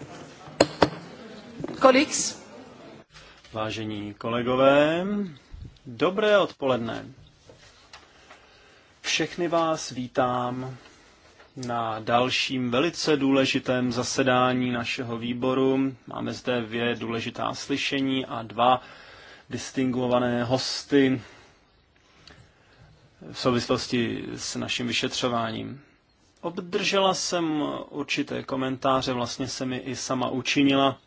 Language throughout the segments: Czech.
Uh, Colleagues. Vážení kolegové, dobré odpoledne. Všechny vás vítám na dalším velice důležitém zasedání našeho výboru. Máme zde dvě důležitá slyšení a dva distinguované hosty v souvislosti s naším vyšetřováním. Obdržela jsem určité komentáře, vlastně se mi i sama učinila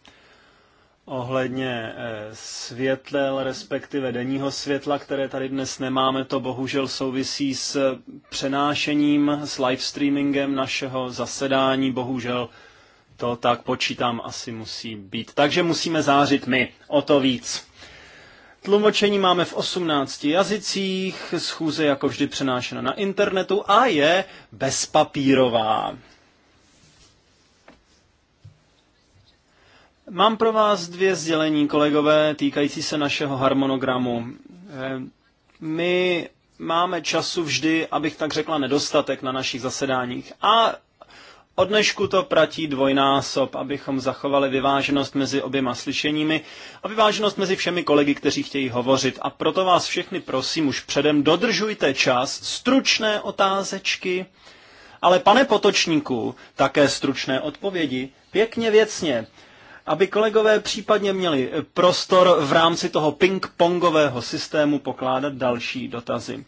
ohledně eh, světla, respektive denního světla, které tady dnes nemáme, to bohužel souvisí s přenášením, s live streamingem našeho zasedání, bohužel to tak počítám asi musí být. Takže musíme zářit my, o to víc. Tlumočení máme v 18 jazycích, schůze jako vždy přenášena na internetu a je bezpapírová. Mám pro vás dvě sdělení, kolegové, týkající se našeho harmonogramu. Eh, my máme času vždy, abych tak řekla, nedostatek na našich zasedáních. A od dnešku to platí dvojnásob, abychom zachovali vyváženost mezi oběma slyšeními a vyváženost mezi všemi kolegy, kteří chtějí hovořit. A proto vás všechny prosím už předem, dodržujte čas, stručné otázečky, ale pane Potočníku, také stručné odpovědi, pěkně věcně, aby kolegové případně měli prostor v rámci toho ping-pongového systému pokládat další dotazy.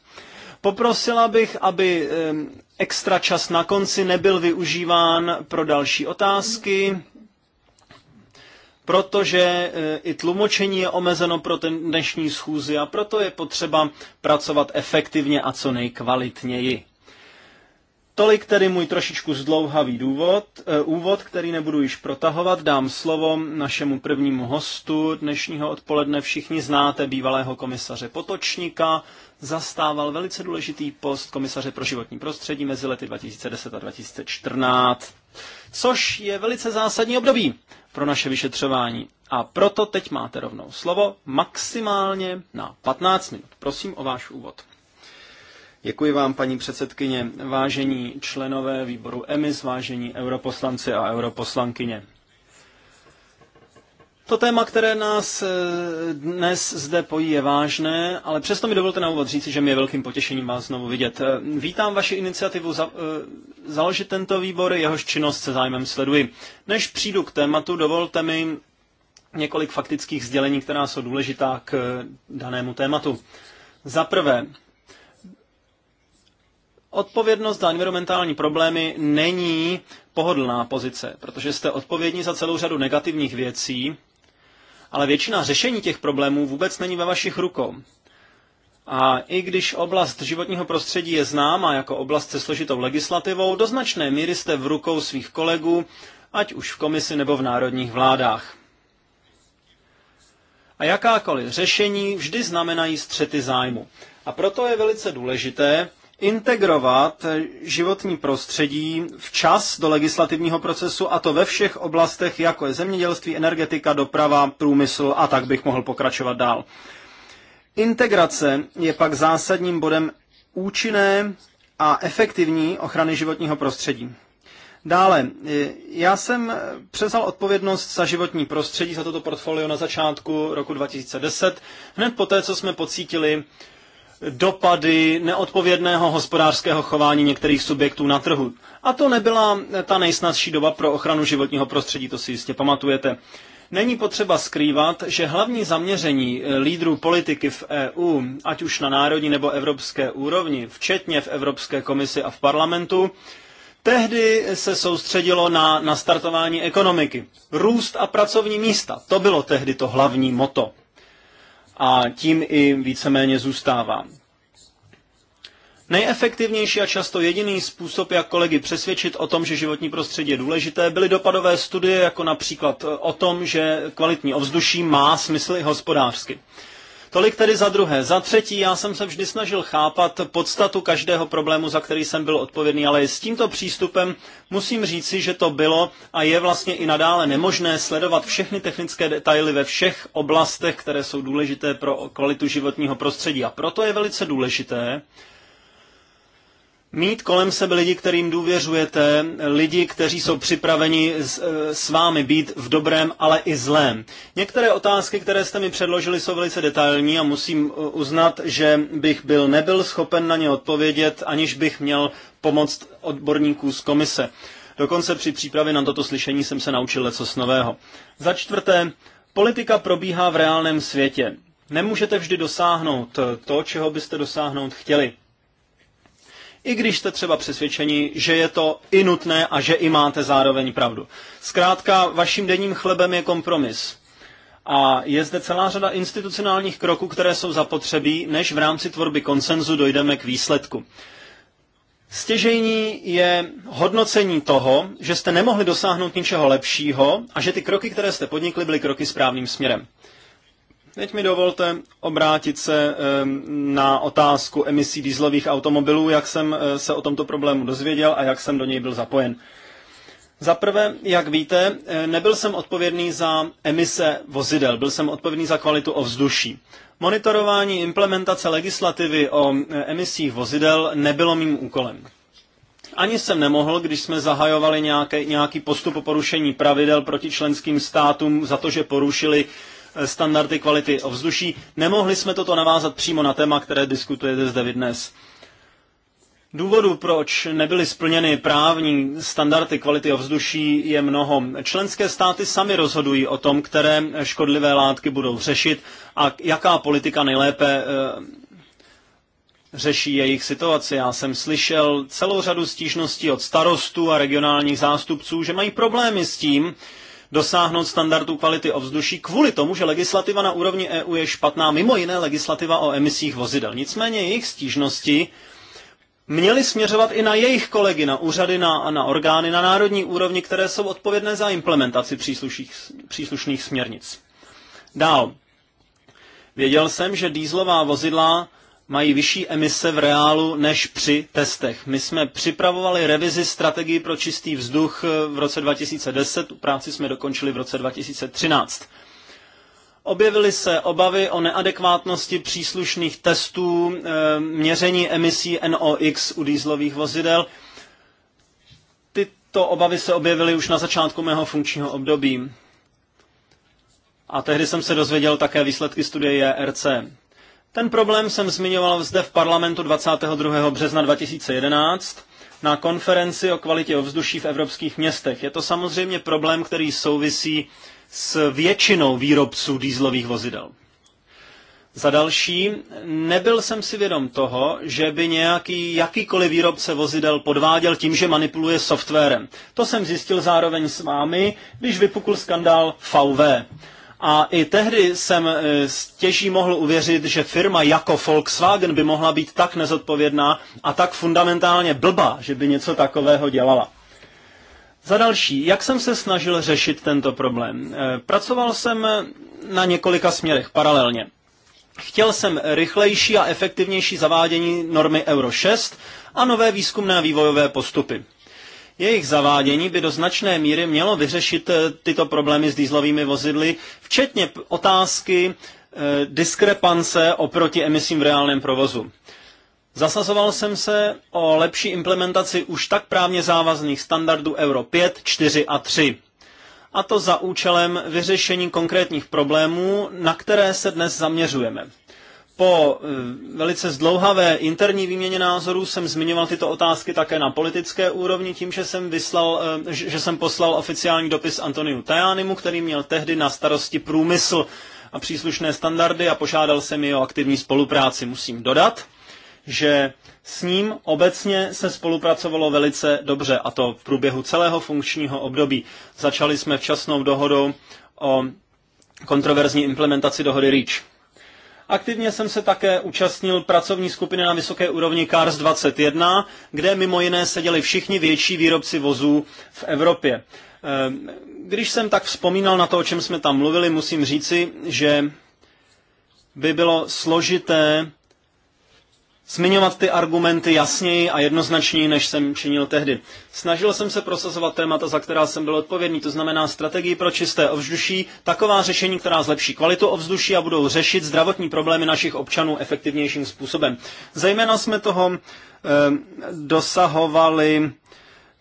Poprosila bych, aby extra čas na konci nebyl využíván pro další otázky, protože eh, i tlumočení je omezeno pro ten dnešní schůzi a proto je potřeba pracovat efektivně a co nejkvalitněji. Tolik tedy můj trošičku zdlouhavý důvod, eh, úvod, který nebudu již protahovat. Dám slovo našemu prvnímu hostu dnešního odpoledne. Všichni znáte bývalého komisaře Potočníka. Zastával velice důležitý post komisaře pro životní prostředí mezi lety 2010 a 2014, což je velice zásadní období pro naše vyšetřování. A proto teď máte rovnou slovo maximálně na 15 minut. Prosím o váš úvod. Děkuji vám, paní předsedkyně, vážení členové výboru EMIS, vážení europoslanci a europoslankyně. To téma, které nás eh, dnes zde pojí, je vážné, ale přesto mi dovolte na úvod říci, že mi je velkým potěšením vás znovu vidět. Eh, vítám vaši iniciativu za, eh, založit tento výbor, jehož činnost se zájmem sleduji. Než přijdu k tématu, dovolte mi několik faktických sdělení, která jsou důležitá k danému tématu. Za prvé, Odpovědnost za environmentální problémy není pohodlná pozice, protože jste odpovědní za celou řadu negativních věcí, ale většina řešení těch problémů vůbec není ve vašich rukou. A i když oblast životního prostředí je známa jako oblast se složitou legislativou, do značné míry jste v rukou svých kolegů, ať už v komisi nebo v národních vládách. A jakákoliv řešení vždy znamenají střety zájmu. A proto je velice důležité, integrovat životní prostředí včas do legislativního procesu a to ve všech oblastech, jako je zemědělství, energetika, doprava, průmysl a tak bych mohl pokračovat dál. Integrace je pak zásadním bodem účinné a efektivní ochrany životního prostředí. Dále, já jsem přezal odpovědnost za životní prostředí, za toto portfolio na začátku roku 2010, hned poté, co jsme pocítili dopady neodpovědného hospodářského chování některých subjektů na trhu. A to nebyla ta nejsnadší doba pro ochranu životního prostředí, to si jistě pamatujete. Není potřeba skrývat, že hlavní zaměření lídrů politiky v EU, ať už na národní nebo evropské úrovni, včetně v Evropské komisi a v parlamentu, tehdy se soustředilo na nastartování ekonomiky. Růst a pracovní místa, to bylo tehdy to hlavní moto a tím i víceméně zůstává. Nejefektivnější a často jediný způsob, jak kolegy přesvědčit o tom, že životní prostředí je důležité, byly dopadové studie, jako například o tom, že kvalitní ovzduší má smysl i hospodářsky. Tolik tedy za druhé. Za třetí, já jsem se vždy snažil chápat podstatu každého problému, za který jsem byl odpovědný, ale s tímto přístupem musím říci, že to bylo a je vlastně i nadále nemožné sledovat všechny technické detaily ve všech oblastech, které jsou důležité pro kvalitu životního prostředí. A proto je velice důležité, Mít kolem sebe lidi, kterým důvěřujete, lidi, kteří jsou připraveni s, eh, s vámi být v dobrém, ale i zlém. Některé otázky, které jste mi předložili, jsou velice detailní a musím eh, uznat, že bych byl nebyl schopen na ně odpovědět, aniž bych měl pomoc odborníků z komise. Dokonce při přípravě na toto slyšení jsem se naučil leco nového. Za čtvrté, politika probíhá v reálném světě. Nemůžete vždy dosáhnout eh, to, čeho byste dosáhnout chtěli i když jste třeba přesvědčeni, že je to i nutné a že i máte zároveň pravdu. Zkrátka, vaším denním chlebem je kompromis. A je zde celá řada institucionálních kroků, které jsou zapotřebí, než v rámci tvorby konsenzu dojdeme k výsledku. Stěžejní je hodnocení toho, že jste nemohli dosáhnout ničeho lepšího a že ty kroky, které jste podnikli, byly kroky správným směrem. Teď mi dovolte obrátit se eh, na otázku emisí dýzlových automobilů, jak jsem eh, se o tomto problému dozvěděl a jak jsem do něj byl zapojen. Za prvé, jak víte, eh, nebyl jsem odpovědný za emise vozidel, byl jsem odpovědný za kvalitu ovzduší. Monitorování implementace legislativy o emisích vozidel nebylo mým úkolem. Ani jsem nemohl, když jsme zahajovali nějaké, nějaký postup o porušení pravidel proti členským státům za to, že porušili Eh, standardy kvality ovzduší. Nemohli jsme toto navázat přímo na téma, které diskutujete zde dnes. Důvodů, proč nebyly splněny právní standardy kvality ovzduší, je mnoho. Členské státy sami rozhodují o tom, které škodlivé látky budou řešit a jaká politika nejlépe eh, řeší jejich situaci. Já jsem slyšel celou řadu stížností od starostů a regionálních zástupců, že mají problémy s tím, dosáhnout standardů kvality ovzduší kvůli tomu, že legislativa na úrovni EU je špatná, mimo jiné legislativa o emisích vozidel. Nicméně jejich stížnosti měly směřovat i na jejich kolegy, na úřady, na, na orgány, na národní úrovni, které jsou odpovědné za implementaci příslušných, příslušných směrnic. Dál. Věděl jsem, že dýzlová vozidla mají vyšší emise v reálu než při testech. My jsme připravovali revizi strategii pro čistý vzduch eh, v roce 2010, tu práci jsme dokončili v roce 2013. Objevily se obavy o neadekvátnosti příslušných testů eh, měření emisí NOx u dýzlových vozidel. Tyto obavy se objevily už na začátku mého funkčního období. A tehdy jsem se dozvěděl také výsledky studie JRC. Ten problém jsem zmiňoval zde v parlamentu 22. března 2011 na konferenci o kvalitě ovzduší v evropských městech. Je to samozřejmě problém, který souvisí s většinou výrobců dýzlových vozidel. Za další, nebyl jsem si vědom toho, že by nějaký jakýkoliv výrobce vozidel podváděl tím, že manipuluje softwarem. To jsem zjistil zároveň s vámi, když vypukl skandál VV. A i tehdy jsem e, stěží mohl uvěřit, že firma jako Volkswagen by mohla být tak nezodpovědná a tak fundamentálně blbá, že by něco takového dělala. Za další, jak jsem se snažil řešit tento problém? E, pracoval jsem na několika směrech paralelně. Chtěl jsem rychlejší a efektivnější zavádění normy Euro 6 a nové výzkumné a vývojové postupy. Jejich zavádění by do značné míry mělo vyřešit eh, tyto problémy s dýzlovými vozidly, včetně otázky eh, diskrepance oproti emisím v reálném provozu. Zasazoval jsem se o lepší implementaci už tak právně závazných standardů Euro 5, 4 a 3. A to za účelem vyřešení konkrétních problémů, na které se dnes zaměřujeme. Po eh, velice zdlouhavé interní výměně názorů jsem zmiňoval tyto otázky také na politické úrovni tím, že jsem, vyslal, eh, že jsem poslal oficiální dopis Antoniu Tajánimu, který měl tehdy na starosti průmysl a příslušné standardy a požádal jsem je o aktivní spolupráci. Musím dodat, že s ním obecně se spolupracovalo velice dobře a to v průběhu celého funkčního období. Začali jsme včasnou dohodou o kontroverzní implementaci dohody REACH. Aktivně jsem se také účastnil pracovní skupiny na vysoké úrovni CARS 21, kde mimo jiné seděli všichni větší výrobci vozů v Evropě. Ehm, když jsem tak vzpomínal na to, o čem jsme tam mluvili, musím říci, že by bylo složité zmiňovat ty argumenty jasněji a jednoznačněji, než jsem činil tehdy. Snažil jsem se prosazovat témata, za která jsem byl odpovědný, to znamená strategii pro čisté ovzduší, taková řešení, která zlepší kvalitu ovzduší a budou řešit zdravotní problémy našich občanů efektivnějším způsobem. Zejména jsme toho e, dosahovali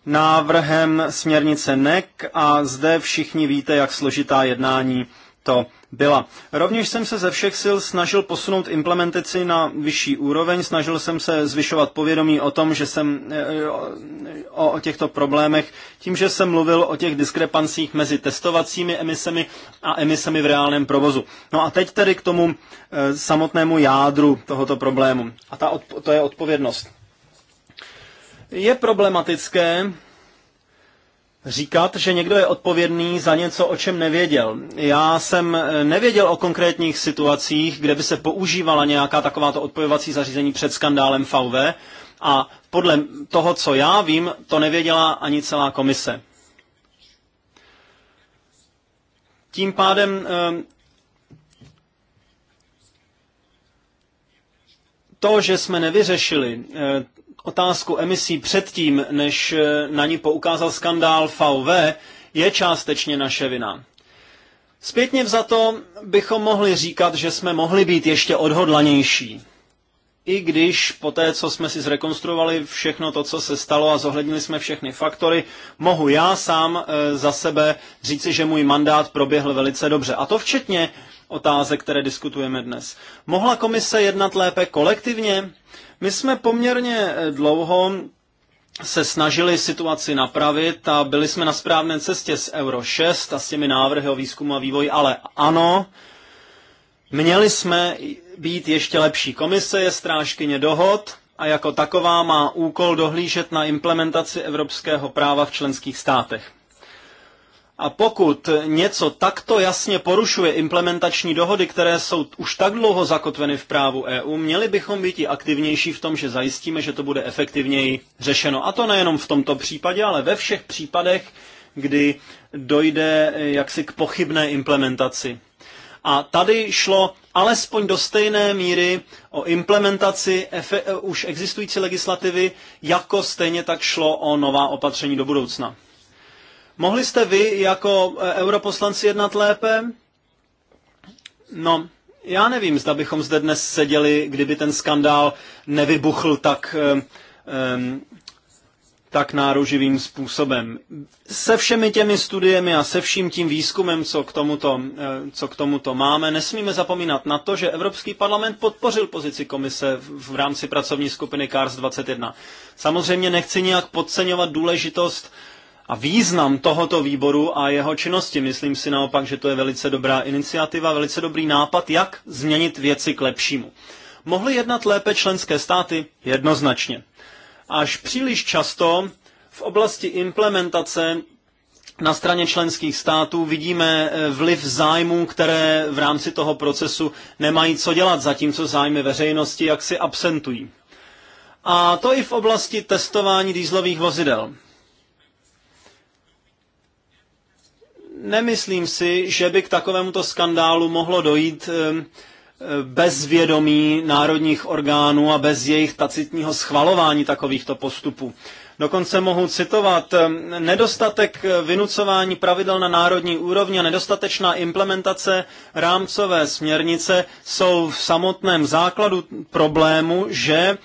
návrhem směrnice NEC a zde všichni víte, jak složitá jednání to byla. Rovněž jsem se ze všech sil snažil posunout implementaci na vyšší úroveň, snažil jsem se zvyšovat povědomí o tom, že jsem e, e, o, o těchto problémech, tím, že jsem mluvil o těch diskrepancích mezi testovacími emisemi a emisemi v reálném provozu. No a teď tedy k tomu e, samotnému jádru tohoto problému. A ta, to je odpovědnost. Je problematické, říkat, že někdo je odpovědný za něco, o čem nevěděl. Já jsem eh, nevěděl o konkrétních situacích, kde by se používala nějaká takováto odpojovací zařízení před skandálem VV a podle toho, co já vím, to nevěděla ani celá komise. Tím pádem eh, to, že jsme nevyřešili eh, otázku emisí předtím, než eh, na ní poukázal skandál VV, je částečně naše vina. Zpětně vzato bychom mohli říkat, že jsme mohli být ještě odhodlanější. I když po té, co jsme si zrekonstruovali všechno to, co se stalo a zohlednili jsme všechny faktory, mohu já sám eh, za sebe říci, že můj mandát proběhl velice dobře. A to včetně otázek, které diskutujeme dnes. Mohla komise jednat lépe kolektivně? My jsme poměrně eh, dlouho se snažili situaci napravit a byli jsme na správné cestě s Euro 6 a s těmi návrhy o výzkumu a vývoji, ale ano, měli jsme být ještě lepší. Komise je strážkyně dohod a jako taková má úkol dohlížet na implementaci evropského práva v členských státech. A pokud něco takto jasně porušuje implementační dohody, které jsou už tak dlouho zakotveny v právu EU, měli bychom být i aktivnější v tom, že zajistíme, že to bude efektivněji řešeno. A to nejenom v tomto případě, ale ve všech případech, kdy dojde eh, jaksi k pochybné implementaci. A tady šlo alespoň do stejné míry o implementaci efe, už existující legislativy, jako stejně tak šlo o nová opatření do budoucna. Mohli jste vy jako eh, europoslanci jednat lépe? No, já nevím, zda bychom zde dnes seděli, kdyby ten skandál nevybuchl tak, eh, tak náruživým způsobem. Se všemi těmi studiemi a se vším tím výzkumem, co k, tomuto, eh, co k tomuto máme, nesmíme zapomínat na to, že Evropský parlament podpořil pozici komise v rámci pracovní skupiny CARS 21. Samozřejmě nechci nějak podceňovat důležitost a význam tohoto výboru a jeho činnosti. Myslím si naopak, že to je velice dobrá iniciativa, velice dobrý nápad, jak změnit věci k lepšímu. Mohly jednat lépe členské státy? Jednoznačně. Až příliš často v oblasti implementace na straně členských států vidíme eh, vliv zájmů, které v rámci toho procesu nemají co dělat, zatímco zájmy veřejnosti jaksi absentují. A to i v oblasti testování dýzlových vozidel. Nemyslím si, že by k takovémuto skandálu mohlo dojít eh, eh, bez vědomí národních orgánů a bez jejich tacitního schvalování takovýchto postupů. Dokonce mohu citovat, eh, nedostatek vynucování pravidel na národní úrovni a nedostatečná implementace rámcové směrnice jsou v samotném základu problému, že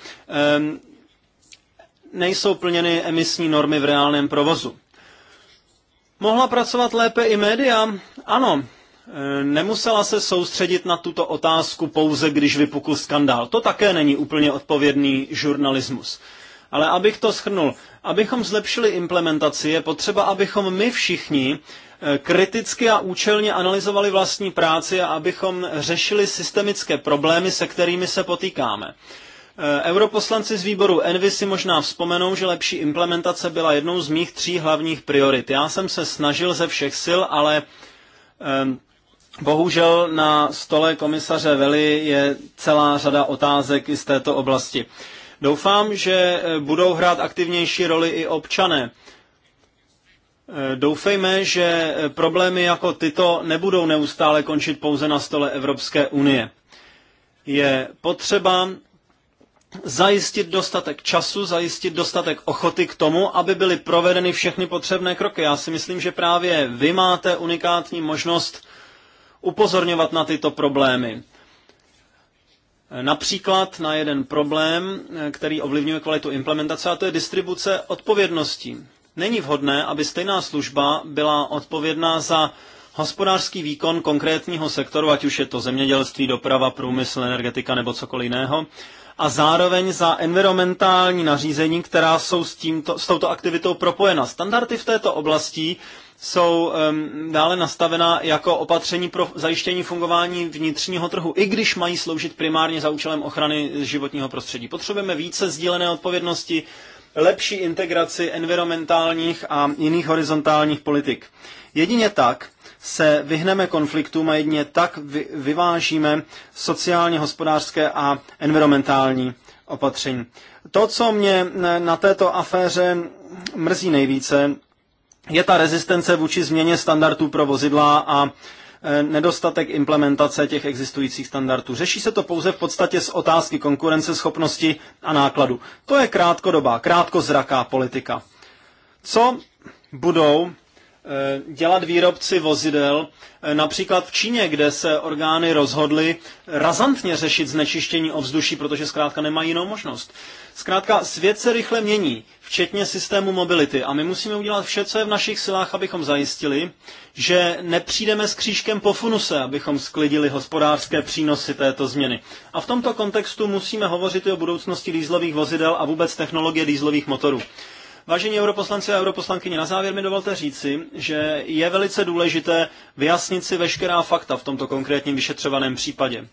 nejsou plněny emisní normy v reálném provozu. Mohla pracovat lépe i média? Ano, e, nemusela se soustředit na tuto otázku pouze, když vypukl skandál. To také není úplně odpovědný žurnalismus. Ale abych to schrnul, abychom zlepšili implementaci, je potřeba, abychom my všichni e, kriticky a účelně analyzovali vlastní práci a abychom řešili systemické problémy, se kterými se potýkáme. Eh, europoslanci z výboru Envy si možná vzpomenou, že lepší implementace byla jednou z mých tří hlavních priorit. Já jsem se snažil ze všech sil, ale eh, bohužel na stole komisaře Veli je celá řada otázek i z této oblasti. Doufám, že eh, budou hrát aktivnější roli i občané. Doufejme, že problémy jako tyto nebudou neustále končit pouze na stole Evropské unie. Je potřeba zajistit dostatek času, zajistit dostatek ochoty k tomu, aby byly provedeny všechny potřebné kroky. Já si myslím, že právě vy máte unikátní možnost upozorňovat na tyto problémy. Například na jeden problém, který ovlivňuje kvalitu implementace, a to je distribuce odpovědností. Není vhodné, aby stejná služba byla odpovědná za hospodářský výkon konkrétního sektoru, ať už je to zemědělství, doprava, průmysl, energetika nebo cokoliv jiného, a zároveň za environmentální nařízení, která jsou s, tímto, s touto aktivitou propojena. Standardy v této oblasti jsou um, dále nastavena jako opatření pro zajištění fungování vnitřního trhu, i když mají sloužit primárně za účelem ochrany životního prostředí. Potřebujeme více sdílené odpovědnosti, lepší integraci environmentálních a jiných horizontálních politik. Jedině tak se vyhneme konfliktům a jedině tak vyvážíme sociálně, hospodářské a environmentální opatření. To, co mě na této aféře mrzí nejvíce, je ta rezistence vůči změně standardů pro vozidla a e, nedostatek implementace těch existujících standardů. Řeší se to pouze v podstatě z otázky konkurenceschopnosti a nákladu. To je krátkodobá, krátkozraká politika. Co budou Eh, dělat výrobci vozidel. Eh, například v Číně, kde se orgány rozhodly razantně řešit znečištění ovzduší, protože zkrátka nemají jinou možnost. Zkrátka, svět se rychle mění, včetně systému mobility. A my musíme udělat vše, co je v našich silách, abychom zajistili, že nepřijdeme s křížkem po funuse, abychom sklidili hospodářské přínosy této změny. A v tomto kontextu musíme hovořit i o budoucnosti dýzlových vozidel a vůbec technologie dýzlových motorů. Vážení europoslanci a europoslankyně, na závěr mi dovolte říci, že je velice důležité vyjasnit si veškerá fakta v tomto konkrétním vyšetřovaném případě.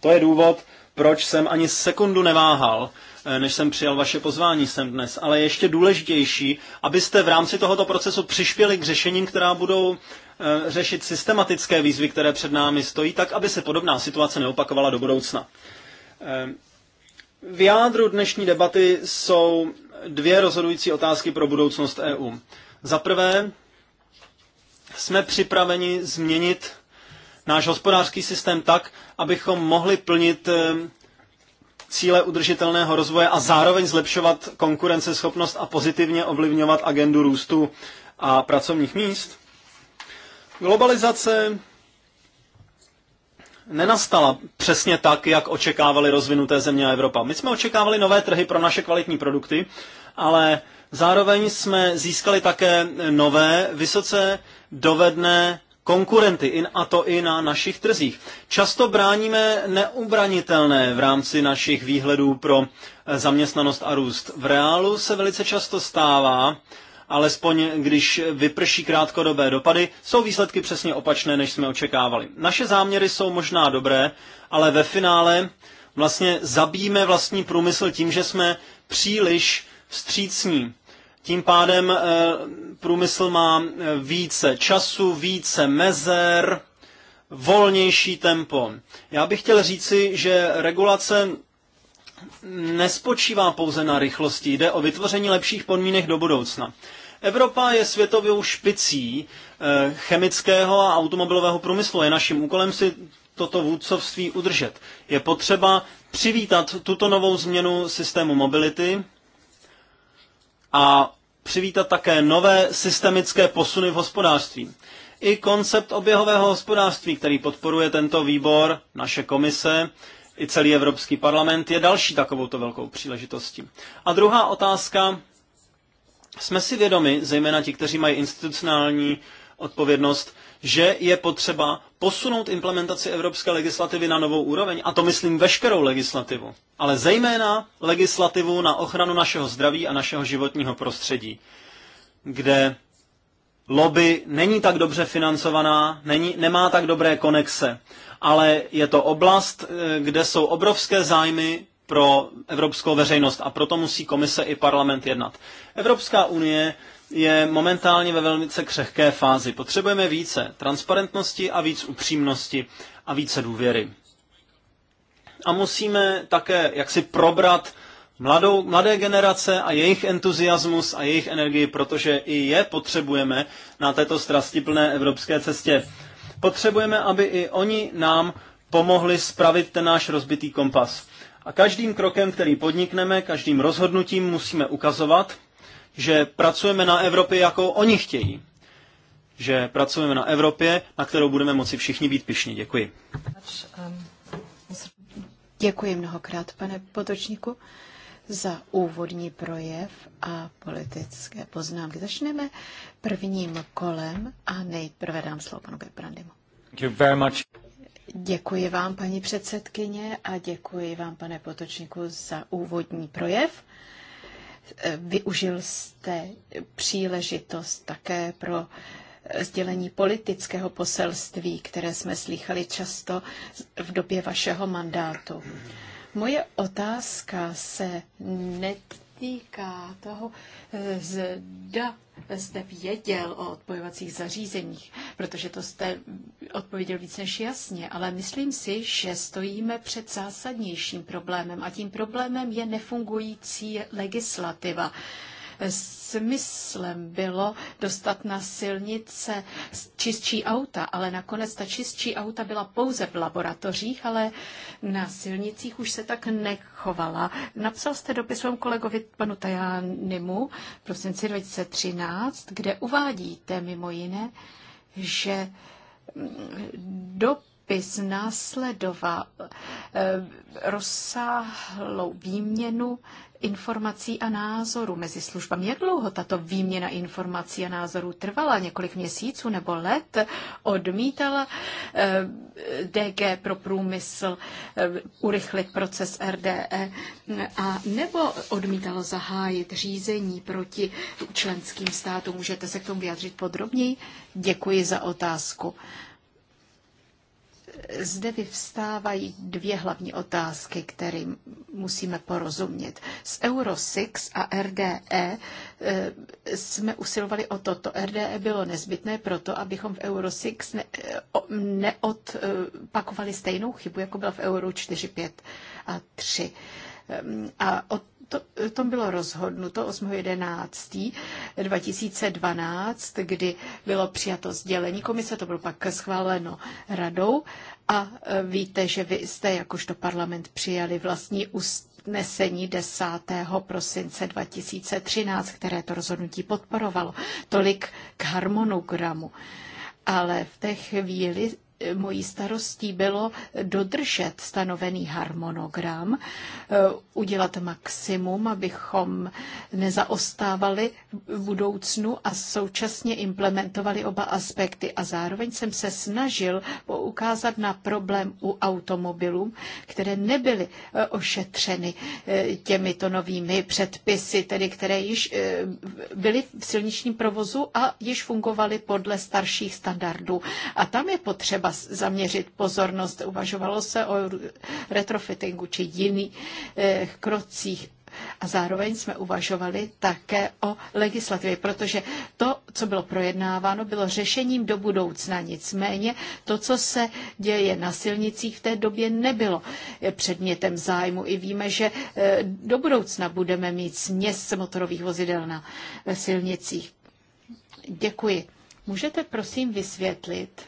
To je důvod, proč jsem ani sekundu neváhal, eh, než jsem přijal vaše pozvání sem dnes, ale ještě důležitější, abyste v rámci tohoto procesu přišpěli k řešením, která budou eh, řešit systematické výzvy, které před námi stojí, tak, aby se podobná situace neopakovala do budoucna. Eh, v jádru dnešní debaty jsou dvě rozhodující otázky pro budoucnost EU. Za prvé, jsme připraveni změnit náš hospodářský systém tak, abychom mohli plnit eh, cíle udržitelného rozvoje a zároveň zlepšovat konkurenceschopnost a pozitivně ovlivňovat agendu růstu a pracovních míst. Globalizace nenastala přesně tak, jak očekávali rozvinuté země a Evropa. My jsme očekávali nové trhy pro naše kvalitní produkty, ale zároveň jsme získali také nové, vysoce dovedné konkurenty, a to i na našich trzích. Často bráníme neubranitelné v rámci našich výhledů pro eh, zaměstnanost a růst. V reálu se velice často stává, alespoň když vyprší krátkodobé dopady, jsou výsledky přesně opačné, než jsme očekávali. Naše záměry jsou možná dobré, ale ve finále vlastně zabijíme vlastní průmysl tím, že jsme příliš vstřícní. Tím pádem eh, průmysl má eh, více času, více mezer, volnější tempo. Já bych chtěl říci, že regulace nespočívá pouze na rychlosti, jde o vytvoření lepších podmínek do budoucna. Evropa je světovou špicí eh, chemického a automobilového průmyslu. Je naším úkolem si toto vůdcovství udržet. Je potřeba přivítat tuto novou změnu systému mobility a přivítat také nové systemické posuny v hospodářství. I koncept oběhového hospodářství, který podporuje tento výbor, naše komise, i celý Evropský parlament je další takovouto velkou příležitostí. A druhá otázka jsme si vědomi, zejména ti, kteří mají institucionální odpovědnost, že je potřeba posunout implementaci evropské legislativy na novou úroveň, a to myslím veškerou legislativu, ale zejména legislativu na ochranu našeho zdraví a našeho životního prostředí, kde lobby není tak dobře financovaná, není, nemá tak dobré konexe, ale je to oblast, eh, kde jsou obrovské zájmy pro evropskou veřejnost a proto musí komise i parlament jednat. Evropská unie je momentálně ve velice křehké fázi. Potřebujeme více transparentnosti a víc upřímnosti a více důvěry. A musíme také jaksi probrat mladou, mladé generace a jejich entuziasmus a jejich energii, protože i je potřebujeme na této strastiplné evropské cestě. Potřebujeme, aby i oni nám pomohli spravit ten náš rozbitý kompas. A každým krokem, který podnikneme, každým rozhodnutím musíme ukazovat, že pracujeme na Evropě, jako oni chtějí. Že pracujeme na Evropě, na kterou budeme moci všichni být pišní. Děkuji. Děkuji mnohokrát, pane Potočníku, za úvodní projev a politické poznámky. Začneme prvním kolem a nejprve dám slovo panu Gerbrandimu. Thank you very much. Děkuji vám, paní předsedkyně, a děkuji vám, pane Potočníku, za úvodní projev. Využil jste příležitost také pro sdělení politického poselství, které jsme slýchali často v době vašeho mandátu. Moje otázka se netýká toho, eh, zda jste věděl o odpojovacích zařízeních, protože to jste odpověděl víc než jasně, ale myslím si, že stojíme před zásadnějším problémem a tím problémem je nefungující legislativa. Smyslem bylo dostat na silnice čistší auta, ale nakonec ta čistší auta byla pouze v laboratořích, ale na silnicích už se tak nechovala. Napsal jste dopis svému kolegovi panu Tajánimu v prosinci 2013, kde uvádíte mimo jiné, že dopis mm, dopis následoval eh, rozsáhlou výměnu informací a názorů mezi službami. Jak dlouho tato výměna informací a názorů trvala? Několik měsíců nebo let? Odmítala eh, DG pro průmysl eh, urychlit proces RDE a nebo odmítalo zahájit řízení proti členským státům? Můžete se k tomu vyjádřit podrobněji? Děkuji za otázku zde vyvstávají dvě hlavní otázky, kterým musíme porozumět. S Euro 6 a RDE eh, jsme usilovali o toto. RDE bylo nezbytné proto, abychom v Euro 6 ne, neodpakovali stejnou chybu, jako byla v Euro 4, 5 a 3. Ehm, a od to, e, tom bylo rozhodnuto 8.11.2012, kdy bylo přijato sdělení komise, to bylo pak schváleno radou a e, víte, že vy jste jakožto parlament přijali vlastní usnesení 10. prosince 2013, které to rozhodnutí podporovalo. Tolik k harmonogramu. Ale v té chvíli mojí starostí bylo dodržet stanovený harmonogram, eh, udělat maximum, abychom nezaostávali v budoucnu a současně implementovali oba aspekty. A zároveň jsem se snažil poukázat na problém u automobilů, které nebyly eh, ošetřeny eh, těmito novými předpisy, tedy které již byly v silničním provozu a již fungovaly podle starších standardů. A tam je potřeba zaměřit pozornost. Uvažovalo se o retrofittingu či jiných eh, krocích a zároveň jsme uvažovali také o legislativě, protože to, co bylo projednáváno, bylo řešením do budoucna. Nicméně to, co se děje na silnicích v té době, nebylo eh, předmětem zájmu. I víme, že eh, do budoucna budeme mít směs motorových vozidel na silnicích. Děkuji. Můžete prosím vysvětlit,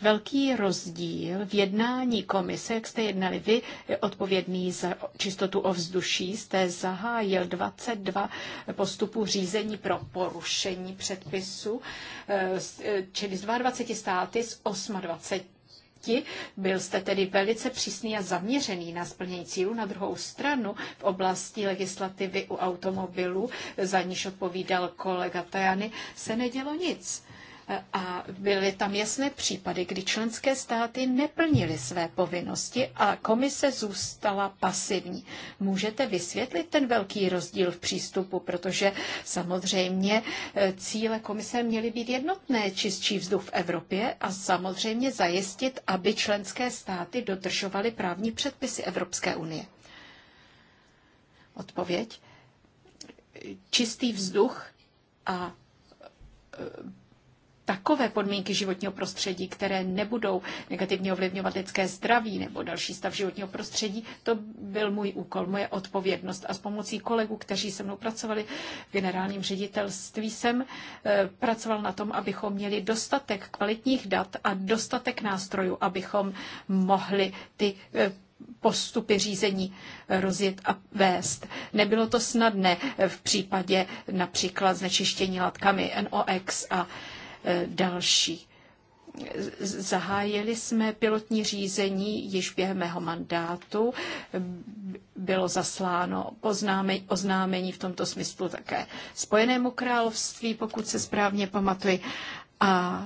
velký rozdíl v jednání komise, jak jste jednali vy, odpovědný za čistotu ovzduší, jste zahájil 22 postupů řízení pro porušení předpisu, eh, čili z 22 státy z 28 Byl jste tedy velice přísný a zaměřený na splnění cílu. Na druhou stranu v oblasti legislativy u automobilů, za níž odpovídal kolega Tajany, se nedělo nic a byly tam jasné případy, kdy členské státy neplnily své povinnosti a komise zůstala pasivní. Můžete vysvětlit ten velký rozdíl v přístupu, protože samozřejmě e, cíle komise měly být jednotné, čistší vzduch v Evropě a samozřejmě zajistit, aby členské státy dodržovaly právní předpisy Evropské unie. Odpověď. Čistý vzduch a e, takové podmínky životního prostředí, které nebudou negativně ovlivňovat lidské zdraví nebo další stav životního prostředí, to byl můj úkol, moje odpovědnost. A s pomocí kolegů, kteří se mnou pracovali v generálním ředitelství, jsem eh, pracoval na tom, abychom měli dostatek kvalitních dat a dostatek nástrojů, abychom mohli ty eh, postupy řízení rozjet a vést. Nebylo to snadné v případě například znečištění látkami NOx a E, další. Zahájili jsme pilotní řízení již během mého mandátu. Bylo zasláno oznámení v tomto smyslu také Spojenému království, pokud se správně pamatuji. A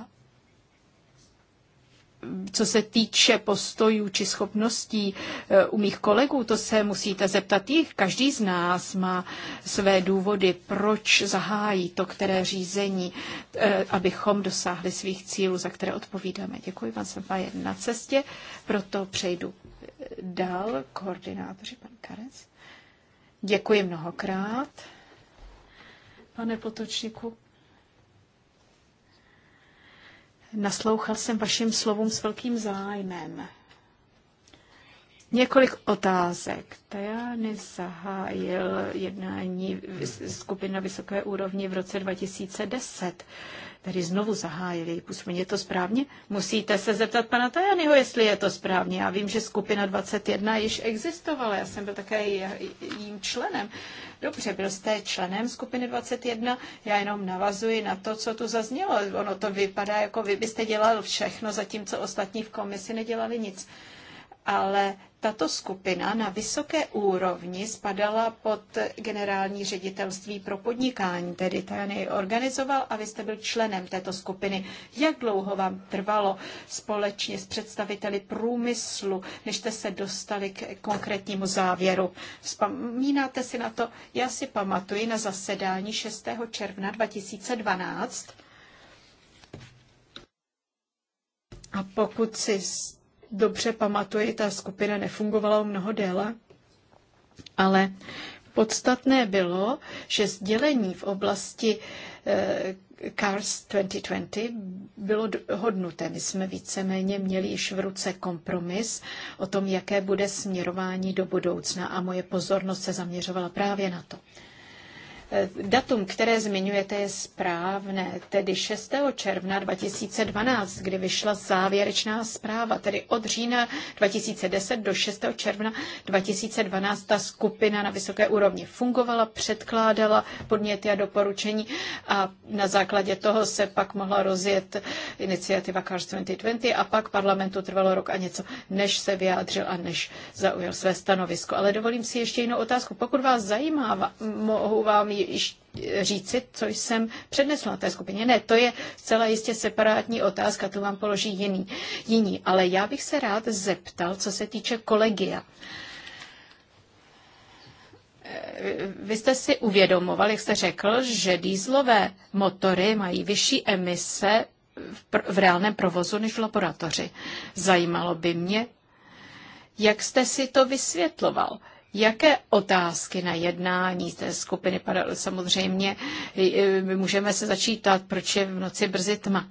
co se týče postojů či schopností eh, u mých kolegů, to se musíte zeptat jich. Každý z nás má své důvody, proč zahájí to, které řízení, eh, abychom dosáhli svých cílů, za které odpovídáme. Děkuji vám, jsem je na cestě, proto přejdu eh, dál. Koordinátoři, pan Karec. Děkuji mnohokrát, pane Potočníku. Naslouchal jsem vašim slovům s velkým zájmem. Několik otázek. Tajany zahájil jednání skupina vysoké úrovni v roce 2010. Tedy znovu zahájili její působení. Je to správně? Musíte se zeptat pana Tajanyho, jestli je to správně. Já vím, že skupina 21 již existovala. Já jsem byl také jejím členem. Dobře, byl jste členem skupiny 21. Já jenom navazuji na to, co tu zaznělo. Ono to vypadá, jako vy byste dělal všechno, zatímco ostatní v komisi nedělali nic. Ale tato skupina na vysoké úrovni spadala pod generální ředitelství pro podnikání, tedy ten jej organizoval a vy jste byl členem této skupiny. Jak dlouho vám trvalo společně s představiteli průmyslu, než jste se dostali k konkrétnímu závěru? Vzpomínáte si na to? Já si pamatuji na zasedání 6. června 2012. A pokud si dobře pamatuji, ta skupina nefungovala o mnoho déle, ale podstatné bylo, že sdělení v oblasti eh, CARS 2020 bylo hodnuté. My jsme víceméně měli již v ruce kompromis o tom, jaké bude směrování do budoucna a moje pozornost se zaměřovala právě na to. Datum, které zmiňujete, je správné, tedy 6. června 2012, kdy vyšla závěrečná zpráva, tedy od října 2010 do 6. června 2012 ta skupina na vysoké úrovni fungovala, předkládala podněty a doporučení a na základě toho se pak mohla rozjet iniciativa Cars 2020 a pak parlamentu trvalo rok a něco, než se vyjádřil a než zaujal své stanovisko. Ale dovolím si ještě jinou otázku. Pokud vás zajímá, mohu vám ji Eh, říci, co jsem přednesla té skupině. Ne, to je celá jistě separátní otázka, tu vám položí jiný, jiní. Ale já bych se rád zeptal, co se týče kolegia eh, vy jste si uvědomoval, jak jste řekl, že dýzlové motory mají vyšší emise v, pr- v reálném provozu než v laboratoři. Zajímalo by mě, jak jste si to vysvětloval, Jaké otázky na jednání té skupiny padaly? Samozřejmě my eh, eh, můžeme se začítat, proč je v noci brzy tma.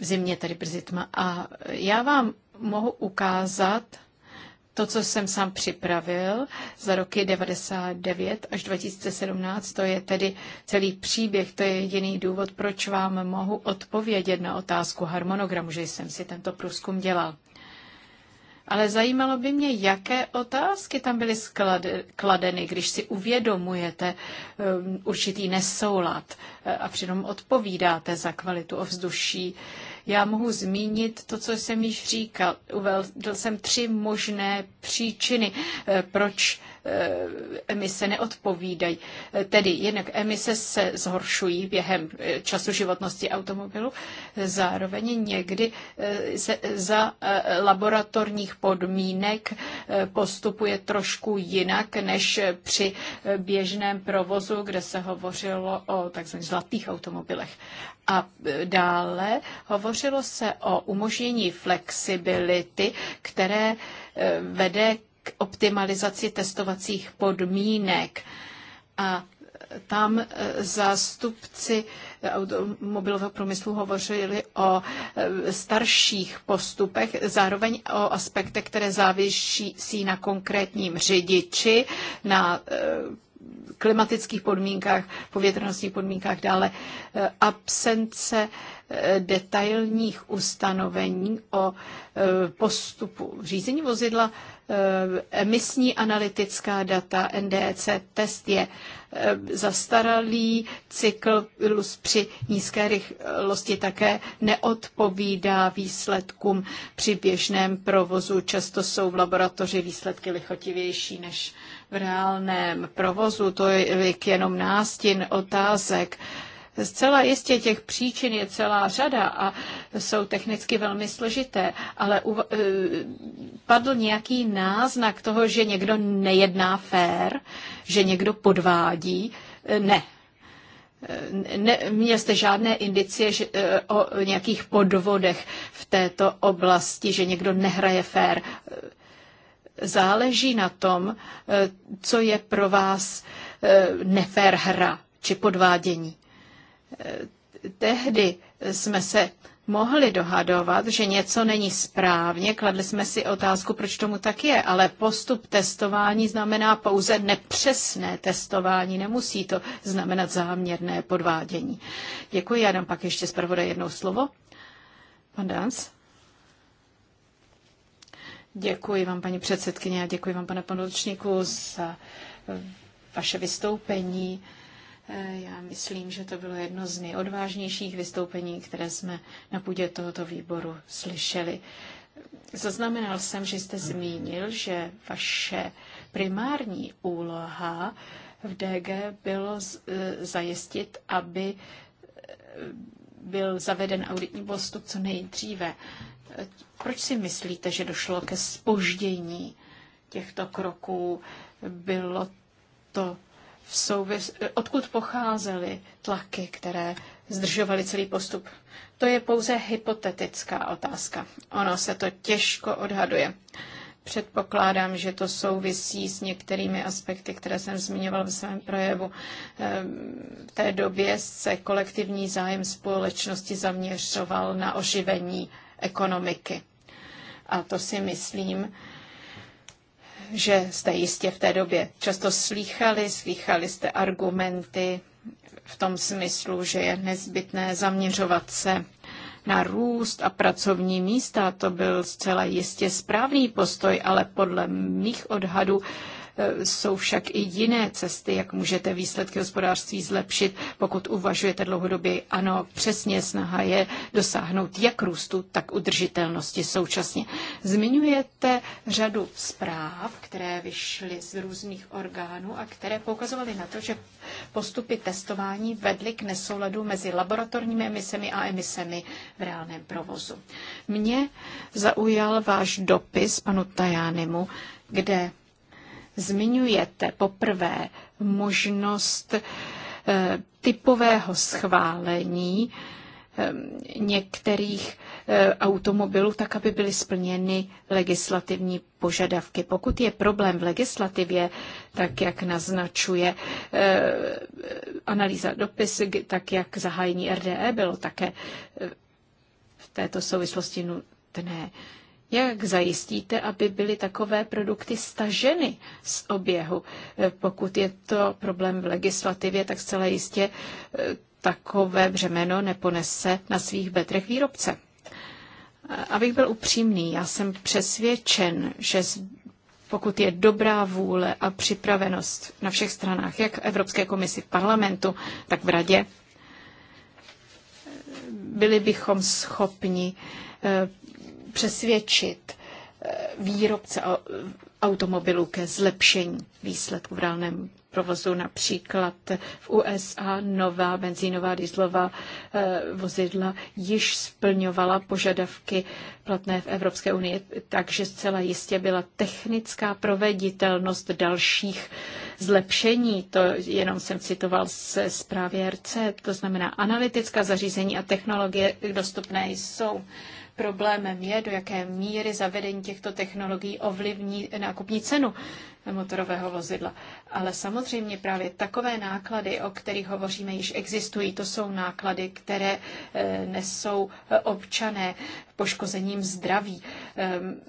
V zimě tady brzy tma. A já vám mohu ukázat to, co jsem sám připravil za roky 99 až 2017, to je tedy celý příběh, to je jediný důvod, proč vám mohu odpovědět na otázku harmonogramu, že jsem si tento průzkum dělal ale zajímalo by mě, jaké otázky tam byly skladeny, když si uvědomujete um, určitý nesoulad eh, a přitom odpovídáte za kvalitu ovzduší. Já mohu zmínit to, co jsem již říkal. Uvedl jsem tři možné příčiny, eh, proč Eh, emise neodpovídají. Eh, tedy jednak emise se zhoršují během eh, času životnosti automobilu, zároveň někdy se za laboratorních podmínek postupuje trošku jinak než při běžném provozu, kde se hovořilo o takzvaných zlatých automobilech. A dále hovořilo se o umožnění flexibility, které vede optimalizaci testovacích podmínek. A tam e, zástupci automobilového průmyslu hovořili o e, starších postupech, zároveň o aspektech, které závisí na konkrétním řidiči, na e, klimatických podmínkách, povětrnostních podmínkách dále, absence detailních ustanovení o postupu řízení vozidla Eh, emisní analytická data NDC e test je eh, zastaralý, cyklus při nízké rychlosti také neodpovídá výsledkům při běžném provozu. Často jsou v laboratoři výsledky lichotivější než v reálném provozu. To je jenom nástin otázek Zcela jistě těch příčin je celá řada a jsou technicky velmi složité, ale uva- eh, padl nějaký náznak toho, že někdo nejedná fér, že někdo podvádí. Eh, ne, eh, Neměl jste žádné indicie že, o nějakých podvodech v této oblasti, že někdo nehraje fér. Záleží na tom, co je pro vás nefér hra či podvádění tehdy jsme se mohli dohadovat, že něco není správně, kladli jsme si otázku, proč tomu tak je, ale postup testování znamená pouze nepřesné testování, nemusí to znamenat záměrné podvádění. Děkuji, já dám pak ještě zpravodaj jednou slovo. Pan Dans. Děkuji vám, paní předsedkyně, a děkuji vám, pane panočníku, za vaše vystoupení. Eh, já myslím, že to bylo jedno z nejodvážnějších vystoupení, které jsme na půdě tohoto výboru slyšeli. Zaznamenal jsem, že jste zmínil, že vaše primární úloha v DG bylo eh, zajistit, aby eh, byl zaveden auditní postup co nejdříve. Proč si myslíte, že došlo ke spoždění těchto kroků? Bylo to v souvis- odkud pocházely tlaky, které zdržovaly celý postup. To je pouze hypotetická otázka. Ono se to těžko odhaduje. Předpokládám, že to souvisí s některými aspekty, které jsem zmiňoval ve svém projevu. V té době se kolektivní zájem společnosti zaměřoval na oživení ekonomiky. A to si myslím, že jste jistě v té době často slýchali, slýchali jste argumenty v tom smyslu, že je nezbytné zaměřovat se na růst a pracovní místa. To byl zcela jistě správný postoj, ale podle mých odhadů Eh, jsou však i jiné cesty, jak můžete výsledky hospodářství zlepšit, pokud uvažujete dlouhodobě. Ano, přesně snaha je dosáhnout jak růstu, tak udržitelnosti současně. Zmiňujete řadu zpráv, které vyšly z různých orgánů a které poukazovaly na to, že postupy testování vedly k nesouladu mezi laboratorními emisemi a emisemi v reálném provozu. Mě zaujal váš dopis panu Tajánemu, kde zmiňujete poprvé možnost eh, typového schválení eh, některých eh, automobilů, tak aby byly splněny legislativní požadavky. Pokud je problém v legislativě, tak jak naznačuje analýza dopis, tak jak zahájení RDE bylo také v této souvislosti nutné. Jak zajistíte, aby byly takové produkty staženy z oběhu? Eh, pokud je to problém v legislativě, tak zcela jistě eh, takové břemeno neponese na svých betrech výrobce. Eh, abych byl upřímný, já jsem přesvědčen, že pokud je dobrá vůle a připravenost na všech stranách, jak v Evropské komisi, v parlamentu, tak v radě, byli bychom schopni přesvědčit eh, výrobce automobilů ke zlepšení výsledku v reálném provozu. Například v USA nová benzínová dieselová eh, vozidla již splňovala požadavky platné v Evropské unii, takže zcela jistě byla technická proveditelnost dalších zlepšení. To jenom jsem citoval ze zprávy RC, to znamená analytická zařízení a technologie dostupné jsou. Problémem je, do jaké míry zavedení těchto technologií ovlivní nákupní cenu motorového vozidla. Ale samozřejmě právě takové náklady, o kterých hovoříme, již existují. To jsou náklady, které eh, nesou eh, občané poškozením zdraví ehm,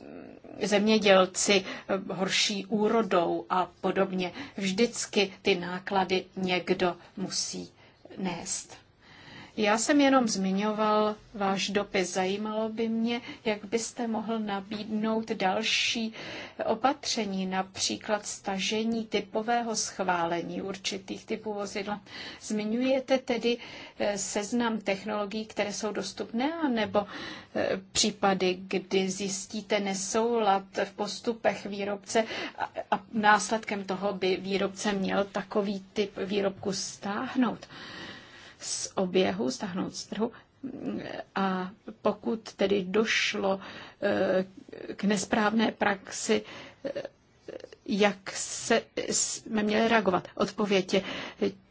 zemědělci eh, horší úrodou a podobně. Vždycky ty náklady někdo musí nést. Já jsem jenom zmiňoval váš dopis. Zajímalo by mě, jak byste mohl nabídnout další opatření, například stažení typového schválení určitých typů vozidla. Zmiňujete tedy eh, seznam technologií, které jsou dostupné, nebo eh, případy, kdy zjistíte nesoulad v postupech výrobce a následkem toho by výrobce měl takový typ výrobku stáhnout? z oběhu, stáhnout z trhu. A pokud tedy došlo eh, k nesprávné praxi, eh, jak se, jsme měli reagovat. Odpověď je,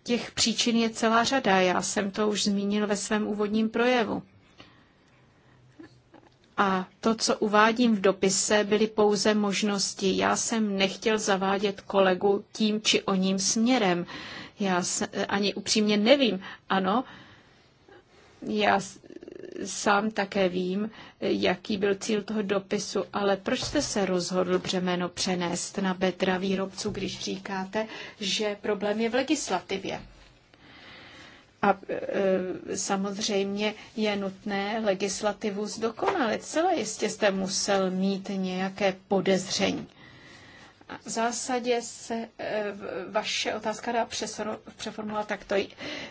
těch příčin je celá řada. Já jsem to už zmínil ve svém úvodním projevu. A to, co uvádím v dopise, byly pouze možnosti. Já jsem nechtěl zavádět kolegu tím či o ním směrem. Já eh, ani upřímně nevím. Ano, já sám také vím, eh, jaký byl cíl toho dopisu, ale proč jste se rozhodl břemeno přenést na bedra výrobců, když říkáte, že problém je v legislativě? A e, samozřejmě je nutné legislativu zdokonalit. Celé jistě jste musel mít nějaké podezření. V zásadě se eh, vaše otázka dá přeformulovat takto.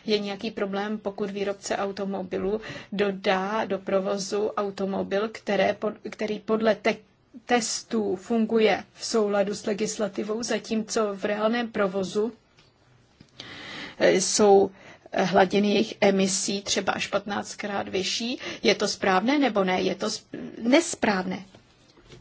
Je nějaký problém, pokud výrobce automobilu dodá do provozu automobil, které, který podle te, testů funguje v souladu s legislativou, zatímco v reálném provozu eh, jsou hladiny jejich emisí třeba až 15krát vyšší. Je to správné nebo ne? Je to nesprávné.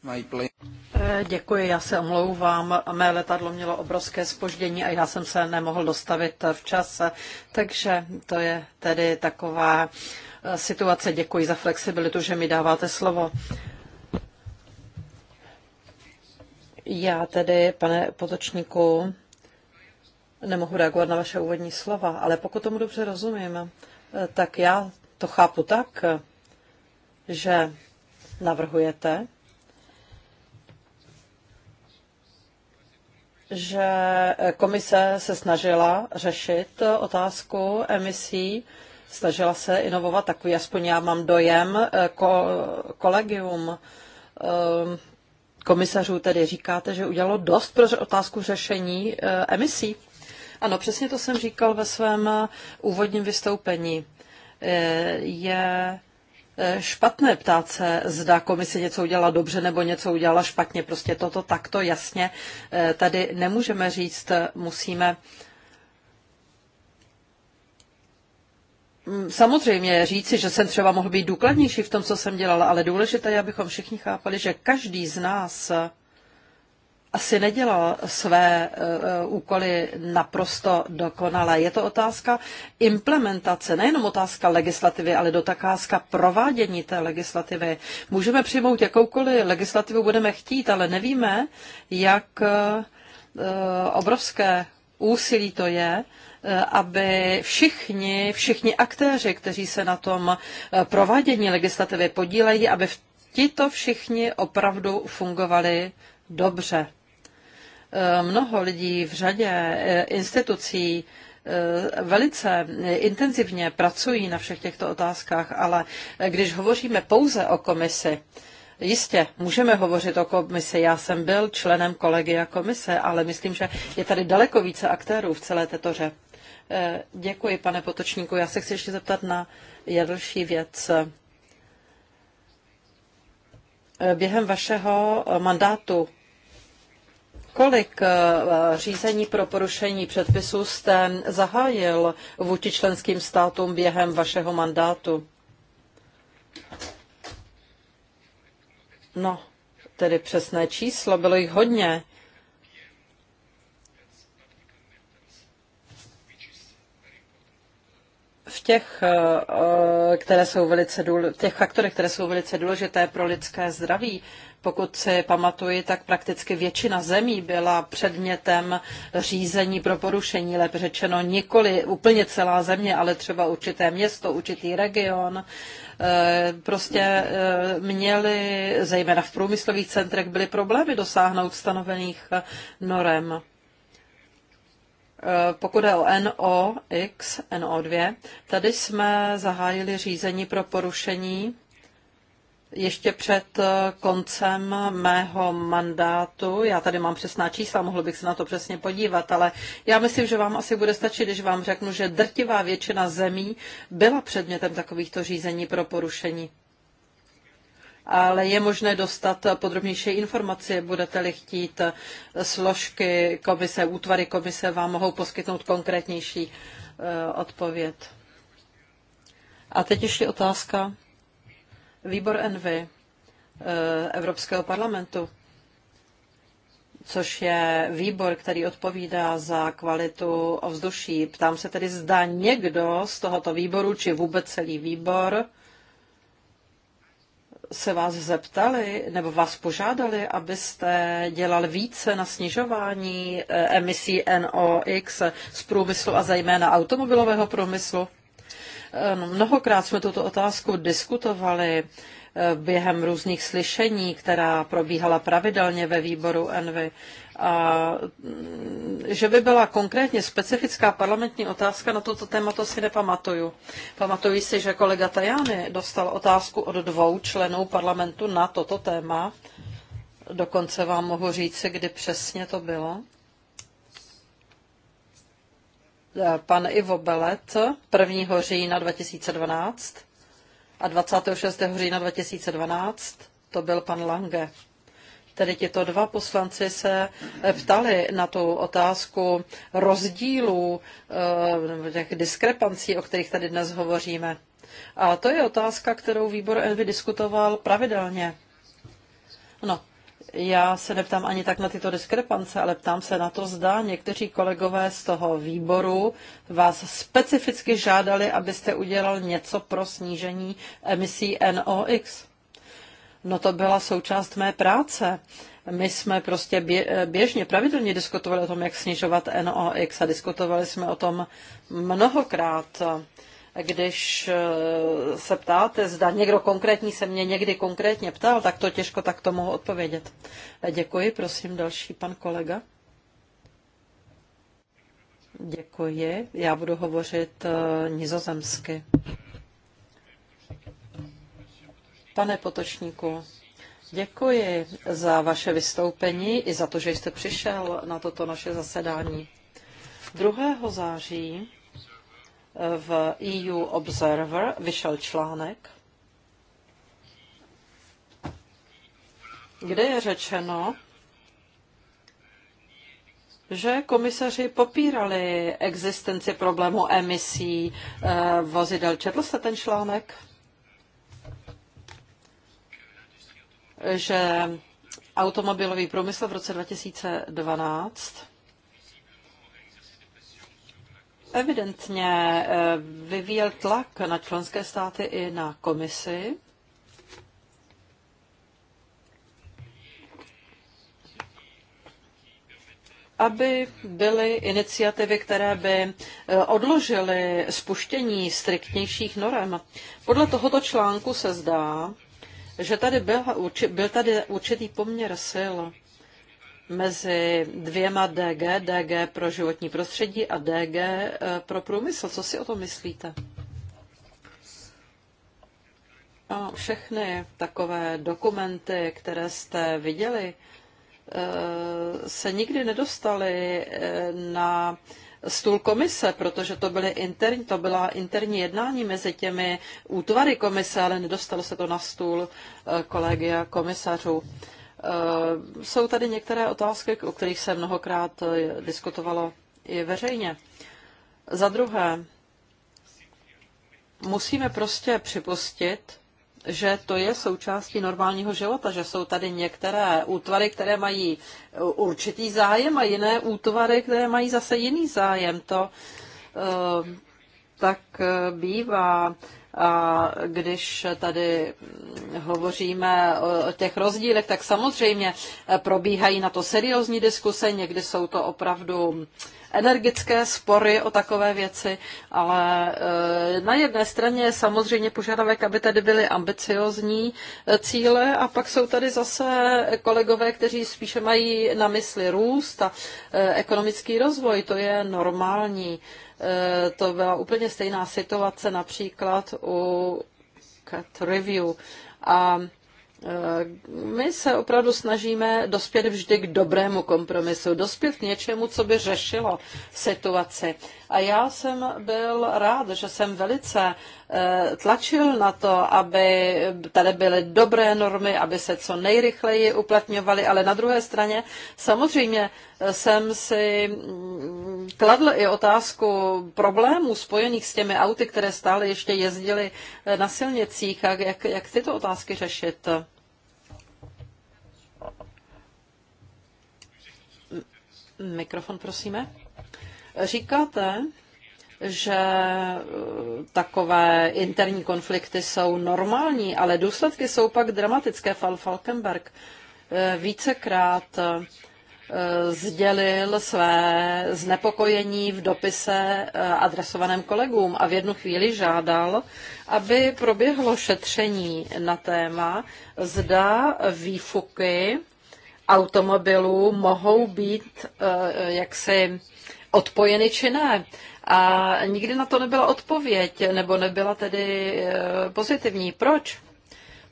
Eh, děkuji, já se omlouvám. Mé letadlo mělo obrovské spoždění a já jsem se nemohl dostavit v čase, takže to je tedy taková eh, situace. Děkuji za flexibilitu, že mi dáváte slovo. Já tedy, pane Potočníku, nemohu reagovat na vaše úvodní slova, ale pokud tomu dobře rozumím, eh, tak já to chápu tak, že navrhujete, že komise se snažila řešit otázku emisí, snažila se inovovat takový, aspoň já mám dojem, ko, kolegium ehm, komisařů tedy říkáte, že udělalo dost pro otázku řešení eh, emisí. Ano, přesně to jsem říkal ve svém eh, úvodním vystoupení. Eh, je špatné ptát se, zda komise něco udělala dobře nebo něco udělala špatně. Prostě toto takto jasně eh, tady nemůžeme říct, musíme mm, Samozřejmě říci, že jsem třeba mohl být důkladnější v tom, co jsem dělala, ale důležité je, abychom všichni chápali, že každý z nás asi nedělal své e, e, úkoly naprosto dokonale. Je to otázka implementace, nejenom otázka legislativy, ale dotakázka provádění té legislativy. Můžeme přijmout jakoukoliv legislativu budeme chtít, ale nevíme, jak e, obrovské úsilí to je, aby všichni, všichni aktéři, kteří se na tom provádění legislativy podílejí, aby tito všichni opravdu fungovali dobře. Eh, mnoho lidí v řadě eh, institucí eh, velice intenzivně pracují na všech těchto otázkách, ale když hovoříme pouze o komisi, Jistě, můžeme hovořit o komisi. Já jsem byl členem kolegia komise, ale myslím, že je tady daleko více aktérů v celé této Děkuji, pane Potočníku. Já se chci ještě zeptat na další věc. Během vašeho mandátu Kolik eh, řízení pro porušení předpisů jste zahájil vůči členským státům během vašeho mandátu? No, tedy přesné číslo, bylo jich hodně. v těch, eh, eh, které jsou velice důle, těch faktorech, které jsou velice důležité pro lidské zdraví, pokud si pamatuji, tak prakticky většina zemí byla předmětem řízení pro porušení, lépe řečeno nikoli úplně celá země, ale třeba určité město, určitý region. Eh, prostě eh, měli, zejména v průmyslových centrech, byly problémy dosáhnout stanovených eh, norem pokud je o NOx, NO2, tady jsme zahájili řízení pro porušení ještě před eh, koncem mého mandátu, já tady mám přesná čísla, mohl bych se na to přesně podívat, ale já myslím, že vám asi bude stačit, když vám řeknu, že drtivá většina zemí byla předmětem takovýchto řízení pro porušení. Ale je možné dostat podrobnější informace, budete-li chtít. Eh, složky komise, útvary komise vám mohou poskytnout konkrétnější eh, odpověď. A teď ještě otázka výbor Envy eh, Evropského parlamentu, což je výbor, který odpovídá za kvalitu ovzduší. Ptám se tedy, zda někdo z tohoto výboru, či vůbec celý výbor, se vás zeptali nebo vás požádali, abyste dělal více na snižování eh, emisí NOx z průmyslu a zejména automobilového průmyslu? Ehm, mnohokrát jsme tuto otázku diskutovali ehm, během různých slyšení, která probíhala pravidelně ve výboru Envy. A mm, že by byla konkrétně specifická parlamentní otázka na toto téma, to si nepamatuju. Pamatuji si, že kolega Tajany dostal otázku od dvou členů parlamentu na toto téma. Dokonce vám mohu říct, kdy přesně to bylo pan Ivo Belet 1. října 2012 a 26. října 2012 to byl pan Lange. Tedy tito dva poslanci se eh, ptali na tu otázku rozdílů, eh, těch diskrepancí, o kterých tady dnes hovoříme. A to je otázka, kterou výbor Envy diskutoval pravidelně. No, já se neptám ani tak na tyto diskrepance, ale ptám se na to, zda někteří kolegové z toho výboru vás specificky žádali, abyste udělal něco pro snížení emisí NOx. No to byla součást mé práce. My jsme prostě běžně, pravidelně diskutovali o tom, jak snižovat NOx a diskutovali jsme o tom mnohokrát když eh, se ptáte, zda někdo konkrétní se mě někdy konkrétně ptal, tak to těžko tak to mohu odpovědět. Eh, děkuji, prosím, další pan kolega. Děkuji, já budu hovořit eh, nizozemsky. Pane Potočníku, děkuji za vaše vystoupení i za to, že jste přišel na toto naše zasedání. 2. září v EU Observer vyšel článek, kde je řečeno, že komisaři popírali existenci problému emisí eh, vozidel. Četl jste ten článek? Že automobilový průmysl v roce 2012 evidentně eh, vyvíjel tlak na členské státy i na komisi, aby byly iniciativy, které by eh, odložily spuštění striktnějších norem. Podle tohoto článku se zdá, že tady byl, byl tady určitý poměr sil mezi dvěma DG, DG pro životní prostředí a DG eh, pro průmysl. Co si o tom myslíte? A no, všechny takové dokumenty, které jste viděli, eh, se nikdy nedostaly eh, na stůl komise, protože to, byly interní, to byla interní jednání mezi těmi útvary komise, ale nedostalo se to na stůl a komisařů. Eh, jsou tady některé otázky, o kterých se mnohokrát eh, diskutovalo i veřejně. Za druhé, musíme prostě připustit, že to je součástí normálního života, že jsou tady některé útvary, které mají eh, určitý zájem a jiné útvary, které mají zase jiný zájem. To tak bývá. A když tady hovoříme o těch rozdílech, tak samozřejmě probíhají na to seriózní diskuse, někdy jsou to opravdu energické spory o takové věci, ale e, na jedné straně je samozřejmě požadavek, aby tady byly ambiciozní e, cíle a pak jsou tady zase kolegové, kteří spíše mají na mysli růst a e, ekonomický rozvoj, to je normální Eh, to byla úplně stejná situace například u Cat Review. A eh, my se opravdu snažíme dospět vždy k dobrému kompromisu, dospět k něčemu, co by řešilo situaci. A já jsem byl rád, že jsem velice eh, tlačil na to, aby tady byly dobré normy, aby se co nejrychleji uplatňovaly, ale na druhé straně samozřejmě eh, jsem si mm, kladl i otázku problémů spojených s těmi auty, které stále ještě jezdily eh, na silnicích a jak, jak tyto otázky řešit. Mikrofon, prosíme. Říkáte, že eh, takové interní konflikty jsou normální, ale důsledky jsou pak dramatické. Fal Falkenberg eh, vícekrát eh, sdělil své znepokojení v dopise adresovaném kolegům a v jednu chvíli žádal, aby proběhlo šetření na téma, zda výfuky automobilů mohou být jaksi odpojeny či ne. A nikdy na to nebyla odpověď, nebo nebyla tedy eh, pozitivní. Proč?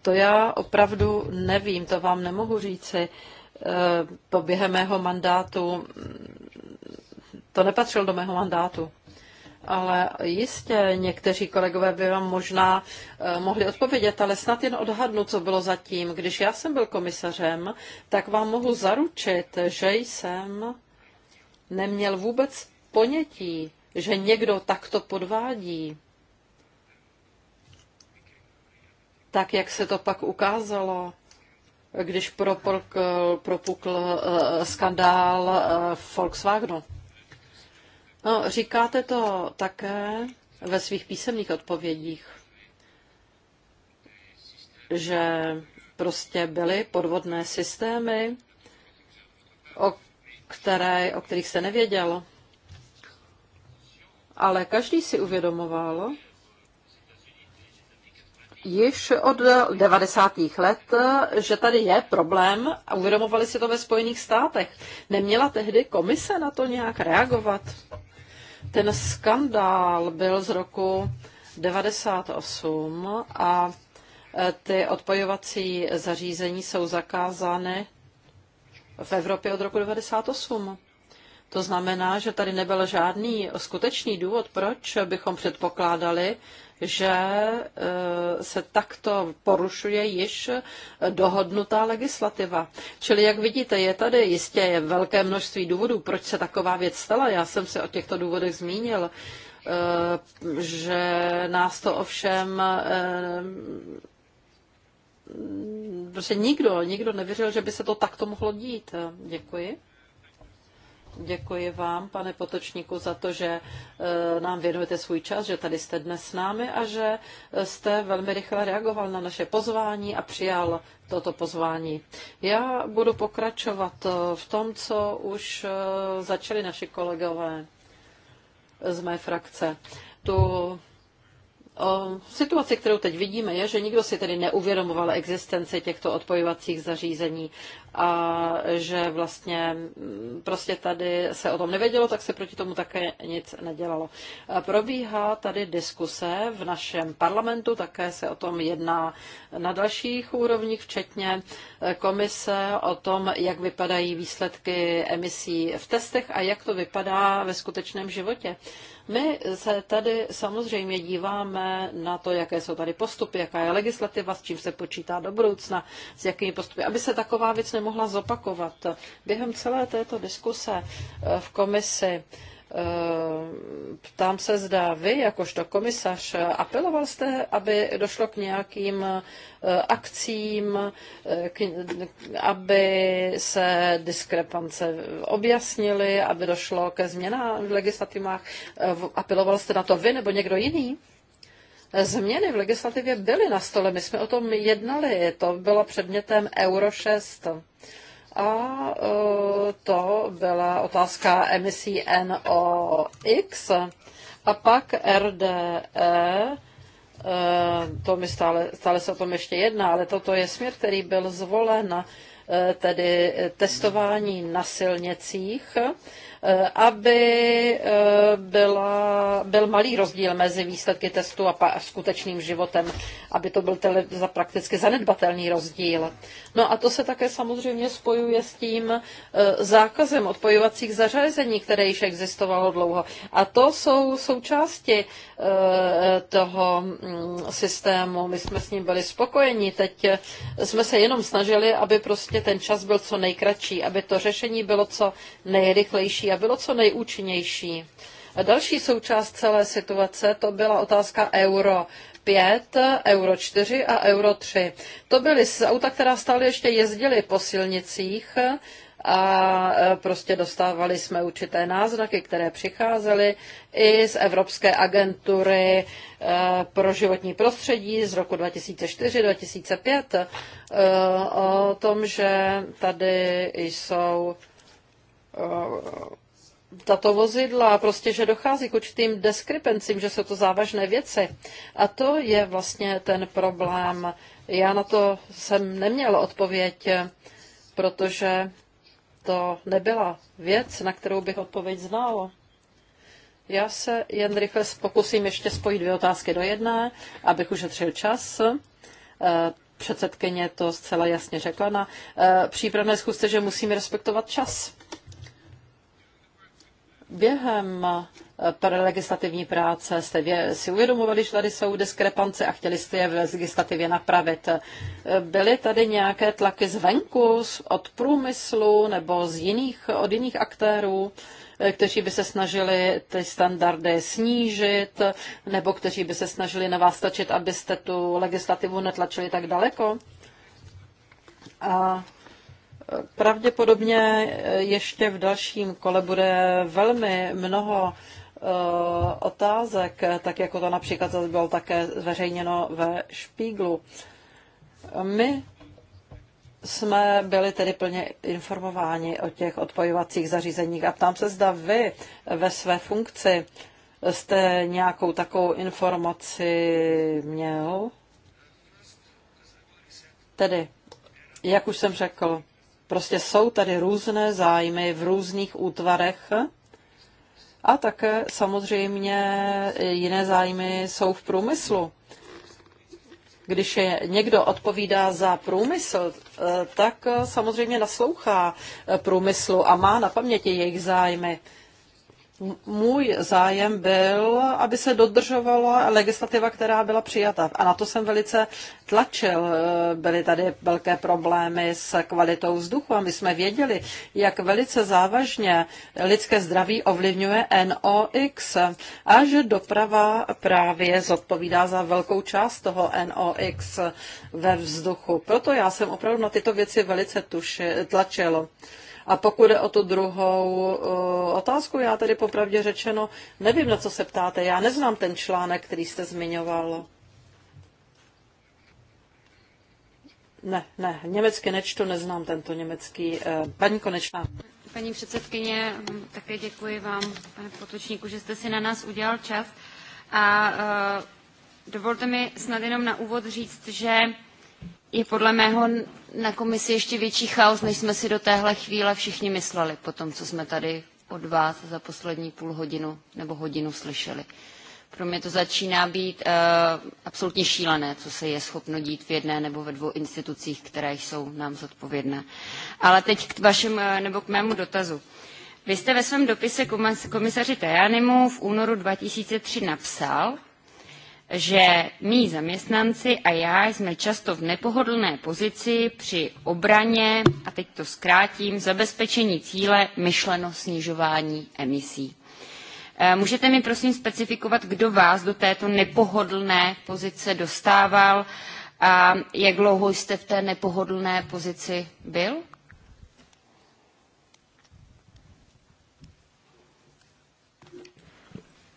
To já opravdu nevím, to vám nemohu říci. To eh, během mého mandátu, to nepatřilo do mého mandátu. Ale jistě někteří kolegové by vám možná eh, mohli odpovědět, ale snad jen odhadnu, co bylo zatím. Když já jsem byl komisařem, tak vám mohu zaručit, že jsem neměl vůbec ponětí, že někdo takto podvádí. Tak, jak se to pak ukázalo, když propukl, propukl eh, skandál eh, Volkswagenu. No, říkáte to také ve svých písemných odpovědích, že prostě byly podvodné systémy, o které, o kterých se nevědělo. Ale každý si uvědomoval, již od 90. let, že tady je problém a uvědomovali si to ve Spojených státech. Neměla tehdy komise na to nějak reagovat? Ten skandál byl z roku 98 a e, ty odpojovací zařízení jsou zakázány v Evropě od roku 1998. To znamená, že tady nebyl žádný skutečný důvod, proč bychom předpokládali, že eh, se takto porušuje již dohodnutá legislativa. Čili, jak vidíte, je tady jistě velké množství důvodů, proč se taková věc stala. Já jsem se o těchto důvodech zmínil eh, že nás to ovšem eh, protože nikdo, nikdo nevěřil, že by se to takto mohlo dít. Děkuji. Děkuji vám, pane Potočníku, za to, že eh, nám věnujete svůj čas, že tady jste dnes s námi a že jste velmi rychle reagoval na naše pozvání a přijal toto pozvání. Já budu pokračovat eh, v tom, co už eh, začali naši kolegové z mé frakce. Tu Situace, kterou teď vidíme, je, že nikdo si tedy neuvědomoval existenci těchto odpojovacích zařízení a že vlastně mm, prostě tady se o tom nevědělo, tak se proti tomu také nic nedělalo. Probíhá tady diskuse v našem parlamentu, také se o tom jedná na dalších úrovních, včetně e, komise o tom, jak vypadají výsledky emisí v testech a jak to vypadá ve skutečném životě. My se tady samozřejmě díváme na to, jaké jsou tady postupy, jaká je legislativa, s čím se počítá do budoucna, s jakými postupy, aby se taková věc nemohla zopakovat. Během celé této diskuse eh, v komisi Eh, ptám se, zda vy, jakožto komisař, apeloval jste, aby došlo k nějakým eh, akcím, eh, k, aby se diskrepance objasnily, aby došlo ke změnám v legislativách. Apeloval jste na to vy nebo někdo jiný? Změny v legislativě byly na stole, my jsme o tom jednali, to bylo předmětem Euro 6. A e, to byla otázka emisí NOx. A pak RDE, e, to mi stále, stále se o tom ještě jedná, ale toto je směr, který byl zvolen, e, tedy testování na silnicích Eh, aby eh, byla, byl malý rozdíl mezi výsledky testu a skutečným životem, aby to byl tele, za prakticky zanedbatelný rozdíl. No a to se také samozřejmě spojuje s tím eh, zákazem odpojovacích zařízení, které již existovalo dlouho. A to jsou součásti toho mm, systému. My jsme s ním byli spokojeni. Teď jsme se jenom snažili, aby prostě ten čas byl co nejkratší, aby to řešení bylo co nejrychlejší a bylo co nejúčinnější. A další součást celé situace to byla otázka euro. 5, Euro 4 a Euro 3. To byly auta, která stále ještě jezdily po silnicích a e, prostě dostávali jsme určité náznaky, které přicházely i z Evropské agentury e, pro životní prostředí z roku 2004-2005 e, o tom, že tady jsou tato vozidla, prostě, že dochází k určitým diskrepencím, že jsou to závažné věci. A to je vlastně ten problém. Já na to jsem neměla odpověď, protože to nebyla věc, na kterou bych odpověď znal. Já se jen rychle pokusím ještě spojit dvě otázky do jedné, abych ušetřil čas. Eh, předsedkyně to zcela jasně řekla na eh, přípravné schůzce, že musíme respektovat čas. Během eh, legislativní práce jste si uvědomovali, že tady jsou diskrepance a chtěli jste je v legislativě napravit. Eh, byly tady nějaké tlaky zvenku, od průmyslu nebo z jiných, od jiných aktérů, eh, kteří by se snažili ty standardy snížit, nebo kteří by se snažili na vás tačit, abyste tu legislativu netlačili tak daleko? A Pravděpodobně eh, ještě v dalším kole bude velmi mnoho eh, otázek, tak jako to například bylo také zveřejněno ve Špíglu. My jsme byli tedy plně informováni o těch odpojovacích zařízeních a ptám se, zda vy ve své funkci jste nějakou takovou informaci měl? Tedy, jak už jsem řekl, prostě jsou tady různé zájmy v různých útvarech a také samozřejmě jiné zájmy jsou v průmyslu. Když je někdo odpovídá za průmysl, eh, tak samozřejmě naslouchá eh, průmyslu a má na paměti jejich zájmy můj zájem byl, aby se dodržovala legislativa, která byla přijata. A na to jsem velice tlačil. Byly tady velké problémy s kvalitou vzduchu a my jsme věděli, jak velice závažně lidské zdraví ovlivňuje NOx a že doprava právě zodpovídá za velkou část toho NOx ve vzduchu. Proto já jsem opravdu na tyto věci velice tuši, tlačil. A pokud jde o tu druhou eh, otázku, já tedy popravdě řečeno nevím, na co se ptáte. Já neznám ten článek, který jste zmiňoval. Ne, ne, německy nečtu, neznám tento německý. Eh, paní Konečná. Paní předsedkyně, také děkuji vám, pane potočníku, že jste si na nás udělal čas. A eh, dovolte mi snad jenom na úvod říct, že je podle mého na komisi ještě větší chaos, než jsme si do téhle chvíle všichni mysleli, po tom, co jsme tady od vás za poslední půl hodinu nebo hodinu slyšeli. Pro mě to začíná být uh, absolutně šílené, co se je schopno dít v jedné nebo ve dvou institucích, které jsou nám zodpovědné. Ale teď k vašem eh, nebo k mému dotazu. Vy jste ve svém dopise komisaři Tajanimu v únoru 2003 napsal, že mý zaměstnanci a já jsme často v nepohodlné pozici při obraně, a teď to zkrátím, zabezpečení cíle myšleno snižování emisí. Eh, můžete mi prosím specifikovat, kdo vás do této nepohodlné pozice dostával a jak dlouho jste v té nepohodlné pozici byl?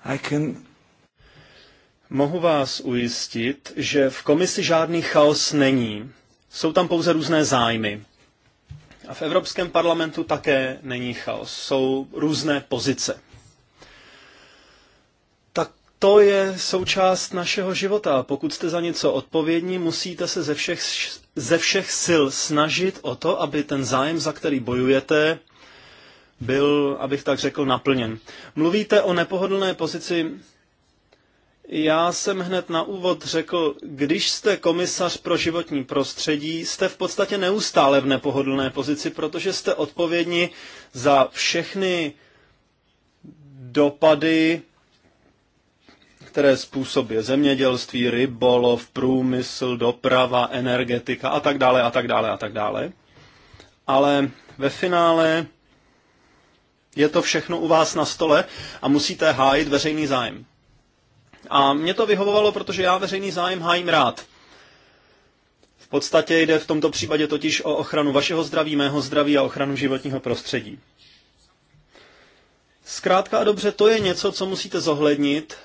I can Mohu vás ujistit, že v komisi žádný chaos není. Jsou tam pouze různé zájmy. A v Evropském parlamentu také není chaos. Jsou různé pozice. Tak to je součást našeho života. Pokud jste za něco odpovědní, musíte se ze všech, ze všech sil snažit o to, aby ten zájem, za který bojujete, byl, abych tak řekl, naplněn. Mluvíte o nepohodlné pozici já jsem hned na úvod řekl, když jste komisař pro životní prostředí, jste v podstatě neustále v nepohodlné pozici, protože jste odpovědni za všechny dopady, které způsobuje zemědělství, rybolov, průmysl, doprava, energetika a tak dále a tak dále a tak dále. Ale ve finále je to všechno u vás na stole a musíte hájit veřejný zájem. A mě to vyhovovalo, protože já veřejný zájem hájím rád. V podstatě jde v tomto případě totiž o ochranu vašeho zdraví, mého zdraví a ochranu životního prostředí. Zkrátka a dobře, to je něco, co musíte zohlednit,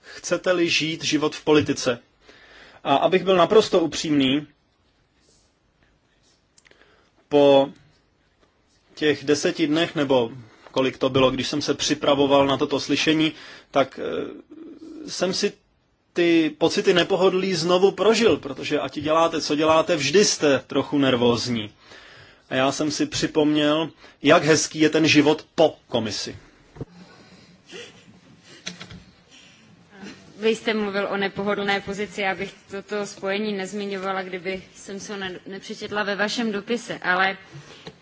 chcete-li žít život v politice. A abych byl naprosto upřímný, po těch deseti dnech, nebo kolik to bylo, když jsem se připravoval na toto slyšení, tak eh, jsem si ty pocity nepohodlí znovu prožil, protože ať děláte, co děláte, vždy jste trochu nervózní. A já jsem si připomněl, jak hezký je ten život po komisi. Vy jste mluvil o nepohodlné pozici, já bych toto spojení nezmiňovala, kdyby jsem se ho nepřečetla ve vašem dopise, ale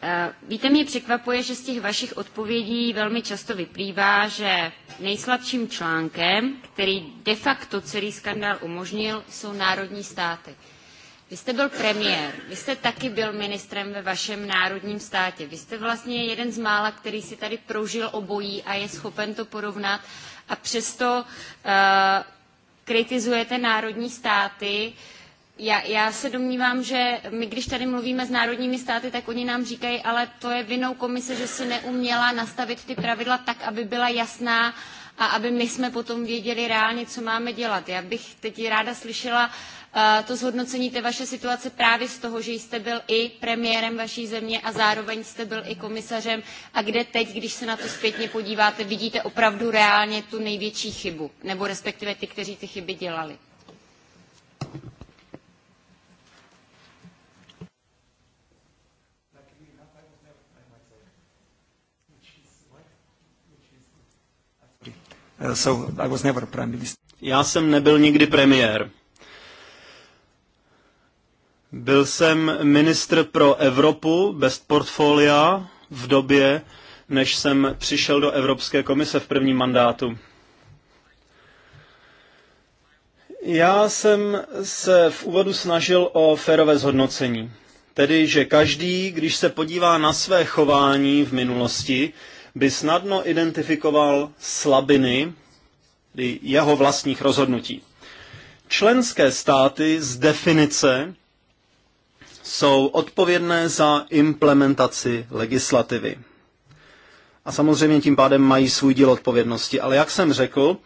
eh, víte, mě překvapuje, že z těch vašich odpovědí velmi často vyplývá, že nejslabším článkem, který de facto celý skandál umožnil, jsou národní státy. Vy jste byl premiér, vy jste taky byl ministrem ve vašem národním státě. Vy jste vlastně jeden z mála, který si tady prožil obojí a je schopen to porovnat a přesto eh, kritizujete národní státy. Já, já se domnívám, že my, když tady mluvíme s národními státy, tak oni nám říkají, ale to je vinou komise, že si neuměla nastavit ty pravidla tak, aby byla jasná a aby my jsme potom věděli reálně, co máme dělat. Já bych teď ráda slyšela Eh, to zhodnocení té vaše situace právě z toho, že jste byl i premiérem vaší země a zároveň jste byl i komisařem a kde teď, když se na to zpětně podíváte, vidíte opravdu reálně tu největší chybu, nebo respektive ty, kteří ty chyby dělali? Eh, so I was never prime minister. Já jsem nebyl nikdy premiér. Byl jsem ministr pro Evropu bez portfolia v době, než jsem přišel do Evropské komise v prvním mandátu. Já jsem se v úvodu snažil o férové zhodnocení. Tedy, že každý, když se podívá na své chování v minulosti, by snadno identifikoval slabiny jeho vlastních rozhodnutí. Členské státy z definice jsou odpovědné za implementaci legislativy. A samozřejmě tím pádem mají svůj díl odpovědnosti. Ale jak jsem řekl,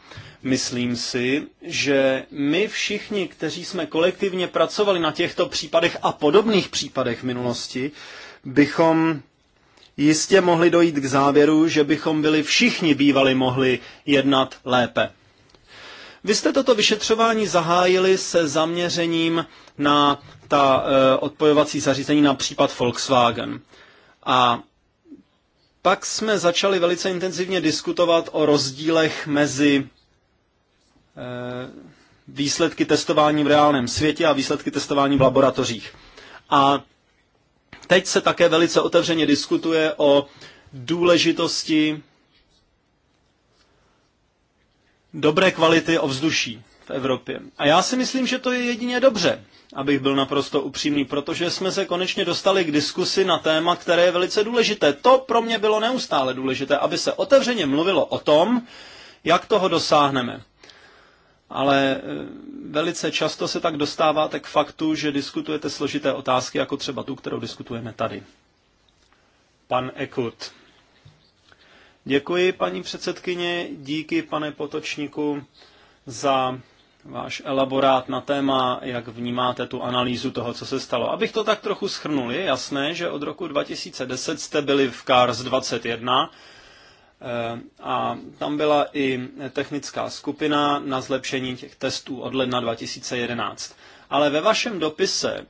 myslím si, že my všichni, kteří jsme kolektivně pracovali na těchto případech a podobných případech v minulosti, bychom jistě mohli dojít k závěru, že bychom byli všichni bývali mohli jednat lépe. Vy jste toto vyšetřování zahájili se zaměřením na ta eh, odpojovací zařízení na případ Volkswagen. A pak jsme začali velice intenzivně diskutovat o rozdílech mezi eh, výsledky testování v reálném světě a výsledky testování v laboratořích. A teď se také velice otevřeně diskutuje o důležitosti dobré kvality ovzduší. Evropě. A já si myslím, že to je jedině dobře, abych byl naprosto upřímný, protože jsme se konečně dostali k diskusi na téma, které je velice důležité. To pro mě bylo neustále důležité, aby se otevřeně mluvilo o tom, jak toho dosáhneme. Ale e, velice často se tak dostáváte k faktu, že diskutujete složité otázky, jako třeba tu, kterou diskutujeme tady. Pan Ekut. Děkuji, paní předsedkyně, díky, pane Potočníku, za váš elaborát na téma, jak vnímáte tu analýzu toho, co se stalo. Abych to tak trochu schrnul, je jasné, že od roku 2010 jste byli v CARS 21 eh, a tam byla i technická skupina na zlepšení těch testů od ledna 2011. Ale ve vašem dopise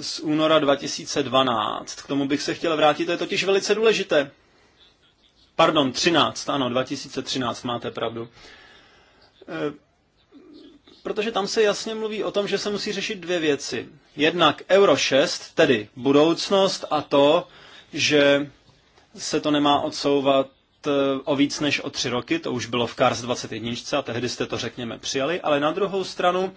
z února 2012, k tomu bych se chtěl vrátit, to je totiž velice důležité. Pardon, 13, ano, 2013 máte pravdu. Eh, protože tam se jasně mluví o tom, že se musí řešit dvě věci. Jednak Euro 6, tedy budoucnost a to, že se to nemá odsouvat eh, o víc než o tři roky, to už bylo v Cars 21 a tehdy jste to, řekněme, přijali, ale na druhou stranu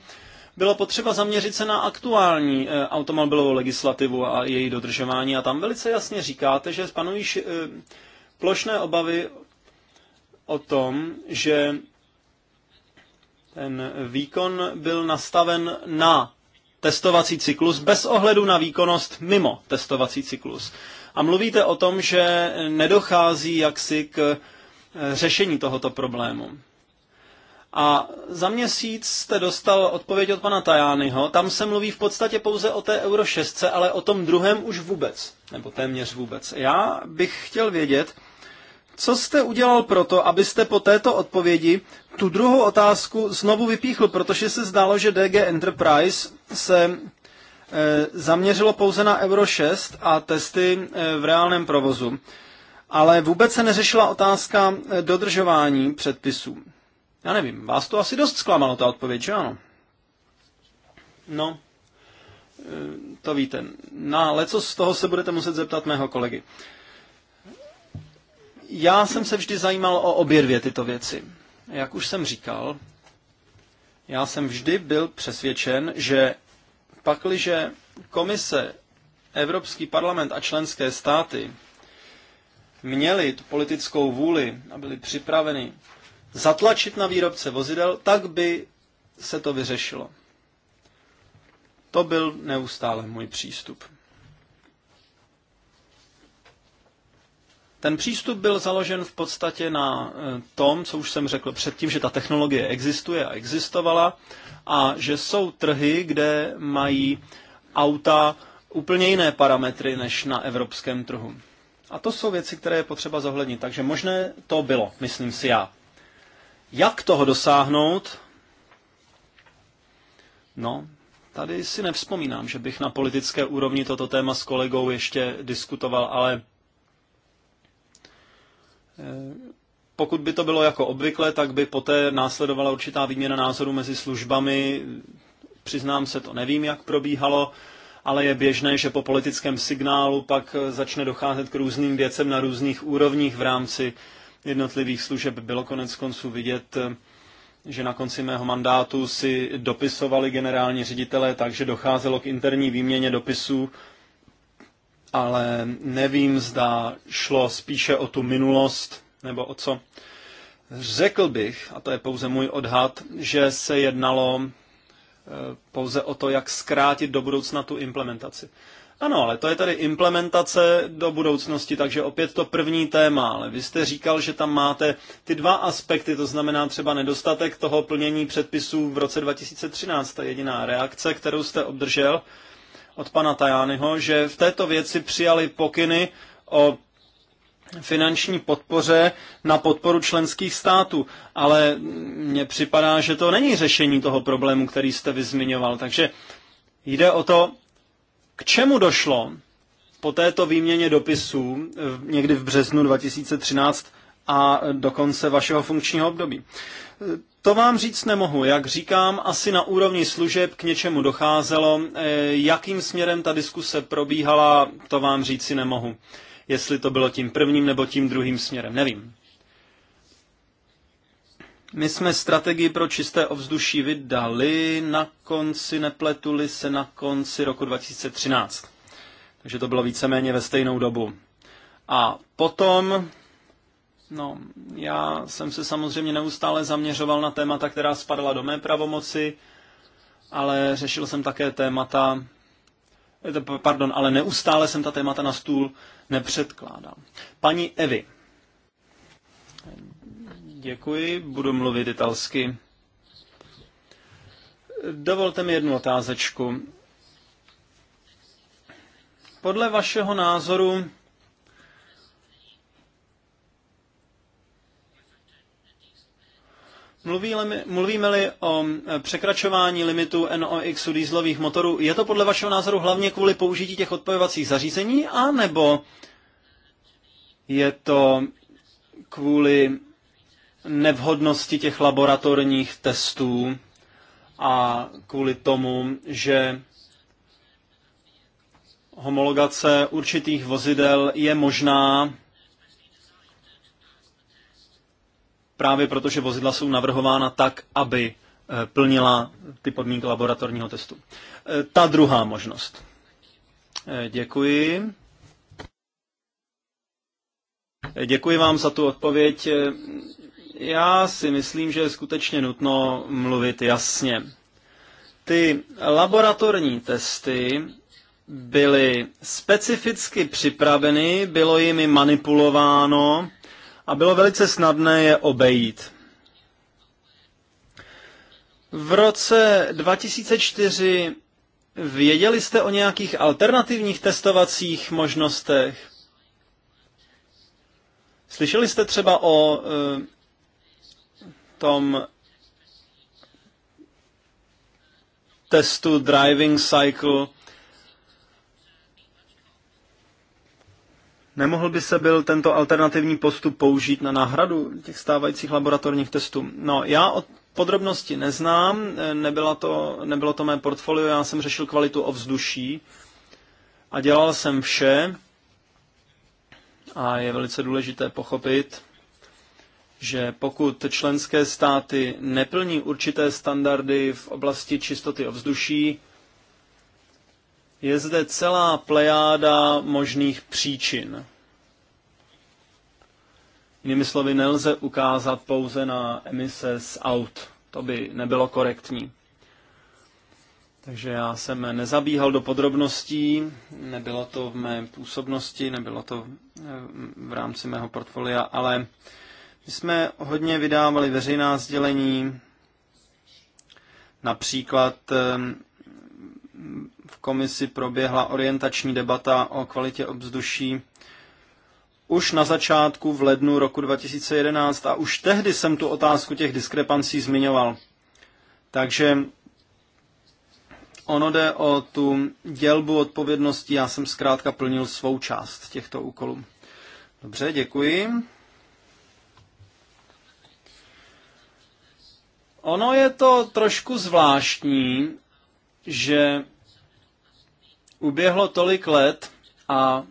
bylo potřeba zaměřit se na aktuální eh, automobilovou legislativu a její dodržování a tam velice jasně říkáte, že panují plošné obavy o tom, že ten výkon byl nastaven na testovací cyklus bez ohledu na výkonnost mimo testovací cyklus. A mluvíte o tom, že nedochází jaksi k eh, řešení tohoto problému. A za měsíc jste dostal odpověď od pana Tajányho. Tam se mluví v podstatě pouze o té Euro 6, ale o tom druhém už vůbec, nebo téměř vůbec. Já bych chtěl vědět, co jste udělal proto, abyste po této odpovědi tu druhou otázku znovu vypíchl, protože se zdálo, že DG Enterprise se eh, zaměřilo pouze na Euro 6 a testy eh, v reálném provozu, ale vůbec se neřešila otázka eh, dodržování předpisů. Já nevím, vás to asi dost zklamalo ta odpověď, že ano? No, to víte. Na no, leco z toho se budete muset zeptat mého kolegy. Já jsem se vždy zajímal o obě dvě tyto věci. Jak už jsem říkal, já jsem vždy byl přesvědčen, že pakliže komise, Evropský parlament a členské státy měli tu politickou vůli a byli připraveni zatlačit na výrobce vozidel, tak by se to vyřešilo. To byl neustále můj přístup. Ten přístup byl založen v podstatě na eh, tom, co už jsem řekl předtím, že ta technologie existuje a existovala a že jsou trhy, kde mají auta úplně jiné parametry než na evropském trhu. A to jsou věci, které je potřeba zohlednit. Takže možné to bylo, myslím si já. Jak toho dosáhnout? No, tady si nevzpomínám, že bych na politické úrovni toto téma s kolegou ještě diskutoval, ale pokud by to bylo jako obvykle, tak by poté následovala určitá výměna názorů mezi službami. Přiznám se, to nevím, jak probíhalo, ale je běžné, že po politickém signálu pak začne docházet k různým věcem na různých úrovních v rámci jednotlivých služeb. Bylo konec konců vidět, že na konci mého mandátu si dopisovali generální ředitelé, takže docházelo k interní výměně dopisů ale nevím, zda šlo spíše o tu minulost nebo o co. Řekl bych, a to je pouze můj odhad, že se jednalo eh, pouze o to, jak zkrátit do budoucna tu implementaci. Ano, ale to je tady implementace do budoucnosti, takže opět to první téma, ale vy jste říkal, že tam máte ty dva aspekty, to znamená třeba nedostatek toho plnění předpisů v roce 2013, ta jediná reakce, kterou jste obdržel, od pana Tajányho, že v této věci přijali pokyny o finanční podpoře na podporu členských států, ale mně připadá, že to není řešení toho problému, který jste vyzmiňoval. Takže jde o to, k čemu došlo po této výměně dopisů eh, někdy v březnu 2013 a do konce vašeho funkčního období. Eh, to vám říct nemohu. Jak říkám, asi na úrovni služeb k něčemu docházelo. Eh, jakým směrem ta diskuse probíhala, to vám říci nemohu. Jestli to bylo tím prvním nebo tím druhým směrem, nevím. My jsme strategii pro čisté ovzduší vydali na konci, nepletuli se na konci roku 2013. Takže to bylo víceméně ve stejnou dobu. A potom No, já jsem se samozřejmě neustále zaměřoval na témata, která spadla do mé pravomoci, ale řešil jsem také témata, eh, pardon, ale neustále jsem ta témata na stůl nepředkládal. Paní Evi. Děkuji, budu mluvit italsky. Dovolte mi jednu otázečku. Podle vašeho názoru Mluvíme-li o překračování limitu NOx u dýzlových motorů, je to podle vašeho názoru hlavně kvůli použití těch odpojovacích zařízení, anebo je to kvůli nevhodnosti těch laboratorních testů a kvůli tomu, že homologace určitých vozidel je možná právě proto, že vozidla jsou navrhována tak, aby eh, plnila ty podmínky laboratorního testu. Eh, ta druhá možnost. Eh, děkuji. Děkuji vám za tu odpověď. Já si myslím, že je skutečně nutno mluvit jasně. Ty laboratorní testy byly specificky připraveny, bylo jimi manipulováno a bylo velice snadné je obejít. V roce 2004 věděli jste o nějakých alternativních testovacích možnostech? Slyšeli jste třeba o e, tom testu driving cycle, Nemohl by se byl tento alternativní postup použít na náhradu těch stávajících laboratorních testů? No, já od podrobnosti neznám, nebyla to, nebylo to mé portfolio, já jsem řešil kvalitu ovzduší a dělal jsem vše a je velice důležité pochopit, že pokud členské státy neplní určité standardy v oblasti čistoty ovzduší, je zde celá plejáda možných příčin. Jinými slovy, nelze ukázat pouze na emise z aut. To by nebylo korektní. Takže já jsem nezabíhal do podrobností, nebylo to v mé působnosti, nebylo to eh, v rámci mého portfolia, ale my jsme hodně vydávali veřejná sdělení, například eh, v komisi proběhla orientační debata o kvalitě obzduší už na začátku v lednu roku 2011 a už tehdy jsem tu otázku těch diskrepancí zmiňoval. Takže ono jde o tu dělbu odpovědností, já jsem zkrátka plnil svou část těchto úkolů. Dobře, děkuji. Ono je to trošku zvláštní, že uběhlo tolik let a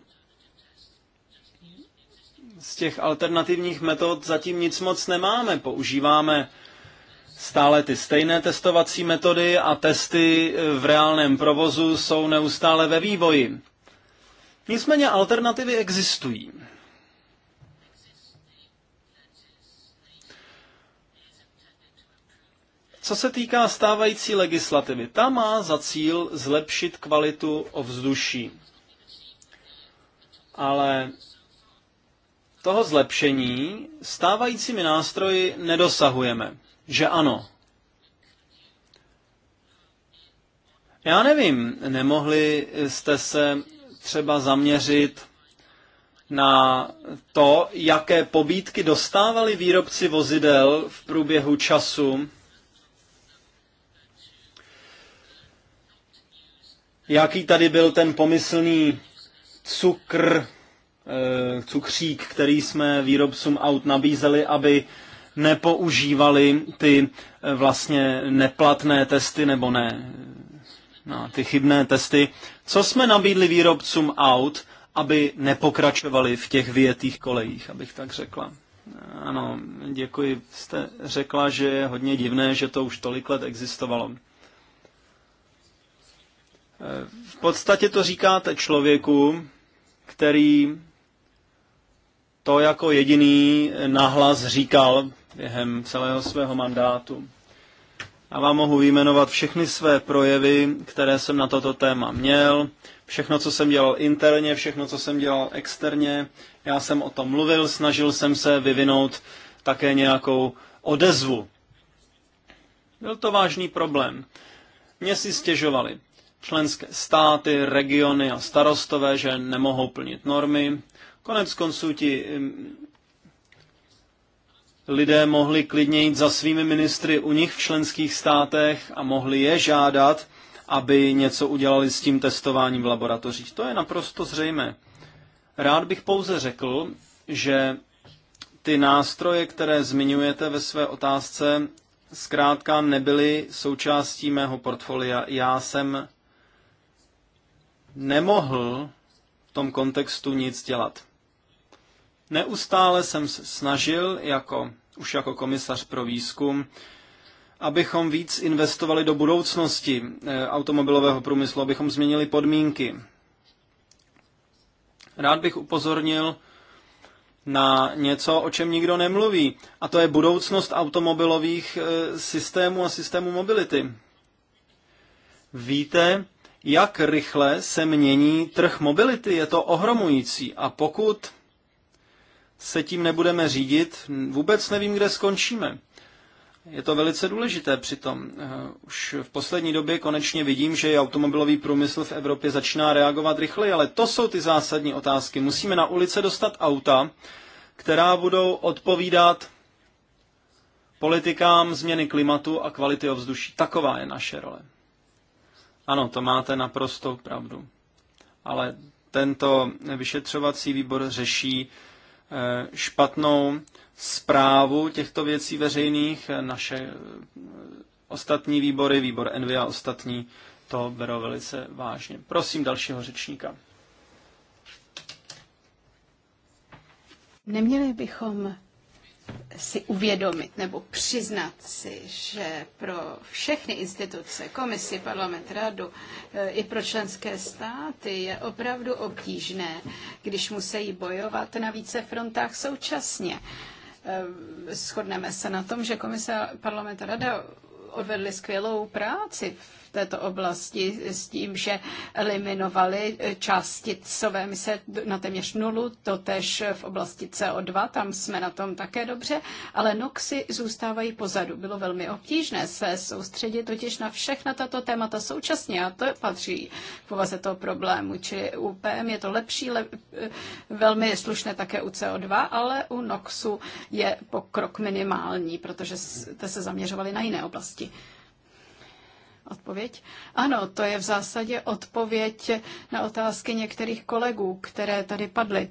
z těch alternativních metod zatím nic moc nemáme. Používáme stále ty stejné testovací metody a testy v reálném provozu jsou neustále ve vývoji. Nicméně alternativy existují. Co se týká stávající legislativy, ta má za cíl zlepšit kvalitu ovzduší. Ale toho zlepšení stávajícími nástroji nedosahujeme. Že ano? Já nevím, nemohli jste se třeba zaměřit na to, jaké pobídky dostávali výrobci vozidel v průběhu času jaký tady byl ten pomyslný cukr, eh, cukřík, který jsme výrobcům aut nabízeli, aby nepoužívali ty eh, vlastně neplatné testy nebo ne, eh, no, ty chybné testy. Co jsme nabídli výrobcům aut, aby nepokračovali v těch vyjetých kolejích, abych tak řekla. Ano, děkuji. Jste řekla, že je hodně divné, že to už tolik let existovalo. V podstatě to říkáte člověku, který to jako jediný nahlas říkal během celého svého mandátu. A vám mohu vyjmenovat všechny své projevy, které jsem na toto téma měl, všechno, co jsem dělal interně, všechno, co jsem dělal externě. Já jsem o tom mluvil, snažil jsem se vyvinout také nějakou odezvu. Byl to vážný problém. Mě si stěžovali členské státy, regiony a starostové, že nemohou plnit normy. Konec konců ti mm, lidé mohli klidně jít za svými ministry u nich v členských státech a mohli je žádat, aby něco udělali s tím testováním v laboratořích. To je naprosto zřejmé. Rád bych pouze řekl, že ty nástroje, které zmiňujete ve své otázce, zkrátka nebyly součástí mého portfolia. Já jsem nemohl v tom kontextu nic dělat. Neustále jsem snažil, jako, už jako komisař pro výzkum, abychom víc investovali do budoucnosti eh, automobilového průmyslu, abychom změnili podmínky. Rád bych upozornil na něco, o čem nikdo nemluví, a to je budoucnost automobilových eh, systémů a systémů mobility. Víte, jak rychle se mění trh mobility. Je to ohromující a pokud se tím nebudeme řídit, vůbec nevím, kde skončíme. Je to velice důležité přitom. Eh, už v poslední době konečně vidím, že automobilový průmysl v Evropě začíná reagovat rychleji, ale to jsou ty zásadní otázky. Musíme na ulice dostat auta, která budou odpovídat politikám změny klimatu a kvality ovzduší. Taková je naše role. Ano, to máte naprosto pravdu. Ale tento vyšetřovací výbor řeší eh, špatnou zprávu těchto věcí veřejných. Naše eh, ostatní výbory, výbor Envy a ostatní, to berou velice vážně. Prosím dalšího řečníka. Neměli bychom si uvědomit nebo přiznat si, že pro všechny instituce, komisi, parlament, radu eh, i pro členské státy je opravdu obtížné, když musí bojovat na více frontách současně. Eh, shodneme se na tom, že komise, parlament rada odvedli skvělou práci v této oblasti s tím, že eliminovali částicové mise na téměř nulu, to tež v oblasti CO2, tam jsme na tom také dobře, ale NOXy zůstávají pozadu. Bylo velmi obtížné se soustředit totiž na všechna tato témata současně a to patří k povaze toho problému, čili u PM je to lepší, lep, eh, velmi slušné také u CO2, ale u NOXu je pokrok minimální, protože jste se zaměřovali na jiné oblasti. Odpověď? Ano, to je v zásadě odpověď na otázky některých kolegů, které tady padly.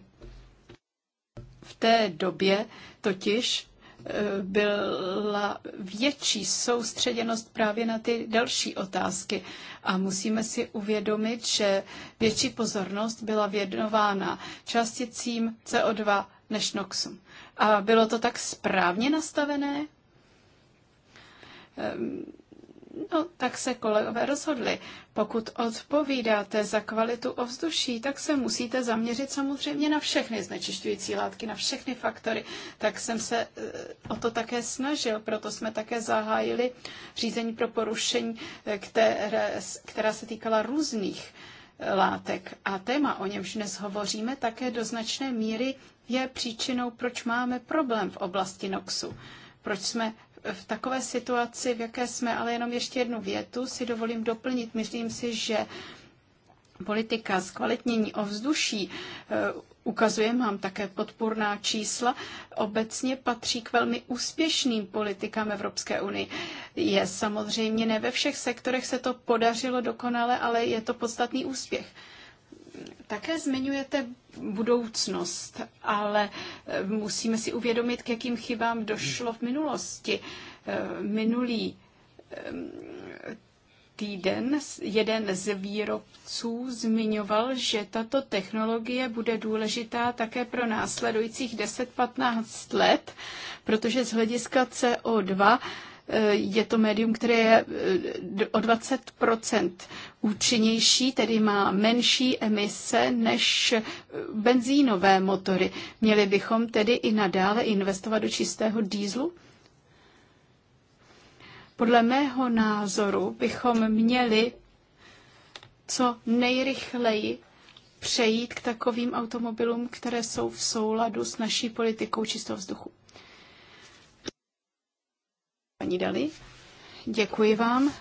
V té době totiž eh, byla větší soustředěnost právě na ty další otázky. A musíme si uvědomit, že větší pozornost byla věnována částicím CO2 než NOXu. A bylo to tak správně nastavené? Ehm, No, tak se kolegové rozhodli. Pokud odpovídáte za kvalitu ovzduší, tak se musíte zaměřit samozřejmě na všechny znečišťující látky, na všechny faktory. Tak jsem se eh, o to také snažil, proto jsme také zahájili řízení pro porušení, eh, které, která se týkala různých eh, látek. A téma, o němž dnes hovoříme, také do značné míry je příčinou, proč máme problém v oblasti NOXu proč jsme v takové situaci, v jaké jsme, ale jenom ještě jednu větu si dovolím doplnit. Myslím si, že politika zkvalitnění ovzduší eh, ukazuje, mám také podpůrná čísla, obecně patří k velmi úspěšným politikám Evropské unie. Je samozřejmě ne ve všech sektorech se to podařilo dokonale, ale je to podstatný úspěch. Také zmiňujete budoucnost, ale eh, musíme si uvědomit, k jakým chybám došlo v minulosti. Eh, minulý eh, týden jeden z výrobců zmiňoval, že tato technologie bude důležitá také pro následujících 10-15 let, protože z hlediska CO2 Eh, je to médium, které je eh, o 20 účinnější, tedy má menší emise než eh, benzínové motory. Měli bychom tedy i nadále investovat do čistého dýzlu? Podle mého názoru bychom měli co nejrychleji přejít k takovým automobilům, které jsou v souladu s naší politikou čistého vzduchu. Paní Dali, děkuji vám.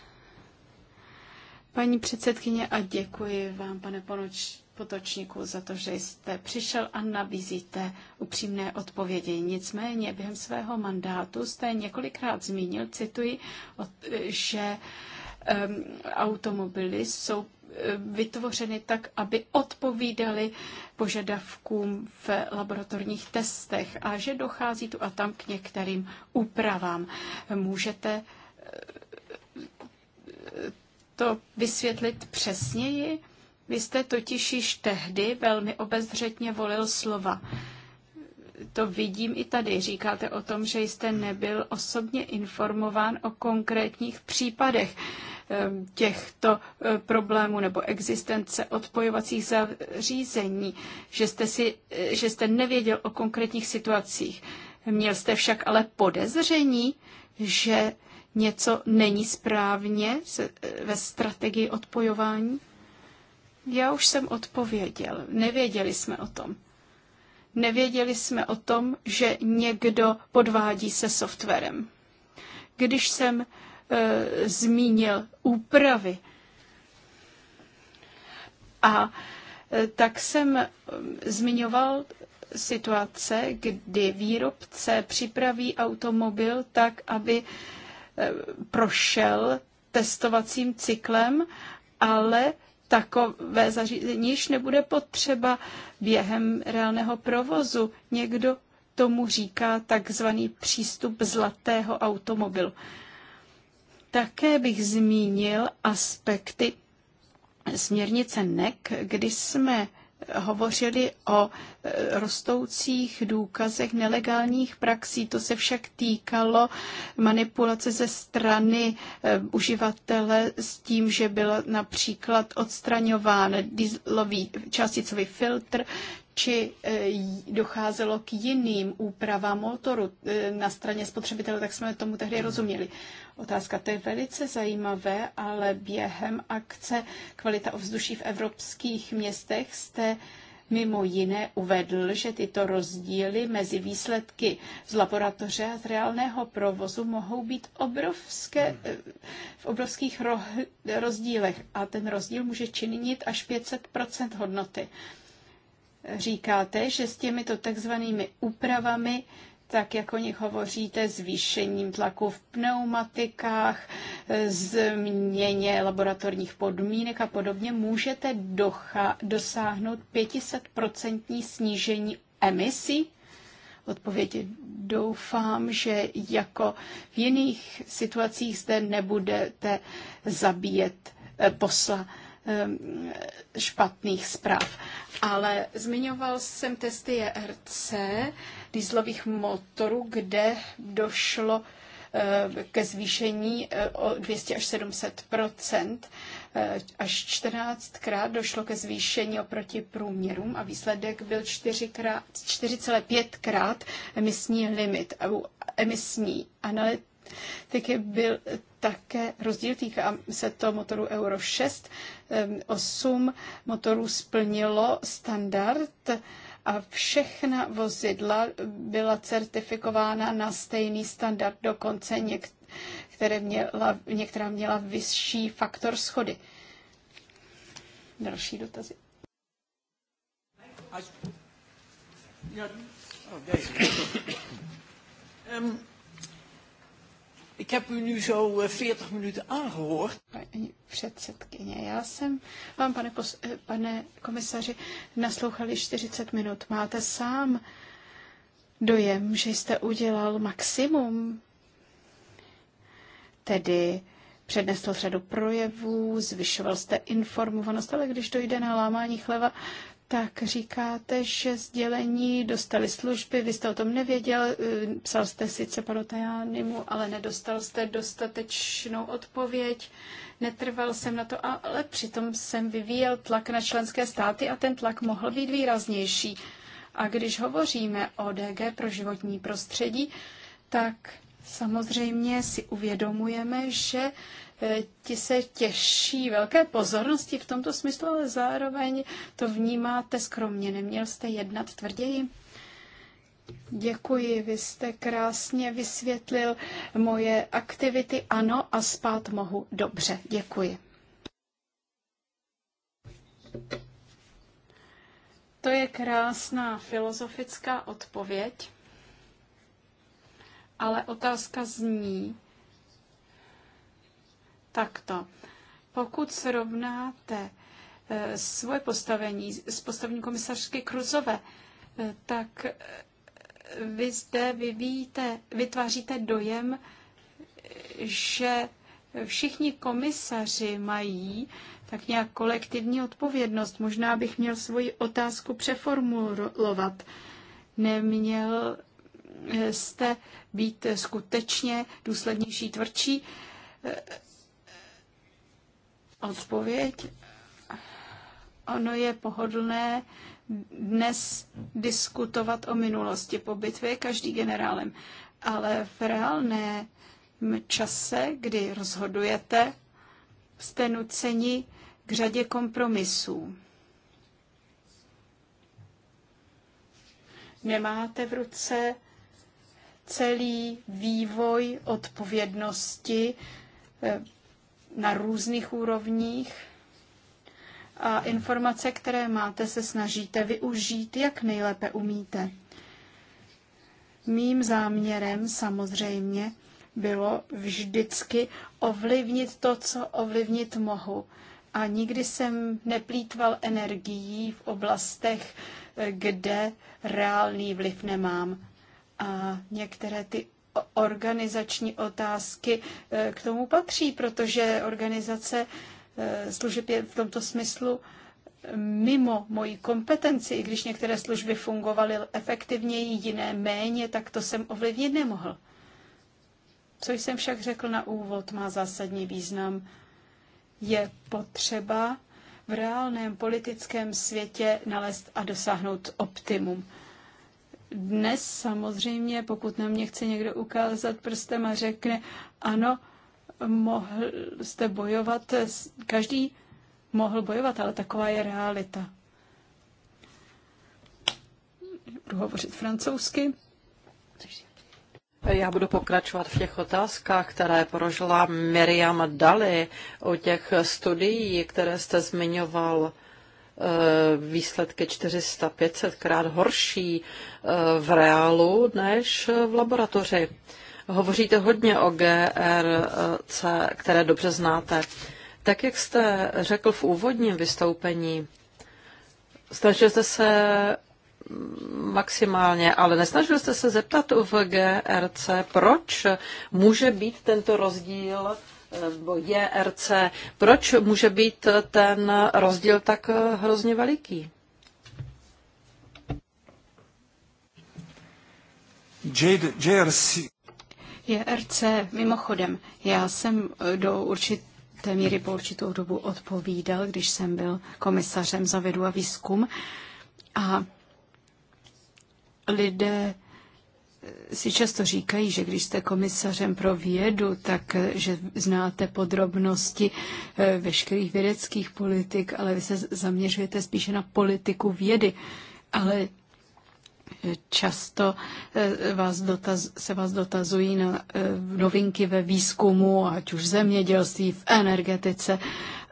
Paní předsedkyně a děkuji vám, pane Ponoč, Potočníku, za to, že jste přišel a nabízíte upřímné odpovědi. Nicméně během svého mandátu jste několikrát zmínil, cituji, že um, automobily jsou vytvořeny tak, aby odpovídaly požadavkům v laboratorních testech a že dochází tu a tam k některým úpravám. Můžete eh, to vysvětlit přesněji? Vy jste totiž již tehdy velmi obezřetně volil slova. To vidím i tady. Říkáte o tom, že jste nebyl osobně informován o konkrétních případech těchto e, problémů nebo existence odpojovacích zařízení, že jste, si, e, že jste nevěděl o konkrétních situacích. Měl jste však ale podezření, že něco není správně e, ve strategii odpojování? Já už jsem odpověděl. Nevěděli jsme o tom. Nevěděli jsme o tom, že někdo podvádí se softwarem. Když jsem Eh, zmínil úpravy. A eh, tak jsem eh, zmiňoval situace, kdy výrobce připraví automobil tak, aby prošel testovacím cyklem, ale takové zařízení již nebude potřeba během reálného provozu. Někdo tomu říká takzvaný přístup zlatého automobilu. Také bych zmínil aspekty směrnice NEC, kdy jsme hovořili o e, rostoucích důkazech nelegálních praxí. To se však týkalo manipulace ze strany e, uživatele s tím, že byl například odstraňován dieselový částicový filtr či e, docházelo k jiným úpravám motoru e, na straně spotřebitelů, tak jsme tomu tehdy rozuměli. Otázka, to je velice zajímavé, ale během akce Kvalita ovzduší v evropských městech jste mimo jiné uvedl, že tyto rozdíly mezi výsledky z laboratoře a z reálného provozu mohou být obrovské, e, v obrovských rozdílech a ten rozdíl může činit až 500 hodnoty říkáte, že s těmito takzvanými úpravami tak jak o nich hovoříte, zvýšením tlaku v pneumatikách, změně laboratorních podmínek a podobně, můžete docha- dosáhnout 500% snížení emisí? Odpovědi doufám, že jako v jiných situacích zde nebudete zabíjet eh, posla eh, špatných zpráv. Ale zmiňoval jsem testy ERC dýzlových motorů, kde došlo eh, ke zvýšení eh, o 200 až 700 eh, až 14 krát došlo ke zvýšení oproti průměrům a výsledek byl 4,5 krát emisní limit. Emisní analytika tak je byl také rozdíl, týká se to motoru Euro 6. 8 motorů splnilo standard a všechna vozidla byla certifikována na stejný standard, dokonce některé které měla, některá měla vyšší faktor schody. Další dotazy. Um, Ik heb u nu zo eh, veertig minuten aangehoord. předsedkyně, já jsem vám, pane, pos, eh, pane komisaři, naslouchali 40 minut. Máte sám dojem, že jste udělal maximum, tedy přednesl řadu projevů, zvyšoval jste informovanost, ale když dojde na lámání chleva, tak říkáte, že sdělení dostali služby, vy jste o tom nevěděl, e, psal jste sice panu Tajánimu, ale nedostal jste dostatečnou odpověď, netrval jsem na to, ale přitom jsem vyvíjel tlak na členské státy a ten tlak mohl být výraznější. A když hovoříme o DG pro životní prostředí, tak samozřejmě si uvědomujeme, že E, ti se těší velké pozornosti v tomto smyslu, ale zároveň to vnímáte skromně. Neměl jste jednat tvrději? Děkuji, vy jste krásně vysvětlil moje aktivity. Ano, a spát mohu dobře. Děkuji. To je krásná filozofická odpověď, ale otázka zní, takto. Pokud srovnáte eh, svoje postavení s postavením komisařky Kruzové, eh, tak eh, vy zde vyvíjíte, vytváříte dojem, že všichni komisaři mají tak nějak kolektivní odpovědnost. Možná bych měl svoji otázku přeformulovat. Neměl jste být skutečně důslednější, tvrdší? Odpověď? Ono je pohodlné dnes diskutovat o minulosti. Po bitvě každý generálem. Ale v reálném čase, kdy rozhodujete, jste nuceni k řadě kompromisů. Nemáte v ruce celý vývoj odpovědnosti eh, na různých úrovních a informace, které máte, se snažíte využít, jak nejlépe umíte. Mým záměrem samozřejmě bylo vždycky ovlivnit to, co ovlivnit mohu. A nikdy jsem neplýtval energií v oblastech, kde reálný vliv nemám. A některé ty organizační otázky eh, k tomu patří, protože organizace eh, služeb je v tomto smyslu eh, mimo moji kompetenci, i když některé služby fungovaly efektivněji, jiné méně, tak to jsem ovlivnit nemohl. Co jsem však řekl na úvod, má zásadní význam. Je potřeba v reálném politickém světě nalézt a dosáhnout optimum. Dnes samozřejmě, pokud na mě chce někdo ukázat prstem a řekne, ano, mohl jste bojovat, každý mohl bojovat, ale taková je realita. Budu hovořit francouzsky. Já budu pokračovat v těch otázkách, které porožila Miriam Dali o těch studií, které jste zmiňoval Eh, výsledky 400-500 krát horší eh, v reálu než v laboratoři. Hovoříte hodně o GRC, které dobře znáte. Tak, jak jste řekl v úvodním vystoupení, snažil jste se maximálně, ale nesnažil jste se zeptat v GRC, proč může být tento rozdíl nebo JRC, proč může být ten rozdíl tak hrozně veliký? JRC. JRC, mimochodem, já jsem eh, do určité míry po určitou dobu odpovídal, když jsem byl komisařem za vědu a výzkum. A lidé si často říkají, že když jste komisařem pro vědu, tak že znáte podrobnosti eh, veškerých vědeckých politik, ale vy se zaměřujete spíše na politiku vědy. Ale eh, často eh, vás dotaz, se vás dotazují na novinky ve výzkumu, ať už v zemědělství, v energetice.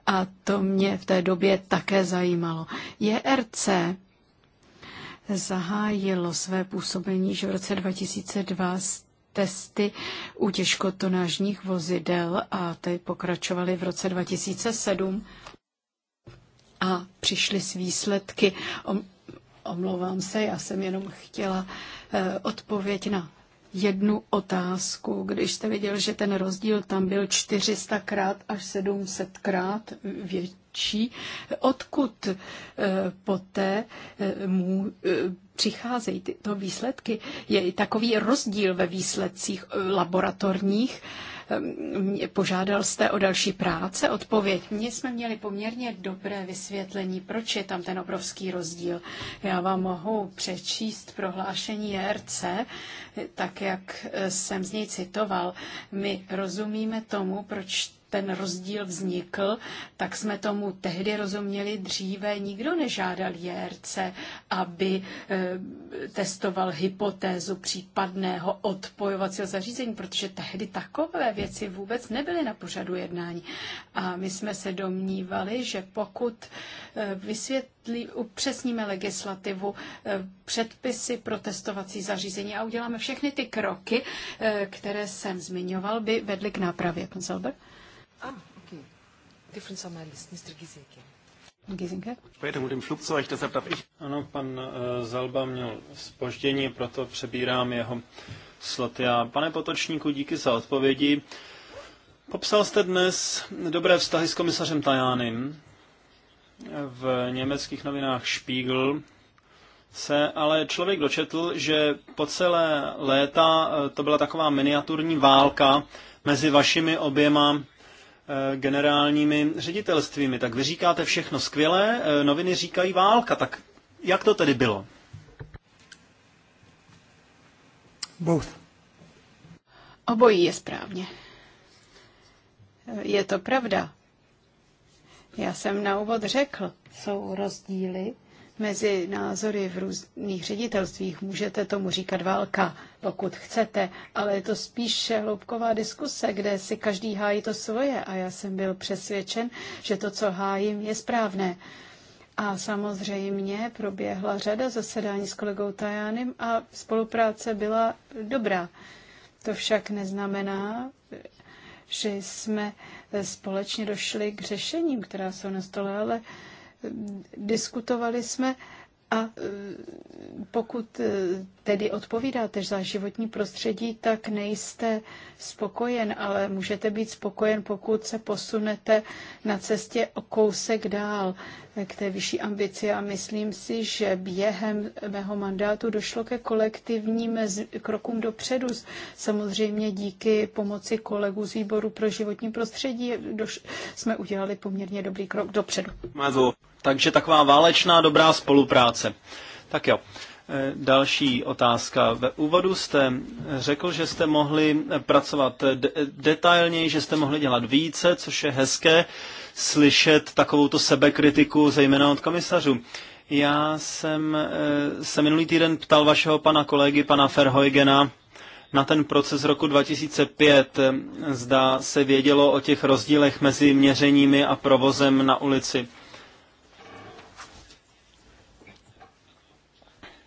A to mě v té době také zajímalo. JRC zahájilo své působení že v roce 2002 testy u těžkotonážních vozidel a ty pokračovaly v roce 2007 a přišly s výsledky. Omlouvám se, já jsem jenom chtěla eh, odpověď na jednu otázku, když jste viděl, že ten rozdíl tam byl 400krát až 700krát určí, odkud eh, poté eh, mu eh, přicházejí tyto výsledky. Je i takový rozdíl ve výsledcích laboratorních. Ehm, požádal jste o další práce? Odpověď. My jsme měli poměrně dobré vysvětlení, proč je tam ten obrovský rozdíl. Já vám mohu přečíst prohlášení JRC, tak jak jsem z něj citoval. My rozumíme tomu, proč ten rozdíl vznikl, tak jsme tomu tehdy rozuměli dříve. Nikdo nežádal JRC, aby eh, testoval hypotézu případného odpojovacího zařízení, protože tehdy takové věci vůbec nebyly na pořadu jednání. A my jsme se domnívali, že pokud eh, vysvětlí, upřesníme legislativu, eh, předpisy pro testovací zařízení a uděláme všechny ty kroky, které jsem zmiňoval, by vedly k nápravě. Pan Zalber. Ah, okay. Different Somalis, Mr. Gizinke. Gizinke? Pojedu mit dem Flugzeug, deshalb darf ich. Ano, pan uh, Zalba měl spoždění, proto přebírám jeho slot. Já, pane Potočníku, díky za odpovědi. Popsal jste dnes dobré vztahy s komisařem Tajánem. V německých novinách Spiegel se ale člověk dočetl, že po celé léta eh, to byla taková miniaturní válka mezi vašimi oběma Eh, generálními ředitelstvími. Tak vy říkáte všechno skvělé, eh, noviny říkají válka, tak jak to tedy bylo? Both. Obojí je správně. Je to pravda. Já jsem na úvod řekl, jsou rozdíly mezi názory v různých ředitelstvích. Můžete tomu říkat válka, pokud chcete, ale je to spíš hloubková diskuse, kde si každý hájí to svoje a já jsem byl přesvědčen, že to, co hájím, je správné. A samozřejmě proběhla řada zasedání s kolegou Tajánem a spolupráce byla dobrá. To však neznamená, že jsme společně došli k řešením, která jsou na stole, ale diskutovali jsme a e, pokud e, tedy odpovídáte za životní prostředí, tak nejste spokojen, ale můžete být spokojen, pokud se posunete na cestě o kousek dál k té vyšší ambici. A myslím si, že během mého mandátu došlo ke kolektivním krokům dopředu. Samozřejmě díky pomoci kolegů z výboru pro životní prostředí doš- jsme udělali poměrně dobrý krok dopředu. Mazo. Takže taková válečná dobrá spolupráce. Tak jo. E, další otázka. Ve úvodu jste řekl, že jste mohli pracovat de- detailněji, že jste mohli dělat více, což je hezké slyšet takovouto sebekritiku, zejména od komisařů. Já jsem e, se minulý týden ptal vašeho pana kolegy, pana Ferhojgena, na ten proces roku 2005. Zda se vědělo o těch rozdílech mezi měřeními a provozem na ulici.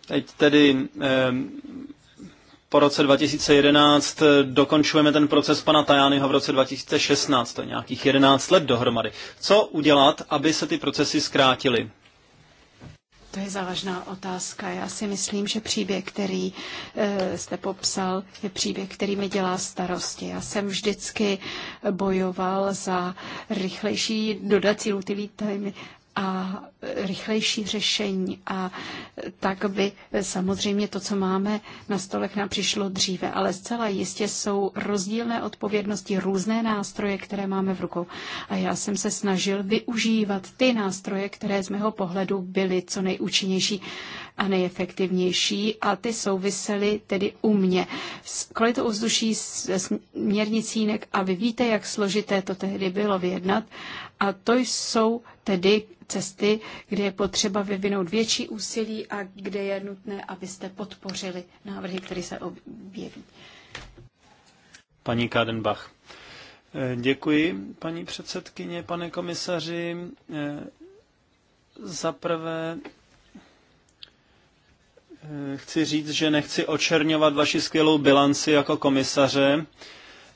Teď tedy ehm, po roce 2011 eh, dokončujeme ten proces pana Tajányho v roce 2016, to je nějakých 11 let dohromady. Co udělat, aby se ty procesy zkrátily? To je závažná otázka. Já si myslím, že příběh, který eh, jste popsal, je příběh, který mi dělá starosti. Já jsem vždycky bojoval za rychlejší dodací lutivý a rychlejší řešení a tak by samozřejmě to, co máme na stolech, nám přišlo dříve. Ale zcela jistě jsou rozdílné odpovědnosti, různé nástroje, které máme v rukou. A já jsem se snažil využívat ty nástroje, které z mého pohledu byly co nejúčinnější a nejefektivnější a ty souvisely tedy u mě. Kvalitu ovzduší se směrnicínek a vy víte, jak složité to tehdy bylo vyjednat a to jsou tedy cesty, kde je potřeba vyvinout větší úsilí a kde je nutné, abyste podpořili návrhy, které se objeví. Paní Kádenbach. Eh, děkuji, paní předsedkyně, pane komisaři. Eh, za prvé eh, chci říct, že nechci očerňovat vaši skvělou bilanci jako komisaře.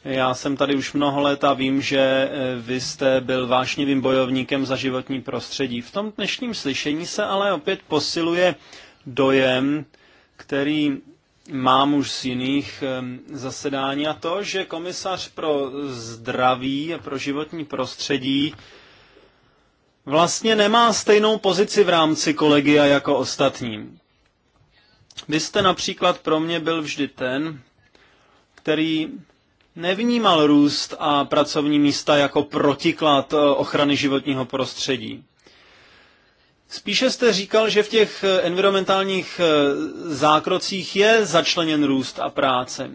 Já jsem tady už mnoho let a vím, že e, vy jste byl vášnivým bojovníkem za životní prostředí. V tom dnešním slyšení se ale opět posiluje dojem, který mám už z jiných e, zasedání a to, že komisař pro zdraví a pro životní prostředí vlastně nemá stejnou pozici v rámci kolegia jako ostatní. Vy jste například pro mě byl vždy ten, který nevnímal růst a pracovní místa jako protiklad eh, ochrany životního prostředí. Spíše jste říkal, že v těch eh, environmentálních eh, zákrocích je začleněn růst a práce.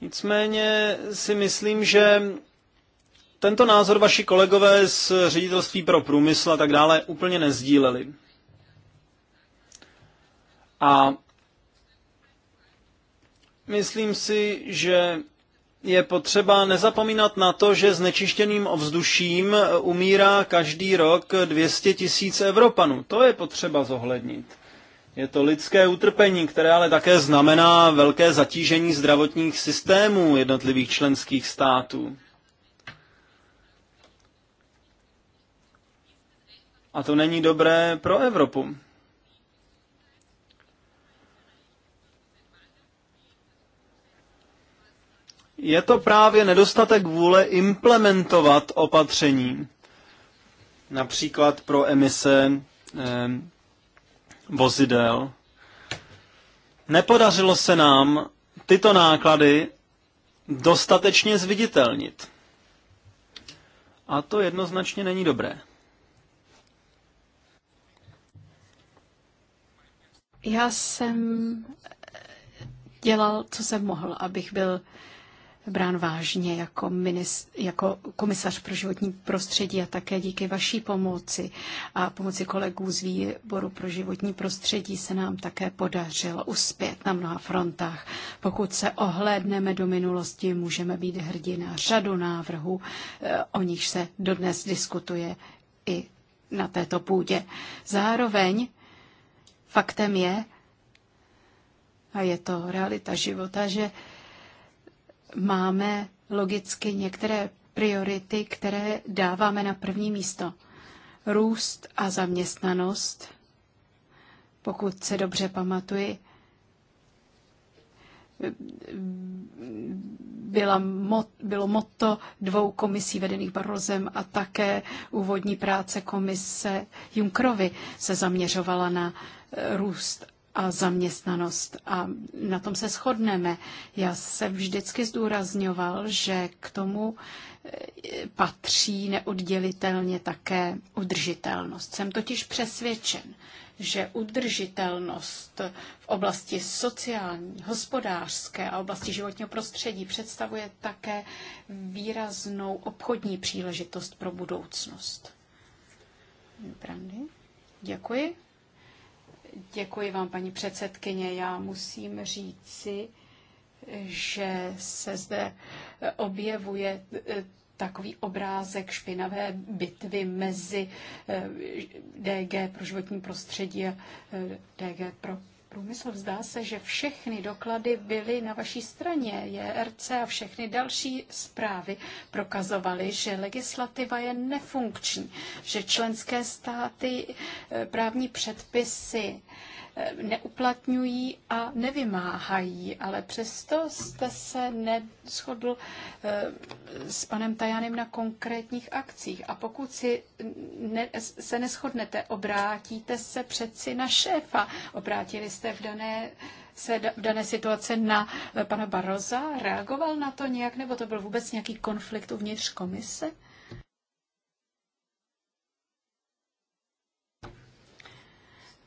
Nicméně si myslím, že tento názor vaši kolegové z ředitelství pro průmysl a tak dále úplně nezdíleli. A Myslím si, že je potřeba nezapomínat na to, že znečištěným ovzduším umírá každý rok 200 tisíc Evropanů. To je potřeba zohlednit. Je to lidské utrpení, které ale také znamená velké zatížení zdravotních systémů jednotlivých členských států. A to není dobré pro Evropu. je to právě nedostatek vůle implementovat opatření. Například pro emise eh, vozidel. Nepodařilo se nám tyto náklady dostatečně zviditelnit. A to jednoznačně není dobré. Já jsem dělal, co jsem mohl, abych byl brán vážně jako, minis, jako komisař pro životní prostředí a také díky vaší pomoci a pomoci kolegů z výboru pro životní prostředí se nám také podařilo uspět na mnoha frontách. Pokud se ohlédneme do minulosti, můžeme být hrdí na řadu návrhů, eh, o nich se dodnes diskutuje i na této půdě. Zároveň faktem je, a je to realita života, že máme logicky některé priority, které dáváme na první místo. Růst a zaměstnanost, pokud se dobře pamatuji, byla mot, bylo motto dvou komisí vedených Barrozem a také úvodní práce komise Junkrovi se zaměřovala na eh, růst a zaměstnanost. A na tom se shodneme. Já jsem vždycky zdůrazňoval, že k tomu e, patří neoddělitelně také udržitelnost. Jsem totiž přesvědčen, že udržitelnost v oblasti sociální, hospodářské a oblasti životního prostředí představuje také výraznou obchodní příležitost pro budoucnost. Brandy, děkuji. Děkuji vám, paní předsedkyně. Já musím říci, že se zde objevuje eh, takový obrázek špinavé bitvy mezi eh, DG pro životní prostředí a eh, DG pro průmysl. Zdá se, že všechny doklady byly na vaší straně. JRC a všechny další zprávy prokazovaly, že legislativa je nefunkční, že členské státy eh, právní předpisy Eh, neuplatňují a nevymáhají, ale přesto jste se neschodl eh, s panem Tajanem na konkrétních akcích. A pokud si ne, se neschodnete, obrátíte se přeci na šéfa. Obrátili jste v dané se v dané situace na eh, pana Baroza? Reagoval na to nějak, nebo to byl vůbec nějaký konflikt uvnitř komise?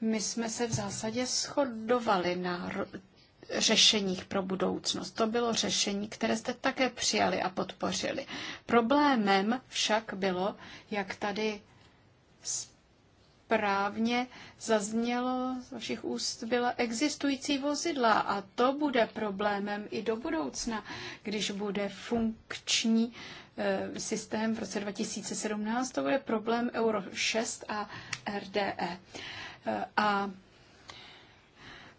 My jsme se v zásadě shodovali na řešeních pro budoucnost. To bylo řešení, které jste také přijali a podpořili. Problémem však bylo, jak tady správně zaznělo z vašich úst, byla existující vozidla a to bude problémem i do budoucna, když bude funkční e, systém v roce 2017, to bude problém Euro 6 a RDE. A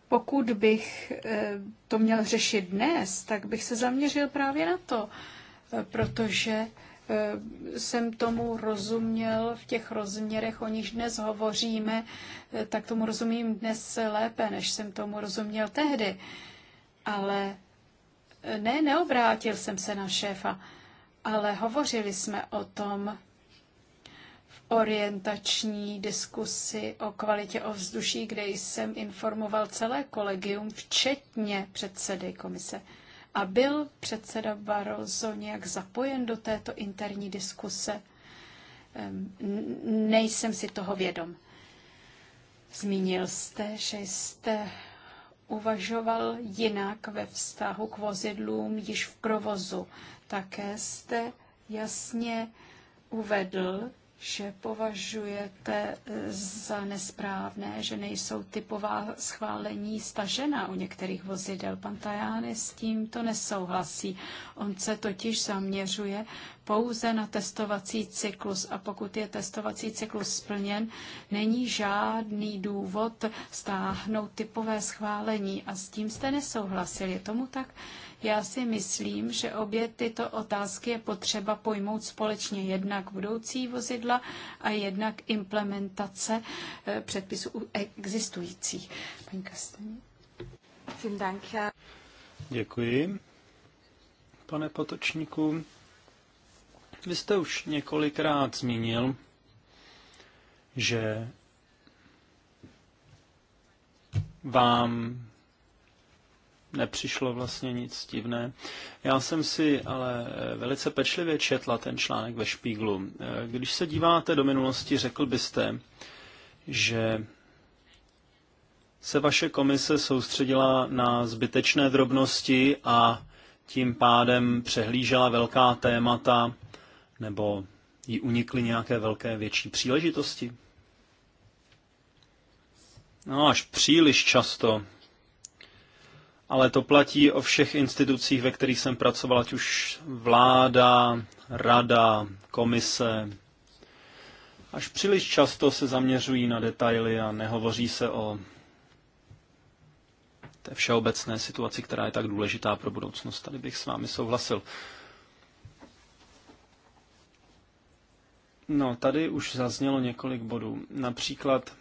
pokud bych eh, to měl řešit dnes, tak bych se zaměřil právě na to, eh, protože eh, jsem tomu rozuměl v těch rozměrech, o nich dnes hovoříme, tak tomu rozumím dnes lépe, než jsem tomu rozuměl tehdy. Ale ne, neobrátil jsem se na šéfa, ale hovořili jsme o tom, orientační diskusi o kvalitě ovzduší, kde jsem informoval celé kolegium, včetně předsedy komise. A byl předseda Barroso nějak zapojen do této interní diskuse? Nejsem si toho vědom. Zmínil jste, že jste uvažoval jinak ve vztahu k vozidlům již v provozu. Také jste jasně uvedl, že považujete eh, za nesprávné, že nejsou typová schválení stažena u některých vozidel. Pan Tajány s tím to nesouhlasí. On se totiž zaměřuje pouze na testovací cyklus a pokud je testovací cyklus splněn, není žádný důvod stáhnout typové schválení a s tím jste nesouhlasil. Je tomu tak? Já si myslím, že obě tyto otázky je potřeba pojmout společně. Jednak budoucí vozidla a jednak implementace eh, předpisů existujících. Paní Kastelní. Děkuji. Pane Potočníku, vy jste už několikrát zmínil, že vám nepřišlo vlastně nic divné. Já jsem si ale velice pečlivě četla ten článek ve Špíglu. Když se díváte do minulosti, řekl byste, že se vaše komise soustředila na zbytečné drobnosti a tím pádem přehlížela velká témata, nebo jí unikly nějaké velké větší příležitosti? No až příliš často ale to platí o všech institucích, ve kterých jsem pracoval, ať už vláda, rada, komise. Až příliš často se zaměřují na detaily a nehovoří se o té všeobecné situaci, která je tak důležitá pro budoucnost. Tady bych s vámi souhlasil. No, tady už zaznělo několik bodů. Například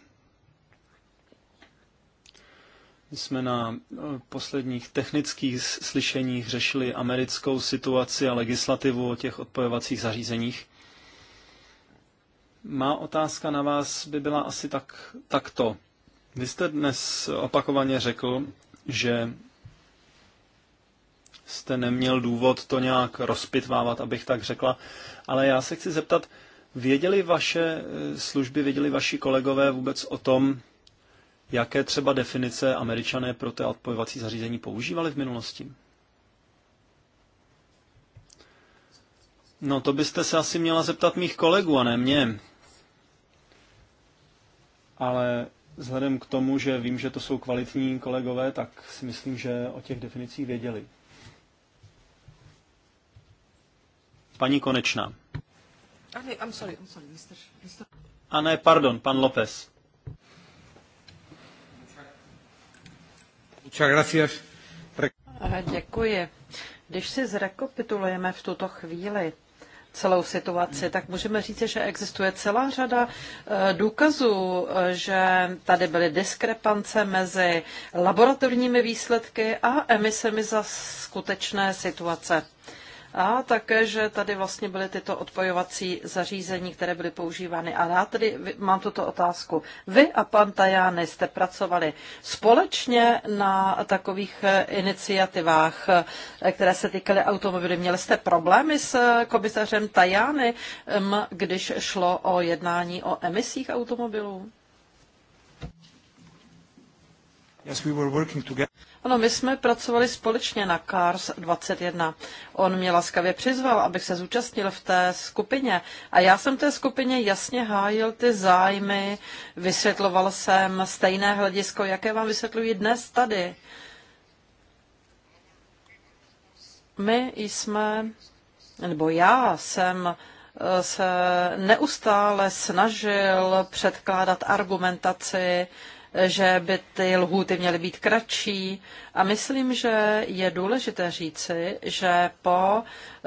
My jsme na eh, posledních technických slyšeních řešili americkou situaci a legislativu o těch odpojovacích zařízeních. Má otázka na vás by byla asi tak, takto. Vy jste dnes opakovaně řekl, že jste neměl důvod to nějak rozpitvávat, abych tak řekla, ale já se chci zeptat, věděli vaše eh, služby, věděli vaši kolegové vůbec o tom, Jaké třeba definice američané pro té odpojovací zařízení používali v minulosti? No to byste se asi měla zeptat mých kolegů a ne mě. Ale vzhledem k tomu, že vím, že to jsou kvalitní kolegové, tak si myslím, že o těch definicích věděli. Paní Konečná. A ah, ne, I'm sorry, I'm sorry, Mr. Mr. A ne, pardon, pan López. Eh, děkuji. Když si zrekapitulujeme v tuto chvíli celou situaci, tak můžeme říct, že existuje celá řada eh, důkazů, eh, že tady byly diskrepance mezi laboratorními výsledky a emisemi za skutečné situace a také, že tady vlastně byly tyto odpojovací zařízení, které byly používány. A já tedy mám tuto otázku. Vy a pan Tajány jste pracovali společně na takových eh, iniciativách, eh, které se týkaly automobily. Měli jste problémy s eh, komisařem Tajány, když šlo o jednání o emisích automobilů? Yes, we were working together. Ano, my jsme pracovali společně na CARS 21. On mě laskavě přizval, abych se zúčastnil v té skupině. A já jsem té skupině jasně hájil ty zájmy, vysvětloval jsem stejné hledisko, jaké vám vysvětluji dnes tady. My jsme, nebo já jsem eh, se neustále snažil předkládat argumentaci, že by ty lhůty měly být kratší. A myslím, že je důležité říci, že po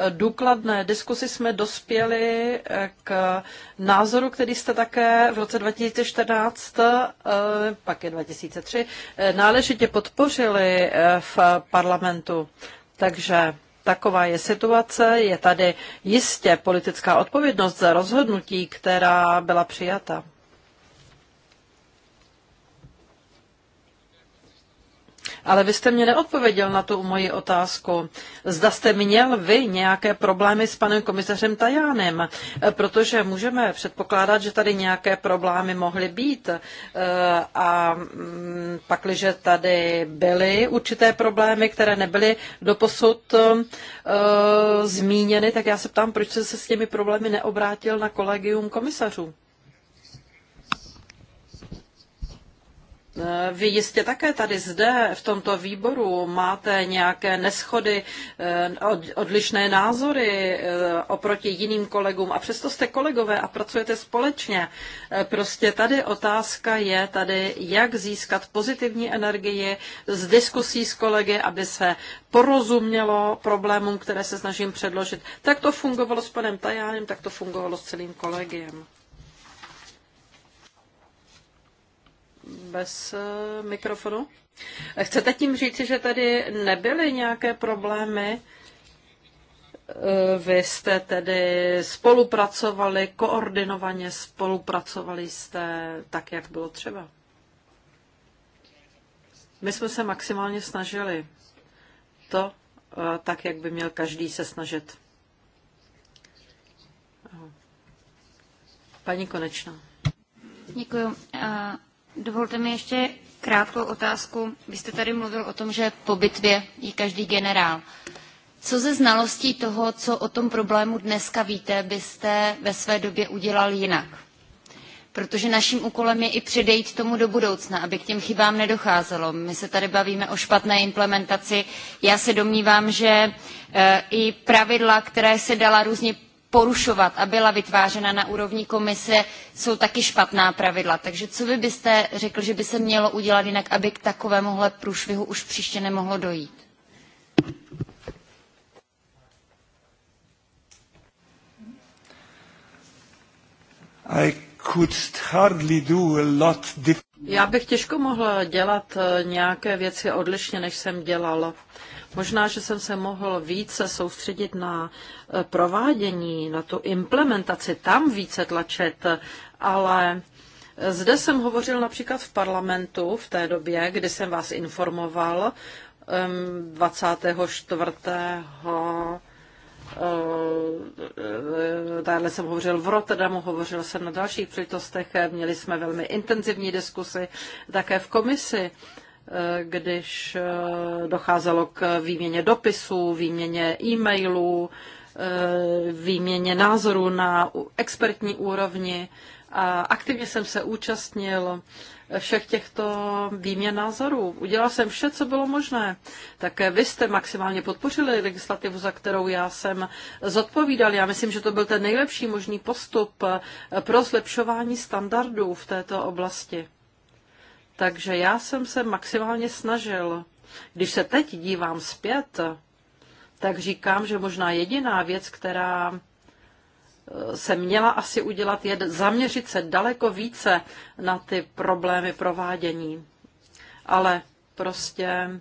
důkladné diskusi jsme dospěli eh, k názoru, který jste také v roce 2014, eh, pak je 2003, eh, náležitě podpořili v parlamentu. Takže Taková je situace, je tady jistě politická odpovědnost za rozhodnutí, která byla přijata. Ale vy jste mě neodpověděl na tu moji otázku. Zda jste měl vy nějaké problémy s panem komisařem Tajánem, e, protože můžeme předpokládat, že tady nějaké problémy mohly být e, a mm, pakliže tady byly určité problémy, které nebyly doposud e, zmíněny, tak já se ptám, proč jste se s těmi problémy neobrátil na kolegium komisařů? Eh, vy jistě také tady zde v tomto výboru máte nějaké neschody, eh, odlišné názory eh, oproti jiným kolegům a přesto jste kolegové a pracujete společně. Prostě tady otázka je tady, jak získat pozitivní energii z diskusí s kolegy, aby se porozumělo problémům, které se snažím předložit. Tak to fungovalo s panem Tajánem, tak to fungovalo s celým kolegiem. bez eh, mikrofonu. Chcete tím říci, že tady nebyly nějaké problémy? Eh, vy jste tedy spolupracovali, koordinovaně spolupracovali jste tak, jak bylo třeba. My jsme se maximálně snažili to, eh, tak, jak by měl každý se snažit. Paní Konečná. Děkuji. Dovolte mi ještě krátkou otázku. Vy jste tady mluvil o tom, že po bitvě je každý generál. Co ze znalostí toho, co o tom problému dneska víte, byste ve své době udělal jinak? Protože naším úkolem je i předejít tomu do budoucna, aby k těm chybám nedocházelo. My se tady bavíme o špatné implementaci. Já se domnívám, že eh, i pravidla, které se dala různě porušovat a byla vytvářena na úrovni komise, jsou taky špatná pravidla. Takže co vy byste řekl, že by se mělo udělat jinak, aby k takovémuhle průšvihu už příště nemohlo dojít? I could hardly do a lot Já bych těžko mohla dělat eh, nějaké věci odlišně, než jsem dělal Možná, že jsem se mohl více soustředit na eh, provádění, na tu implementaci, tam více tlačit, ale eh, zde jsem hovořil například v parlamentu v té době, kdy jsem vás informoval 24 ehm, Tady eh, jsem hovořil v Rotterdamu, hovořil jsem na dalších příležitostech, měli jsme velmi intenzivní diskusy také v komisi když eh, docházelo k výměně dopisů, výměně e-mailů, eh, výměně názorů na expertní úrovni. A aktivně jsem se účastnil všech těchto výměn názorů. Udělal jsem vše, co bylo možné. Také vy jste maximálně podpořili legislativu, za kterou já jsem zodpovídal. Já myslím, že to byl ten nejlepší možný postup eh, pro zlepšování standardů v této oblasti. Takže já jsem se maximálně snažil. Když se teď dívám zpět, tak říkám, že možná jediná věc, která eh, se měla asi udělat, je zaměřit se daleko více na ty problémy provádění. Ale prostě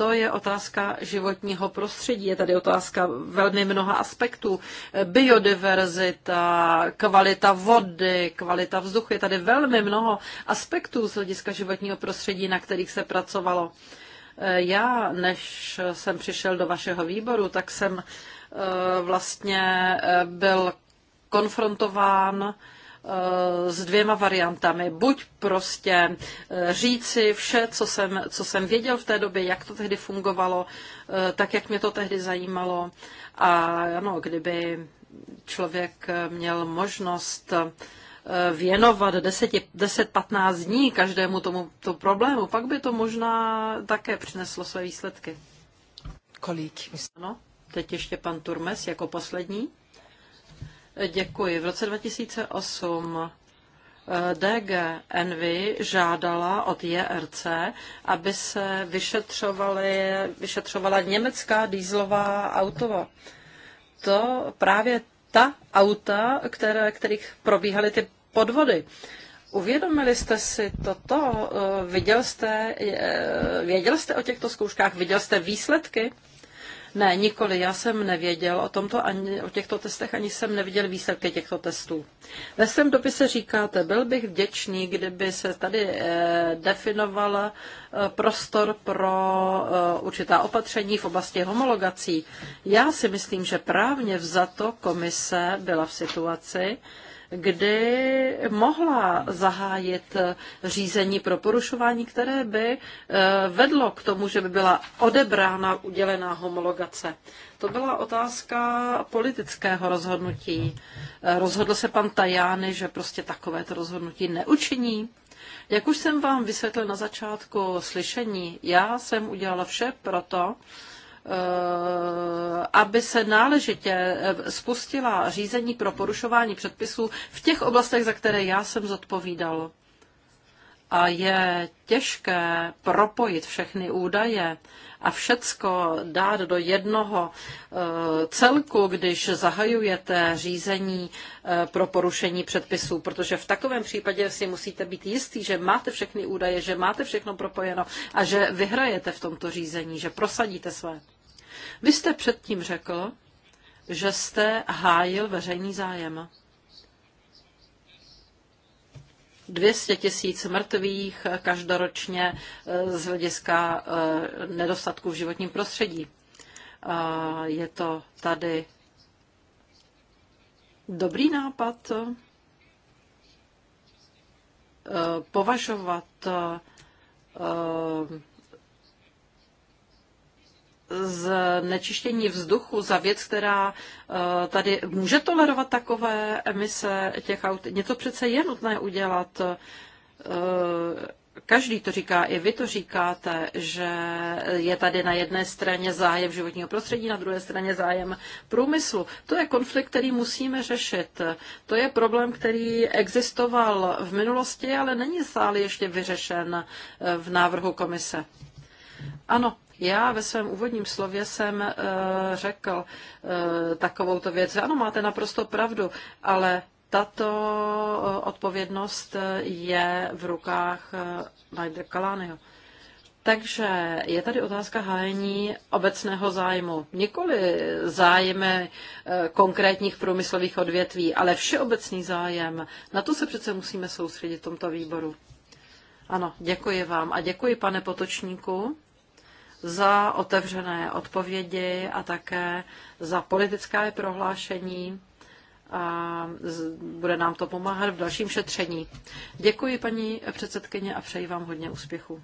to je otázka životního prostředí. Je tady otázka velmi mnoha aspektů. Biodiverzita, kvalita vody, kvalita vzduchu. Je tady velmi mnoho aspektů z hlediska životního prostředí, na kterých se pracovalo. Já, než jsem přišel do vašeho výboru, tak jsem eh, vlastně eh, byl konfrontován Eh, s dvěma variantami. Buď prostě eh, říci vše, co jsem, co jsem věděl v té době, jak to tehdy fungovalo, eh, tak, jak mě to tehdy zajímalo. A ano, kdyby člověk měl možnost věnovat 10-15 dní každému tomu to problému, pak by to možná také přineslo své výsledky. Kolik? Ano, teď ještě pan Turmes jako poslední. Děkuji. V roce 2008 eh, DG Envy žádala od JRC, aby se vyšetřovala německá dýzlová autova. To právě ta auta, které, kterých probíhaly ty podvody. Uvědomili jste si toto? Eh, viděl jste, eh, věděl jste o těchto zkouškách? Viděl jste výsledky? Ne, nikoli, já jsem nevěděl o, tomto ani, o těchto testech, ani jsem neviděl výsledky těchto testů. Ve svém dopise říkáte, byl bych vděčný, kdyby se tady eh, definoval eh, prostor pro eh, určitá opatření v oblasti homologací. Já si myslím, že právně vzato komise byla v situaci, eh, kdy mohla zahájit řízení pro porušování, které by eh, vedlo k tomu, že by byla odebrána udělená homologace. To byla otázka politického rozhodnutí. Eh, rozhodl se pan Tajány, že prostě takovéto rozhodnutí neučiní. Jak už jsem vám vysvětlil na začátku slyšení, já jsem udělala vše proto, to, Eh, aby se náležitě eh, spustila řízení pro porušování předpisů v těch oblastech, za které já jsem zodpovídal a je těžké propojit všechny údaje a všecko dát do jednoho e, celku, když zahajujete řízení e, pro porušení předpisů, protože v takovém případě si musíte být jistý, že máte všechny údaje, že máte všechno propojeno a že vyhrajete v tomto řízení, že prosadíte své. Vy jste předtím řekl, že jste hájil veřejný zájem. 200 tisíc mrtvých každoročně eh, z hlediska eh, nedostatku v životním prostředí. Je to tady dobrý nápad eh, považovat z nečištění vzduchu za věc, která eh, tady může tolerovat takové emise těch aut. Něco přece je nutné udělat. Eh, každý to říká, i vy to říkáte, že je tady na jedné straně zájem životního prostředí, na druhé straně zájem průmyslu. To je konflikt, který musíme řešit. To je problém, který existoval v minulosti, ale není stále ještě vyřešen eh, v návrhu komise. Ano, já ve svém úvodním slově jsem eh, řekl eh, to věc. Ano, máte naprosto pravdu, ale tato eh, odpovědnost je v rukách Najdra Kalányho. Takže je tady otázka hájení obecného zájmu. Nikoli zájmy konkrétních průmyslových odvětví, ale všeobecný zájem. Na to se přece musíme soustředit v tomto výboru. Ano, děkuji vám a děkuji, pane Potočníku za otevřené odpovědi a také za politická prohlášení. A bude nám to pomáhat v dalším šetření. Děkuji, paní předsedkyně, a přeji vám hodně úspěchu.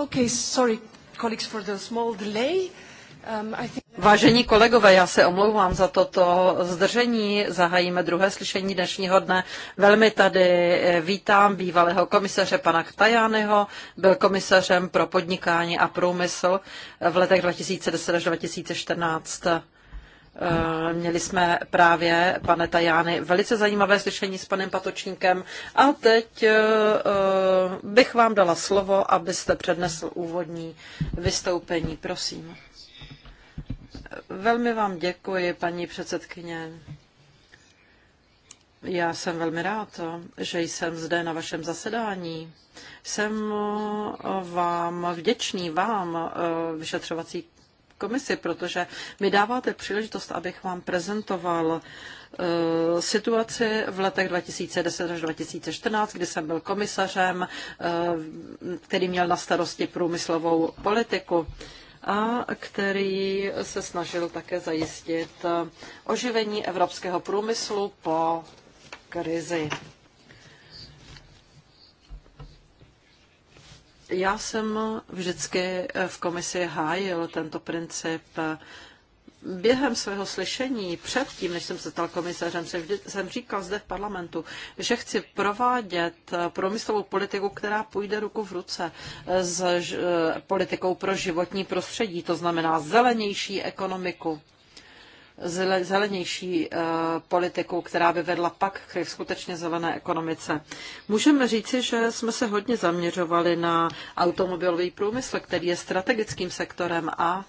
Okay, sorry, colleagues, for the small delay. Um, Vážení kolegové, já se omlouvám za toto zdržení. Zahájíme druhé slyšení dnešního dne. Velmi tady eh, vítám bývalého komisaře pana Ktajányho. Byl komisařem pro podnikání a průmysl v letech 2010 až 2014. Eh, měli jsme právě, pane Tajány, velice zajímavé slyšení s panem Patočníkem a teď eh, eh, bych vám dala slovo, abyste přednesl úvodní vystoupení. Prosím. Velmi vám děkuji, paní předsedkyně. Já jsem velmi rád, že jsem zde na vašem zasedání. Jsem vám vděčný vám, vyšetřovací komisi, protože mi dáváte příležitost, abych vám prezentoval eh, situaci v letech 2010 až 2014, kdy jsem byl komisařem, eh, který měl na starosti průmyslovou politiku a který se snažil také zajistit eh, oživení evropského průmyslu po krizi. Já jsem vždycky eh, v komisi hájil tento princip. Během svého slyšení, předtím, než jsem se stal komisařem, jsem, říkal zde v parlamentu, že chci provádět eh, průmyslovou politiku, která půjde ruku v ruce eh, s politikou pro životní prostředí, to znamená zelenější ekonomiku zelenější eh, politiku, která by vedla pak k skutečně zelené ekonomice. Můžeme říci, že jsme se hodně zaměřovali na automobilový průmysl, který je strategickým sektorem a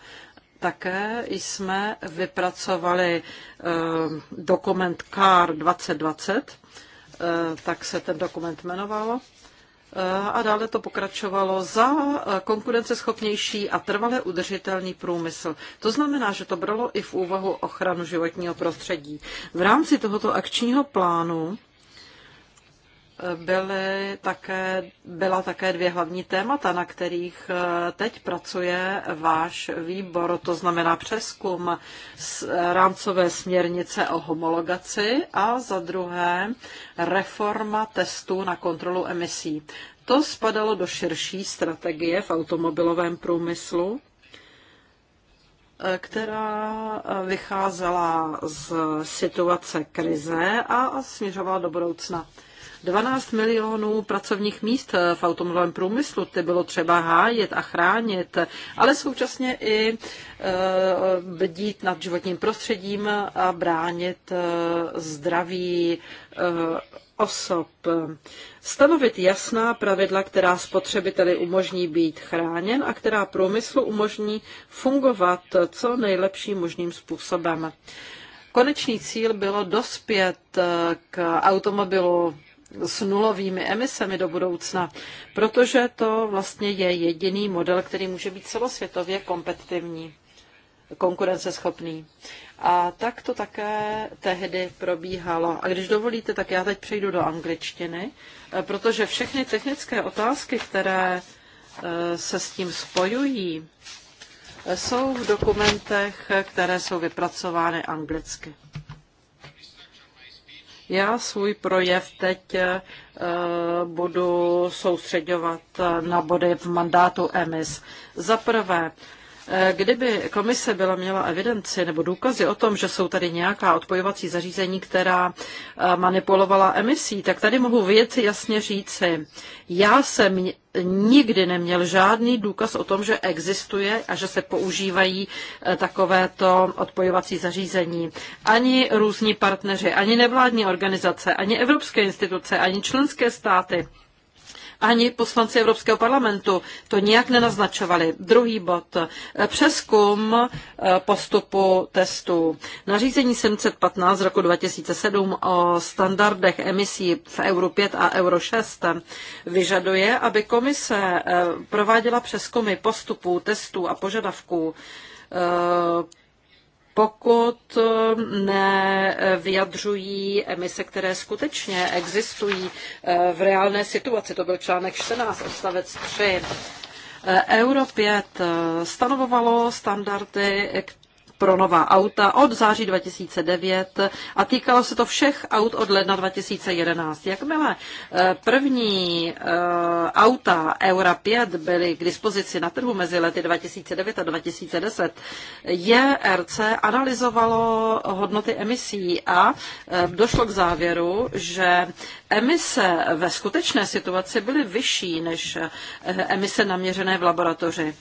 také jsme vypracovali eh, dokument CAR 2020, eh, tak se ten dokument jmenoval a dále to pokračovalo za konkurenceschopnější a trvale udržitelný průmysl. To znamená, že to bralo i v úvahu ochranu životního prostředí. V rámci tohoto akčního plánu byly také, byla také dvě hlavní témata, na kterých eh, teď pracuje váš výbor, to znamená přeskum z eh, rámcové směrnice o homologaci a za druhé reforma testů na kontrolu emisí. To spadalo do širší strategie v automobilovém průmyslu, eh, která vycházela z situace krize a směřovala do budoucna. 12 milionů pracovních míst eh, v automobilovém průmyslu, ty bylo třeba hájet a chránit, ale současně i eh, bdít nad životním prostředím a bránit eh, zdraví osob. Stanovit jasná pravidla, která spotřebiteli umožní být chráněn a která průmyslu umožní fungovat co nejlepším možným způsobem. Konečný cíl bylo dospět k automobilu s nulovými emisemi do budoucna, protože to vlastně je jediný model, který může být celosvětově kompetitivní, konkurenceschopný. A tak to také tehdy probíhalo. A když dovolíte, tak já teď přejdu do angličtiny, eh, protože všechny technické otázky, které eh, se s tím spojují, eh, jsou v dokumentech, které jsou vypracovány anglicky. Já svůj projev teď eh, budu soustředovat eh, na body v mandátu EMIS. Za prvé, Eh, kdyby komise byla měla evidenci nebo důkazy o tom, že jsou tady nějaká odpojovací zařízení, která eh, manipulovala emisí, tak tady mohu věci jasně říci. Já jsem nikdy neměl žádný důkaz o tom, že existuje a že se používají eh, takovéto odpojovací zařízení. Ani různí partneři, ani nevládní organizace, ani evropské instituce, ani členské státy ani poslanci Evropského parlamentu to nijak nenaznačovali. Druhý bod. Přeskum eh, postupu testů. Nařízení 715 z roku 2007 o standardech emisí v Euro 5 a Euro 6 vyžaduje, aby komise eh, prováděla přeskumy postupů, testů a požadavků eh, pokud eh, nevyjadřují emise, které skutečně existují eh, v reálné situaci. To byl článek 14, odstavec 3. Eh, Euro 5 stanovovalo standardy, pro nová auta od září 2009 a týkalo se to všech aut od ledna 2011. Jakmile eh, první eh, auta Eura 5 byly k dispozici na trhu mezi lety 2009 a 2010, JRC analyzovalo hodnoty emisí a eh, došlo k závěru, že emise ve skutečné situaci byly vyšší než eh, emise naměřené v laboratoři.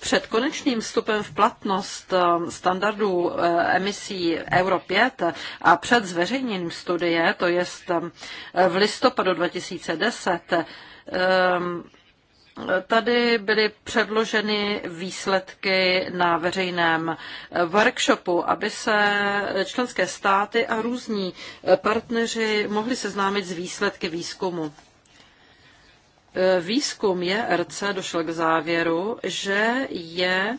Před konečným vstupem v platnost eh, standardů eh, emisí Euro 5 a před zveřejněním studie, to jest v listopadu 2010, Tady byly předloženy výsledky na veřejném eh, workshopu, aby se členské státy a různí eh, partneři mohli seznámit s výsledky výzkumu. Eh, výzkum JRC došel k závěru, že je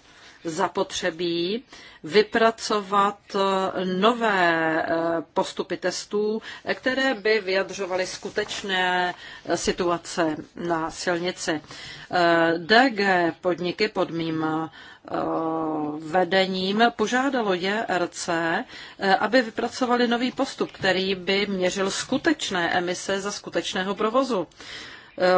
zapotřebí vypracovat eh, nové eh, postupy testů, které by vyjadřovaly skutečné eh, situace na silnici. DG podniky pod mým vedením požádalo JRC, aby vypracovali nový postup, který by měřil skutečné emise za skutečného provozu.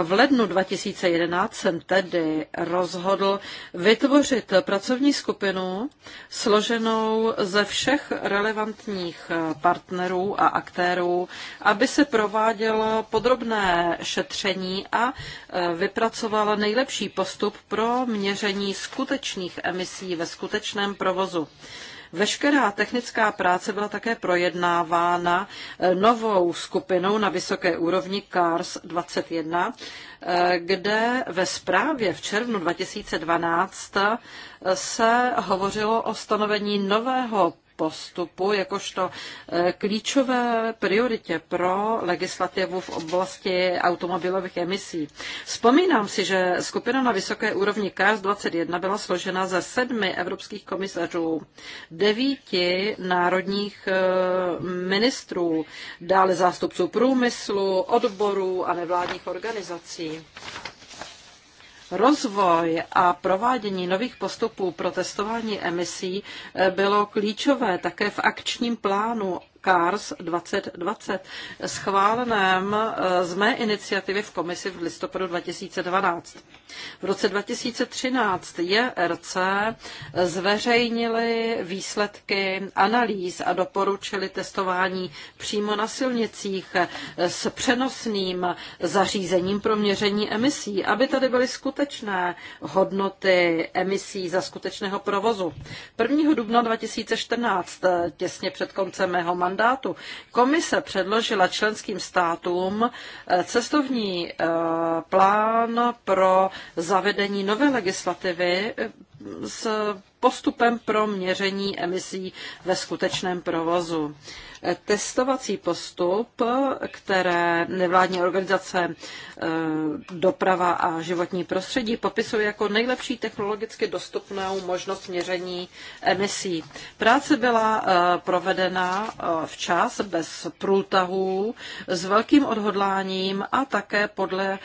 V lednu 2011 jsem tedy rozhodl vytvořit pracovní skupinu složenou ze všech relevantních partnerů a aktérů, aby se provádělo podrobné šetření a e, vypracovala nejlepší postup pro měření skutečných emisí ve skutečném provozu. Veškerá technická práce byla také projednávána eh, novou skupinou na vysoké úrovni CARS 21, eh, kde ve zprávě v červnu 2012 eh, se hovořilo o stanovení nového postupu jakožto eh, klíčové prioritě pro legislativu v oblasti automobilových emisí. Vzpomínám si, že skupina na vysoké úrovni ks 21 byla složena ze sedmi evropských komisařů, devíti národních eh, ministrů, dále zástupců průmyslu, odborů a nevládních organizací. Rozvoj a provádění nových postupů pro testování emisí eh, bylo klíčové také v akčním plánu CARS 2020, schváleném eh, z mé iniciativy v komisi v listopadu 2012. V roce 2013 JRC zveřejnili výsledky analýz a doporučili testování přímo na silnicích s přenosným zařízením pro měření emisí, aby tady byly skutečné hodnoty emisí za skutečného provozu. 1. dubna 2014, těsně před koncem mého mandátu, komise předložila členským státům cestovní eh, plán pro zavedení nové legislativy s postupem pro měření emisí ve skutečném provozu. Testovací postup, které nevládní organizace eh, doprava a životní prostředí popisuje jako nejlepší technologicky dostupnou možnost měření emisí. Práce byla eh, provedena eh, včas, bez průtahů, s velkým odhodláním a také podle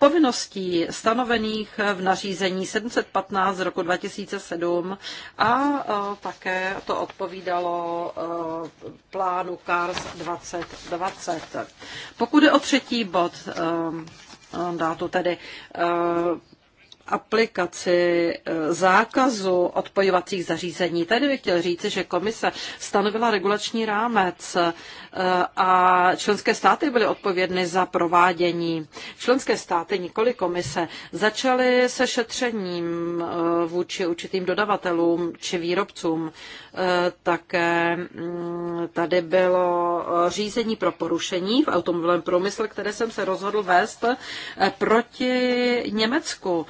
povinností stanovených v nařízení 715 z roku 2007 a e, také to odpovídalo e, plánu CARS 2020. Pokud je o třetí bod, e, mandátu, tedy aplikaci eh, zákazu odpojovacích zařízení. Tady bych chtěl říci, že komise stanovila regulační rámec eh, a členské státy byly odpovědny za provádění. Členské státy, nikoli komise, začaly se šetřením eh, vůči určitým dodavatelům či výrobcům. Eh, také mm, tady bylo eh, řízení pro porušení v automobilovém průmyslu, které jsem se rozhodl vést eh, proti Německu.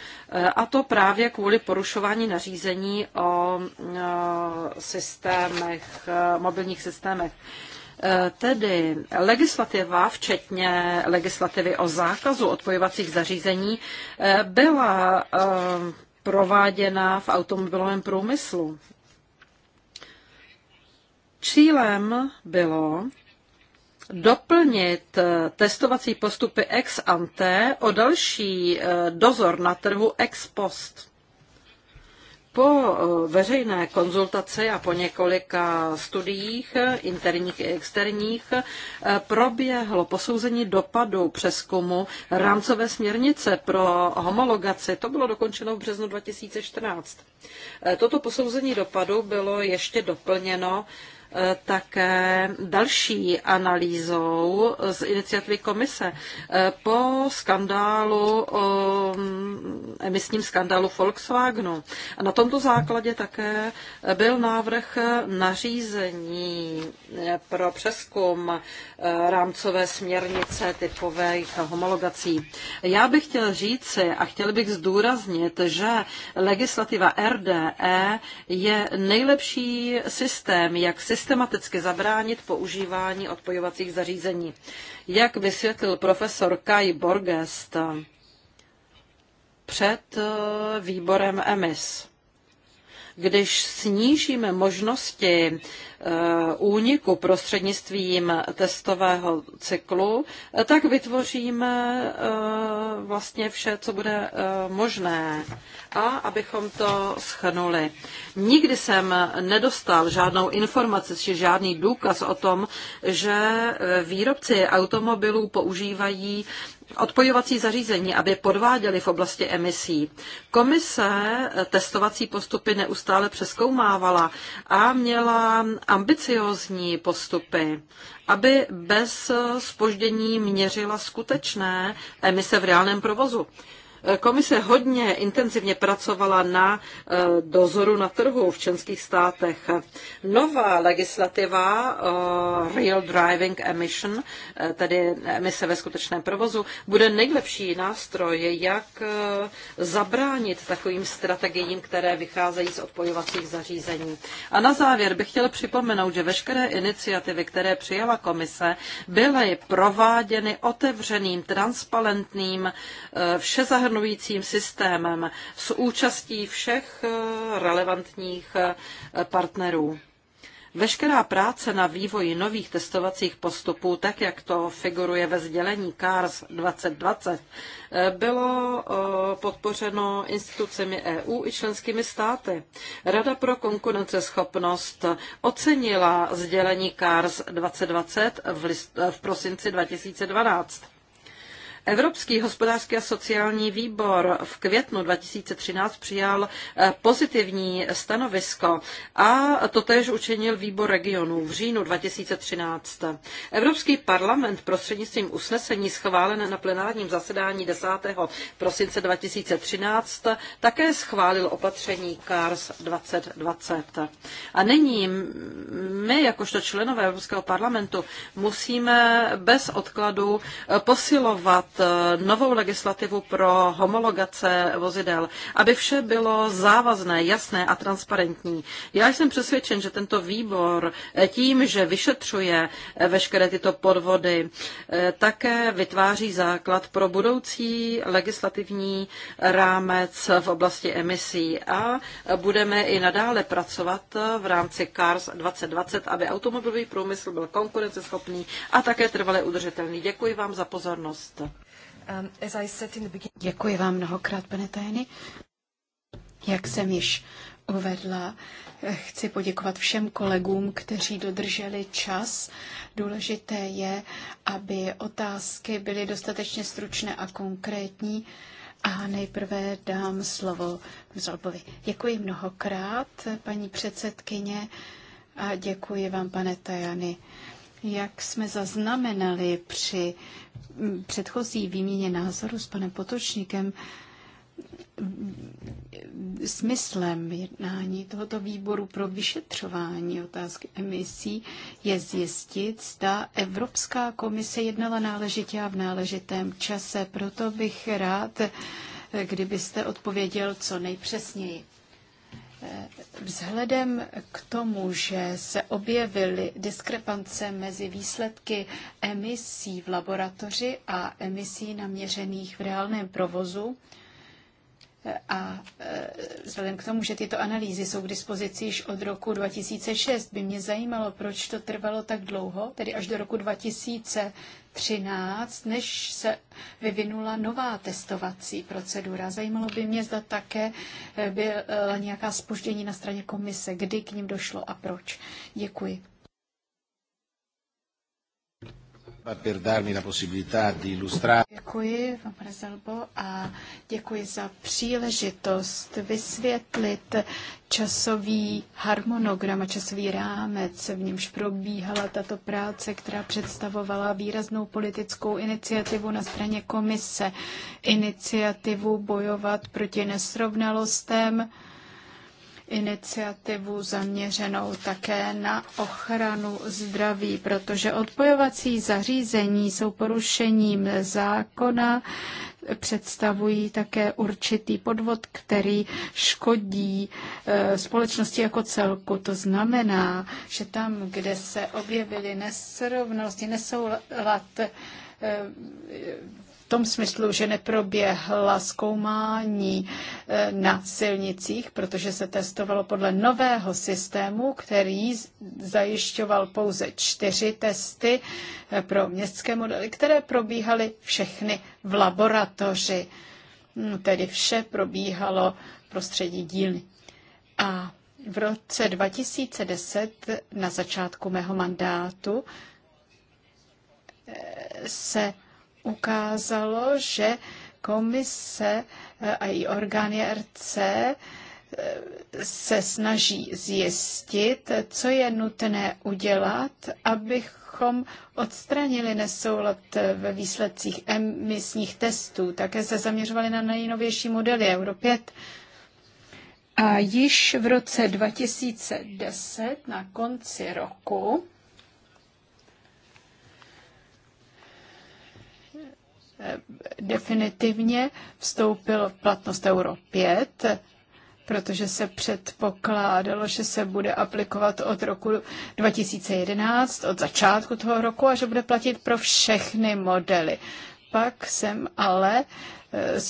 A to právě kvůli porušování nařízení o systémech, mobilních systémech. Tedy legislativa, včetně legislativy o zákazu odpojovacích zařízení, byla prováděna v automobilovém průmyslu. Cílem bylo doplnit eh, testovací postupy ex ante o další eh, dozor na trhu ex post. Po eh, veřejné konzultaci a po několika studiích, interních i externích, proběhlo posouzení dopadu přeskumu rámcové směrnice pro homologaci. To bylo dokončeno v březnu 2014. Toto posouzení dopadu bylo ještě doplněno Eh, také další analýzou z iniciativy komise eh, po skandálu, eh, emisním skandálu Volkswagenu. A na tomto základě také byl návrh nařízení pro přeskum rámcové směrnice typových homologací. Já bych chtěl říci a chtěl bych zdůraznit, že legislativa RDE je nejlepší systém, jak systém systematicky zabránit používání odpojovacích zařízení. Jak vysvětlil profesor Kai Borgest před eh, výborem EMIS? Když snížíme možnosti eh, úniku prostřednictvím testového cyklu, eh, tak vytvoříme eh, vlastně vše, co bude možné. A abychom to schrnuli. Nikdy jsem nedostal žádnou informaci či žádný důkaz o tom, že výrobci automobilů používají odpojovací zařízení, aby podváděli v oblasti emisí. Komise testovací postupy neustále přeskoumávala a měla ambiciozní postupy, aby bez spoždění měřila skutečné emise v reálném provozu. Komise hodně intenzivně pracovala na eh, dozoru na trhu v členských státech. Nová legislativa eh, Real Driving Emission, eh, tedy emise ve skutečném provozu, bude nejlepší nástroj, jak zabránit takovým strategiím, které vycházejí z odpojovacích zařízení. A na závěr bych chtěl připomenout, že veškeré iniciativy, které přijala komise, byly prováděny otevřeným, transparentním, všezahrnutým zahrnujícím systémem s účastí všech eh, relevantních eh, partnerů. Veškerá práce na vývoji nových testovacích postupů, tak jak to figuruje ve sdělení CARS 2020, eh, bylo podpořeno institucemi EU i členskými státy. Rada pro konkurenceschopnost ocenila sdělení CARS 2020 v, list, v prosinci 2012. Evropský hospodářský a sociální výbor v květnu 2013 přijal eh, pozitivní stanovisko a to též učinil výbor regionů v říjnu 2013. Evropský parlament prostřednictvím usnesení schválené na plenárním zasedání 10. prosince 2013 také schválil opatření CARS 2020. A nyní my, jakožto členové Evropského parlamentu, musíme bez odkladu eh, posilovat Eh, novou legislativu pro homologace vozidel, aby vše bylo závazné, jasné a transparentní. Já jsem přesvědčen, že tento výbor eh, tím, že vyšetřuje eh, veškeré tyto podvody, také vytváří základ pro budoucí legislativní rámec v oblasti emisí a budeme i nadále pracovat v rámci CARS 2020, aby automobilový průmysl byl konkurenceschopný a také trvale udržitelný. Děkuji vám za pozornost. Um, děkuji vám mnohokrát, pane Tajny. Jak jsem již uvedla, chci poděkovat všem kolegům, kteří dodrželi čas. Důležité je, aby otázky byly dostatečně stručné a konkrétní. A nejprve dám slovo Zolbovi. Děkuji mnohokrát, paní předsedkyně, a děkuji vám, pane Tajany. Jak jsme zaznamenali při předchozí výměně názoru s panem Potočníkem, smyslem jednání tohoto výboru pro vyšetřování otázky emisí je zjistit, zda Evropská komise jednala náležitě a v náležitém čase. Proto bych rád, kdybyste odpověděl co nejpřesněji. Vzhledem k tomu, že se objevily diskrepance mezi výsledky emisí v laboratoři a emisí naměřených v reálném provozu, a e, vzhledem k tomu, že tyto analýzy jsou k dispozici již od roku 2006, by mě zajímalo, proč to trvalo tak dlouho, tedy až do roku 2013, než se vyvinula nová testovací procedura. Zajímalo by mě, zda také e, byla nějaká spoždění na straně komise, kdy k ním došlo a proč. Děkuji. Per darmi la possibilità di illustrare. Děkuji vám, prezalbo, a děkuji za příležitost vysvětlit časový harmonogram a časový rámec, v němž probíhala tato práce, která představovala výraznou politickou iniciativu na straně komise, iniciativu bojovat proti nesrovnalostem, iniciativu zaměřenou také na ochranu zdraví, protože odpojovací zařízení jsou porušením zákona, představují také určitý podvod, který škodí eh, společnosti jako celku. To znamená, že tam, kde se objevily nesrovnalosti, nesoulad, eh, tom smyslu, že neproběhla zkoumání eh, na silnicích, protože se testovalo podle nového systému, který zajišťoval pouze čtyři testy eh, pro městské modely, které probíhaly všechny v laboratoři. Hm, tedy vše probíhalo v prostředí dílny. A v roce 2010, na začátku mého mandátu, eh, se ukázalo, že komise eh, a i orgány RC eh, se snaží zjistit, co je nutné udělat, abychom odstranili nesoulad eh, ve výsledcích emisních testů. Také se zaměřovali na nejnovější modely Euro 5. A již v roce 2010, na konci roku, Eh, definitivně vstoupil v platnost Euro 5, protože se předpokládalo, že se bude aplikovat od roku 2011, od začátku toho roku a že bude platit pro všechny modely. Pak jsem ale eh,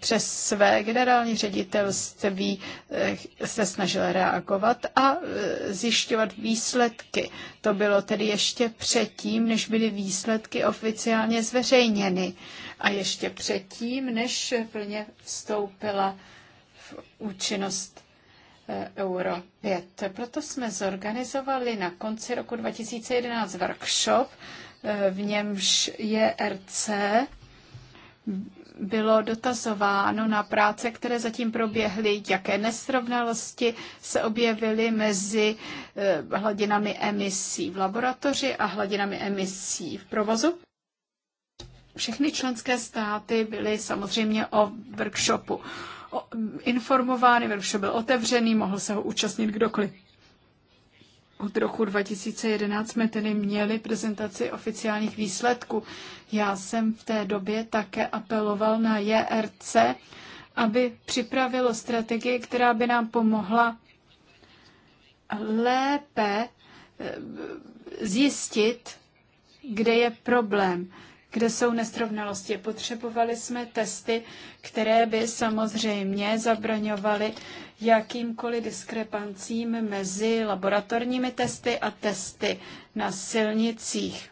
přes své generální ředitelství eh, se snažil reagovat a eh, zjišťovat výsledky. To bylo tedy ještě předtím, než byly výsledky oficiálně zveřejněny a ještě předtím, než plně vstoupila v účinnost eh, Euro 5. Proto jsme zorganizovali na konci roku 2011 workshop, v němž RC bylo dotazováno na práce, které zatím proběhly, jaké nesrovnalosti se objevily mezi eh, hladinami emisí v laboratoři a hladinami emisí v provozu. Všechny členské státy byly samozřejmě o workshopu informovány, workshop byl otevřený, mohl se ho účastnit kdokoliv od roku 2011 jsme tedy měli prezentaci oficiálních výsledků. Já jsem v té době také apeloval na JRC, aby připravilo strategii, která by nám pomohla lépe eh, zjistit, kde je problém, kde jsou nestrovnalosti. Potřebovali jsme testy, které by samozřejmě zabraňovaly jakýmkoliv diskrepancím mezi laboratorními testy a testy na silnicích.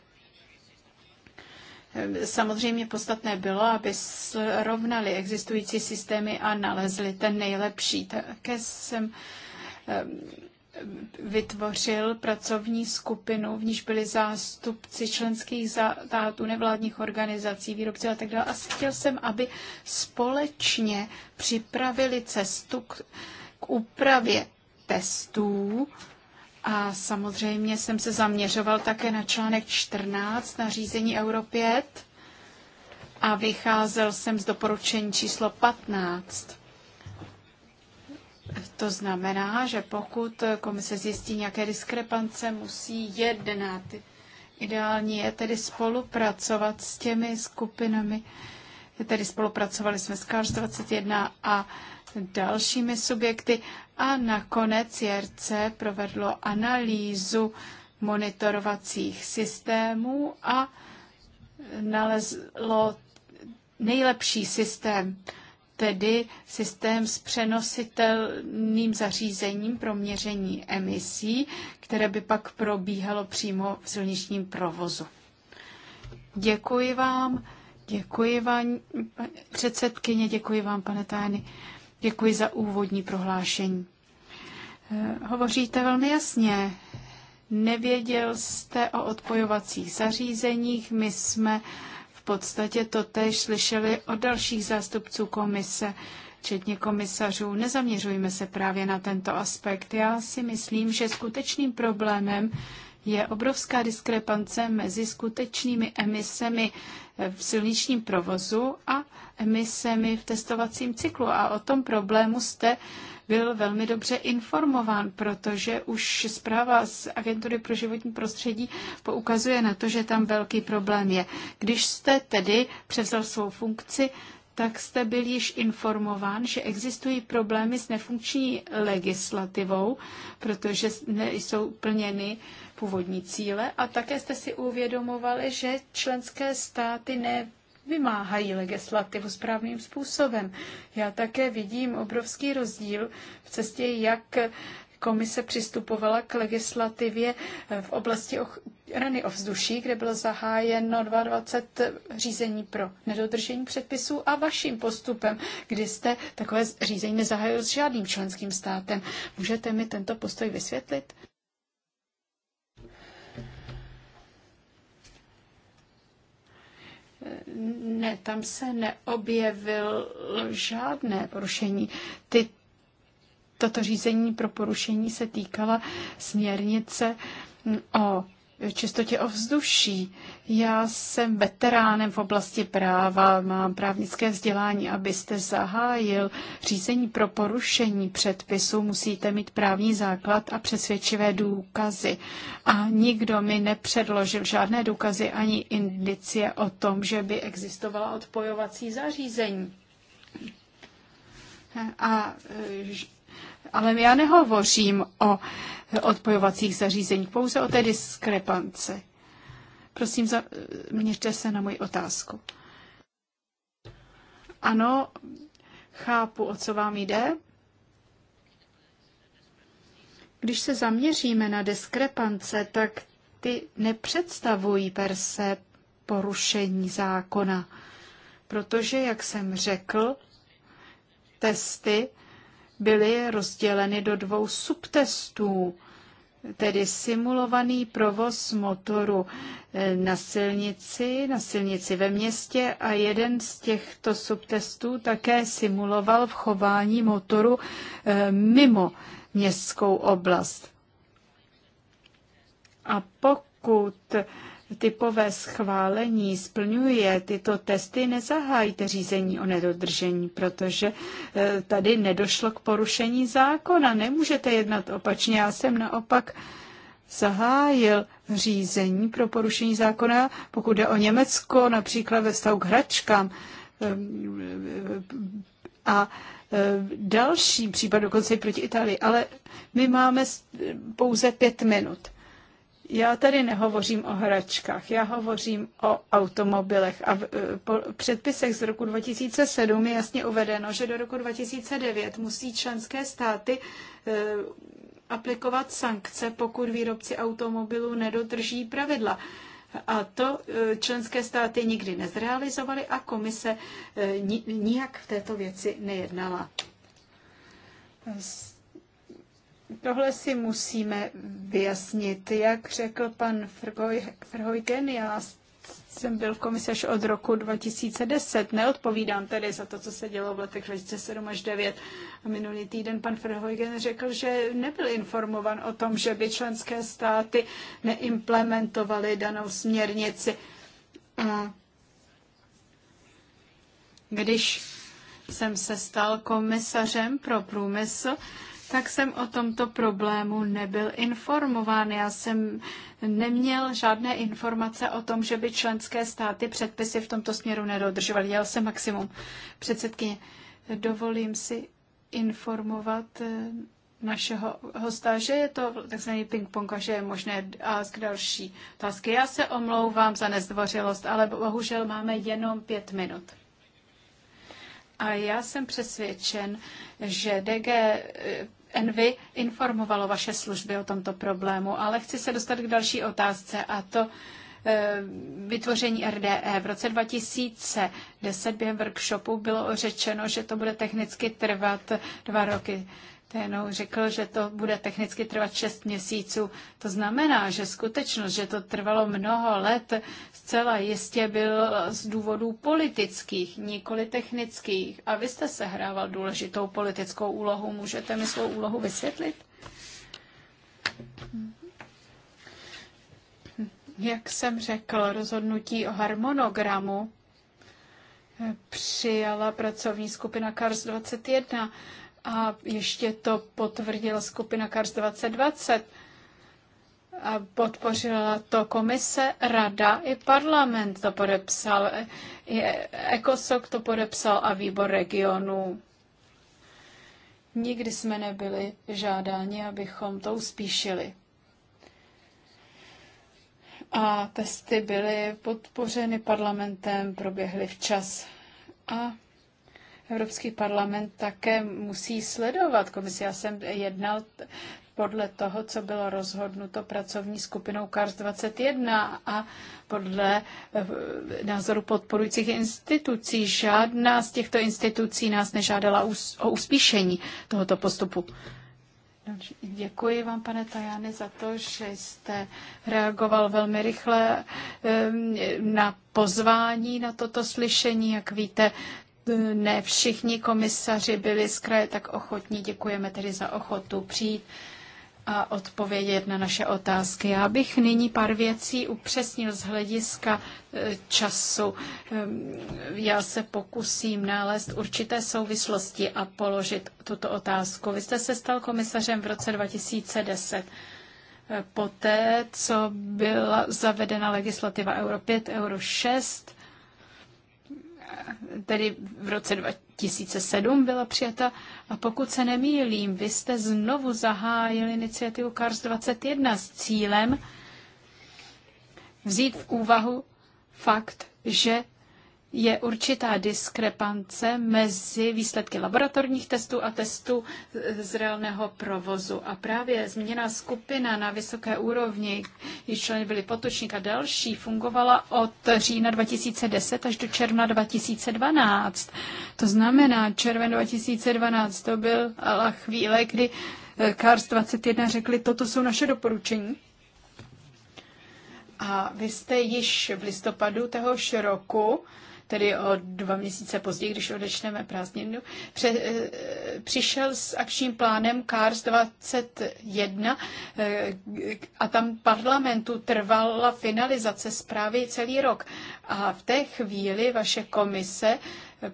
Samozřejmě podstatné bylo, aby srovnali existující systémy a nalezli ten nejlepší. Také jsem vytvořil pracovní skupinu, v níž byli zástupci členských států, nevládních organizací, výrobců a tak dále. A chtěl jsem, aby společně připravili cestu k, k úpravě testů. A samozřejmě jsem se zaměřoval také na článek 14 na řízení Euro 5 a vycházel jsem z doporučení číslo 15 to znamená, že pokud komise zjistí nějaké diskrepance, musí jednat. Ideální je tedy spolupracovat s těmi skupinami, tedy spolupracovali jsme s CARS 21 a dalšími subjekty a nakonec JRC provedlo analýzu monitorovacích systémů a nalezlo nejlepší systém tedy systém s přenositelným zařízením pro měření emisí, které by pak probíhalo přímo v silničním provozu. Děkuji vám, děkuji vám, předsedkyně, děkuji vám, pane Tajny, děkuji za úvodní prohlášení. Eh, hovoříte velmi jasně, Nevěděl jste o odpojovacích zařízeních, my jsme podstatě to tež slyšeli od dalších zástupců komise, včetně komisařů. Nezaměřujme se právě na tento aspekt. Já si myslím, že skutečným problémem je obrovská diskrepance mezi skutečnými emisemi v silničním provozu a emisemi v testovacím cyklu. A o tom problému jste byl velmi dobře informován, protože už zpráva z Agentury pro životní prostředí poukazuje na to, že tam velký problém je. Když jste tedy převzal svou funkci, tak jste byl již informován, že existují problémy s nefunkční legislativou, protože jsou plněny uh, původní cíle a také jste si uvědomovali, že členské státy ne vymáhají legislativu správným způsobem. Já také vidím obrovský rozdíl v cestě, jak komise přistupovala k legislativě v oblasti ochrany ovzduší, kde bylo zahájeno 22 řízení pro nedodržení předpisů a vaším postupem, kdy jste takové řízení nezahájil s žádným členským státem. Můžete mi tento postoj vysvětlit? Ne, tam se neobjevil žádné porušení. Ty, toto řízení pro porušení se týkala směrnice o čistotě ovzduší. Já jsem veteránem v oblasti práva, mám právnické vzdělání. Abyste zahájil řízení pro porušení předpisu, musíte mít právní základ a přesvědčivé důkazy. A nikdo mi nepředložil žádné důkazy ani indicie o tom, že by existovala odpojovací zařízení. A, e, ale já nehovořím o odpojovacích zařízení. Pouze o té diskrepance. Prosím, zaměřte se na moji otázku. Ano, chápu, o co vám jde. Když se zaměříme na diskrepance, tak ty nepředstavují per se porušení zákona, protože, jak jsem řekl, testy byly rozděleny do dvou subtestů tedy simulovaný provoz motoru eh, na silnici, na silnici ve městě a jeden z těchto subtestů také simuloval v chování motoru eh, mimo městskou oblast. A pokud typové schválení splňuje tyto testy, nezahájíte řízení o nedodržení, protože eh, tady nedošlo k porušení zákona. Nemůžete jednat opačně. Já jsem naopak zahájil řízení pro porušení zákona, pokud jde o Německo, například ve stavu k hračkám. Eh, a eh, další případ dokonce i proti Itálii, ale my máme pouze pět minut. Já tady nehovořím o hračkách, já hovořím o automobilech a v e, předpisech z roku 2007 je jasně uvedeno, že do roku 2009 musí členské státy e, aplikovat sankce, pokud výrobci automobilů nedodrží pravidla. A to e, členské státy nikdy nezrealizovaly a komise nijak v této věci nejednala. Tohle si musíme vyjasnit. Jak řekl pan Frhojken, já jsem byl v komisi až od roku 2010. Neodpovídám tedy za to, co se dělo v letech 2007 až 2009. A minulý týden pan Frhojken řekl, že nebyl informovan o tom, že by členské státy neimplementovaly danou směrnici. A když jsem se stal komisařem pro průmysl, tak jsem o tomto problému nebyl informován. Já jsem neměl žádné informace o tom, že by členské státy předpisy v tomto směru nedodržovaly. Dělal jsem maximum. Předsedkyně, dovolím si informovat eh, našeho hosta, že je to takzvaný ping-pong a že je možné ask další otázky. Já se omlouvám za nezdvořilost, ale bohužel máme jenom pět minut. A já jsem přesvědčen, že DG eh, Envy informovalo vaše služby o tomto problému, ale chci se dostat k další otázce a to eh, vytvoření RDE. V roce 2010 během workshopu bylo řečeno, že to bude technicky trvat dva roky. Ténou řekl, že to bude technicky trvat 6 měsíců. To znamená, že skutečnost, že to trvalo mnoho let, zcela jistě byl z důvodů politických, nikoli technických. A vy jste sehrával důležitou politickou úlohu. Můžete mi svou úlohu vysvětlit? Jak jsem řekl, rozhodnutí o harmonogramu přijala pracovní skupina CARS 21 a ještě to potvrdila skupina CARS 2020. A podpořila to komise, rada i parlament to podepsal. I ECOSOC to podepsal a výbor regionů. Nikdy jsme nebyli žádáni, abychom to uspíšili. A testy byly podpořeny parlamentem, proběhly včas. A Evropský parlament také musí sledovat komisi. Já jsem jednal podle toho, co bylo rozhodnuto pracovní skupinou CARS 21 a podle eh, názoru podporujících institucí. Žádná z těchto institucí nás nežádala o uspíšení tohoto postupu. Děkuji vám, pane Tajany, za to, že jste reagoval velmi rychle eh, na pozvání na toto slyšení. Jak víte, ne všichni komisaři byli z kraje tak ochotní. Děkujeme tedy za ochotu přijít a odpovědět na naše otázky. Já bych nyní pár věcí upřesnil z hlediska e, času. Ehm, já se pokusím nalézt určité souvislosti a položit tuto otázku. Vy jste se stal komisařem v roce 2010. E, poté, co byla zavedena legislativa Euro 5, Euro 6, tedy v roce 2007 byla přijata. A pokud se nemýlím, vy jste znovu zahájili iniciativu CARS 21 s cílem vzít v úvahu fakt, že je určitá diskrepance mezi výsledky laboratorních testů a testů z reálného provozu. A právě změněná skupina na vysoké úrovni, jejíž členy byly Potočník a další, fungovala od října 2010 až do června 2012. To znamená, červen 2012 to byla chvíle, kdy eh, CARS 21 řekli, toto jsou naše doporučení. A vy jste již v listopadu téhož roku tedy o dva měsíce později, když odečneme prázdninu, pře, eh, přišel s akčním plánem CARS 21 eh, a tam parlamentu trvala finalizace zprávy celý rok. A v té chvíli vaše komise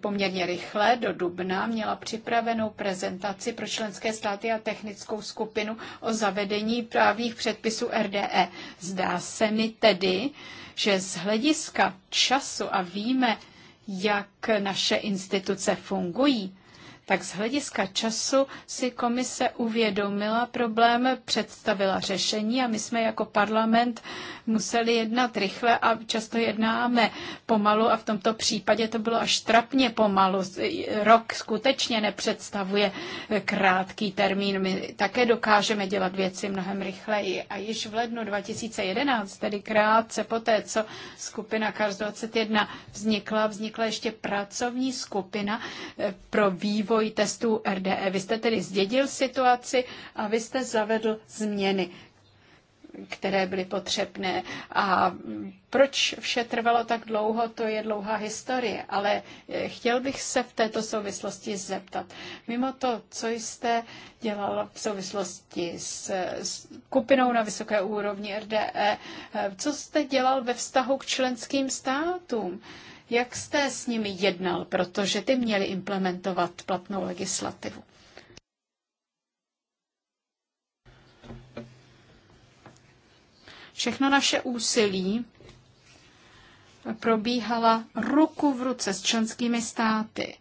poměrně rychle do dubna měla připravenou prezentaci pro členské státy a technickou skupinu o zavedení právních předpisů RDE. Zdá se mi tedy, že z hlediska času a víme, jak naše instituce fungují, tak z hlediska času si komise uvědomila problém, představila řešení a my jsme jako parlament museli jednat rychle a často jednáme pomalu a v tomto případě to bylo až trapně pomalu. Rok skutečně nepředstavuje krátký termín. My také dokážeme dělat věci mnohem rychleji. A již v lednu 2011, tedy krátce poté, co skupina CARS 21 vznikla, vznikla ještě pracovní skupina eh, pro vývoj testů RDE. Vy jste tedy zdědil situaci a vy jste zavedl změny které byly potřebné. A proč vše trvalo tak dlouho, to je dlouhá historie, ale eh, chtěl bych se v této souvislosti zeptat. Mimo to, co jste dělal v souvislosti s skupinou na vysoké úrovni RDE, eh, co jste dělal ve vztahu k členským státům? Jak jste s nimi jednal, protože ty měli implementovat platnou legislativu? Všechno naše úsilí probíhala ruku v ruce s členskými státy.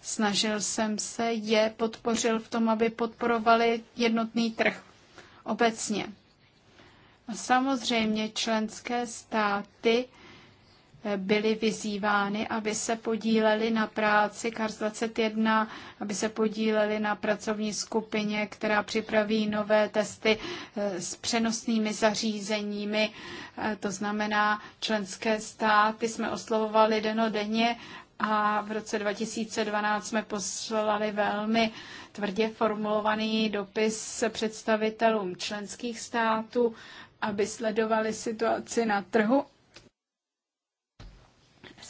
Snažil jsem se je podpořil v tom, aby podporovali jednotný trh obecně. A samozřejmě členské státy byly vyzývány, aby se podíleli na práci CARS 21, aby se podíleli na pracovní skupině, která připraví nové testy eh, s přenosnými zařízeními. Eh, to znamená, členské státy jsme oslovovali denodenně a v roce 2012 jsme poslali velmi tvrdě formulovaný dopis představitelům členských států, aby sledovali situaci na trhu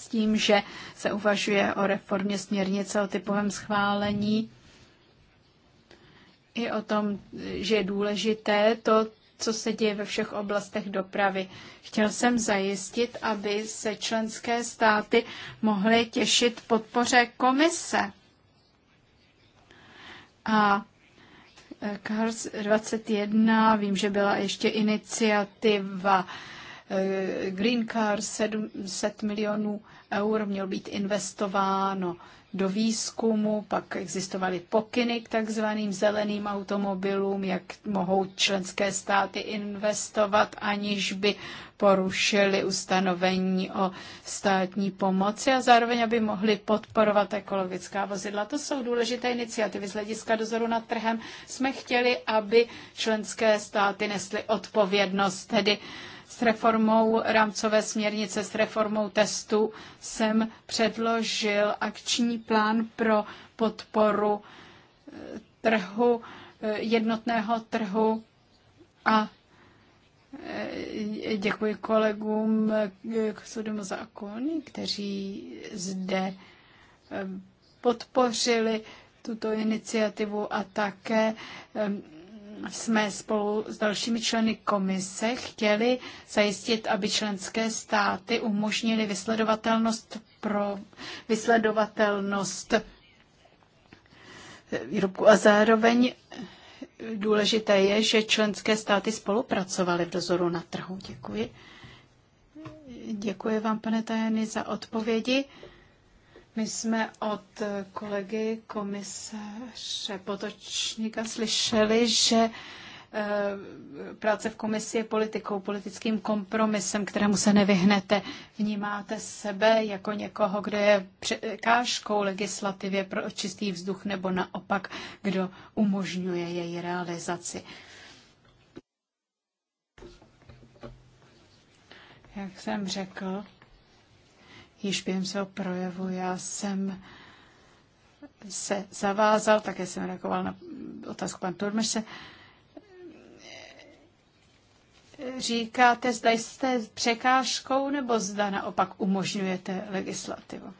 tím, že se uvažuje o reformě směrnice o typovém schválení i o tom, že je důležité to, co se děje ve všech oblastech dopravy. Chtěl jsem zajistit, aby se členské státy mohly těšit podpoře komise. A CARS eh, 21, vím, že byla ještě iniciativa eh, Green Car 700 milionů eur mělo být investováno do výzkumu, pak existovaly pokyny k takzvaným zeleným automobilům, jak mohou členské státy investovat, aniž by porušili ustanovení o státní pomoci a zároveň, aby mohli podporovat ekologická vozidla. To jsou důležité iniciativy z hlediska dozoru nad trhem. Jsme chtěli, aby členské státy nesly odpovědnost, tedy s reformou rámcové směrnice, s reformou testu jsem předložil akční plán pro podporu eh, trhu, eh, jednotného trhu a eh, děkuji kolegům k soudomu zákony, kteří zde podpořili tuto iniciativu a také jsme spolu s dalšími členy komise chtěli zajistit, aby členské státy umožnili vysledovatelnost pro vysledovatelnost výrobku a zároveň důležité je, že členské státy spolupracovaly v dozoru na trhu. Děkuji. Děkuji vám, pane Tajany, za odpovědi. My jsme od kolegy komise Potočníka slyšeli, že eh, práce v komisi je politikou, politickým kompromisem, kterému se nevyhnete. Vnímáte sebe jako někoho, kdo je překážkou legislativě pro čistý vzduch nebo naopak, kdo umožňuje její realizaci. Jak jsem řekl, již během svého projevu. Já jsem se zavázal, také jsem reagoval na otázku pan Turmeše, říkáte, zda jste překážkou nebo zda naopak umožňujete legislativu?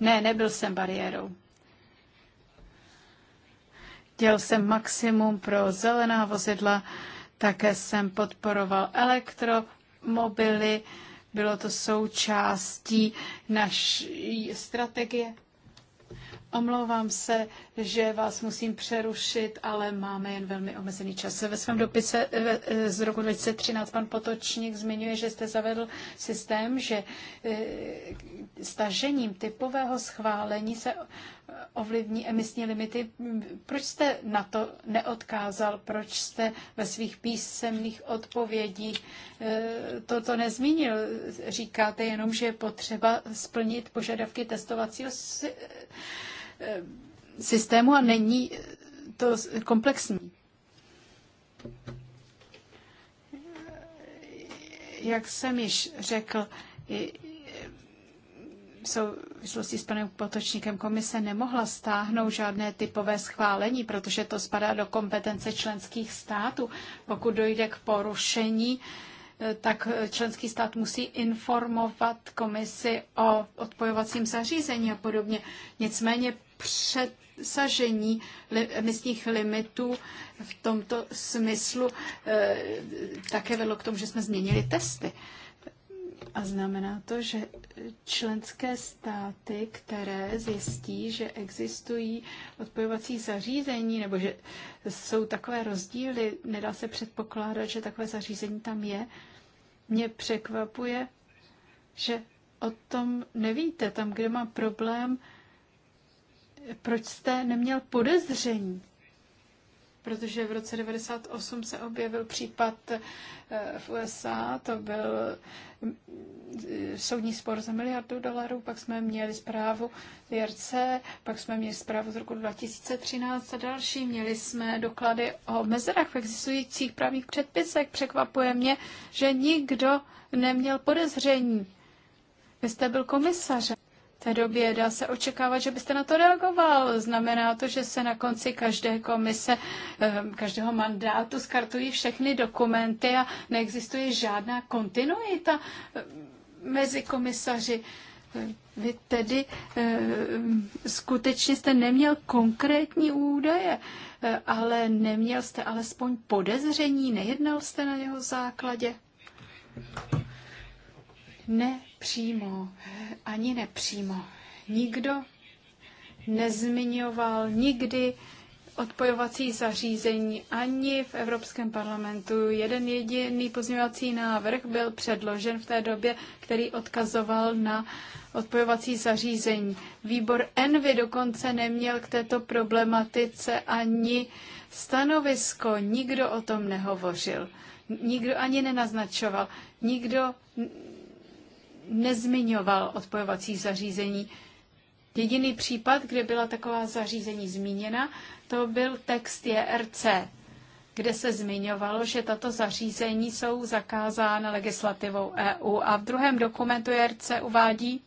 Ne, nebyl jsem bariérou. Dělal jsem maximum pro zelená vozidla, také jsem podporoval elektro mobily. Bylo to součástí naší strategie. Omlouvám se, že vás musím přerušit, ale máme jen velmi omezený čas. Ve svém dopise z roku 2013 pan Potočník zmiňuje, že jste zavedl systém, že eh, stažením typového schválení se ovlivní emisní limity. Proč jste na to neodkázal? Proč jste ve svých písemných odpovědích eh, toto nezmínil? Říkáte jenom, že je potřeba splnit požadavky testovacího eh, systému a není to komplexní. Jak jsem již řekl, v souvislosti s panem Potočníkem komise nemohla stáhnout žádné typové schválení, protože to spadá do kompetence členských států. Pokud dojde k porušení, eh, tak členský stát musí informovat komisi o odpojovacím zařízení a podobně. Nicméně přesažení emisních limitů v tomto smyslu eh, také vedlo k tomu, že jsme změnili testy. A znamená to, že členské státy, které zjistí, že existují odpojovací zařízení, nebo že jsou takové rozdíly, nedá se předpokládat, že takové zařízení tam je, mě překvapuje, že o tom nevíte. Tam, kde má problém, proč jste neměl podezření? protože v roce 98 se objevil případ eh, v USA, to byl eh, soudní spor za miliardu dolarů, pak jsme měli zprávu JRC, pak jsme měli zprávu z roku 2013 a další, měli jsme doklady o mezerách v existujících právních předpisech. Překvapuje mě, že nikdo neměl podezření. Vy jste byl komisařem té době. Dá se očekávat, že byste na to reagoval. Znamená to, že se na konci každé komise, eh, každého mandátu skartují všechny dokumenty a neexistuje žádná kontinuita eh, mezi komisaři. Vy tedy eh, skutečně jste neměl konkrétní údaje, ale neměl jste alespoň podezření, nejednal jste na jeho základě. Ne, přímo ani nepřímo. Nikdo nezmiňoval nikdy odpojovací zařízení ani v Evropském parlamentu. Jeden jediný pozměňovací návrh byl předložen v té době, který odkazoval na odpojovací zařízení. Výbor Envy dokonce neměl k této problematice ani stanovisko. Nikdo o tom nehovořil. Nikdo ani nenaznačoval. Nikdo nezmiňoval odpojovací zařízení. Jediný případ, kde byla taková zařízení zmíněna, to byl text JRC, kde se zmiňovalo, že tato zařízení jsou zakázána legislativou EU. A v druhém dokumentu JRC uvádí,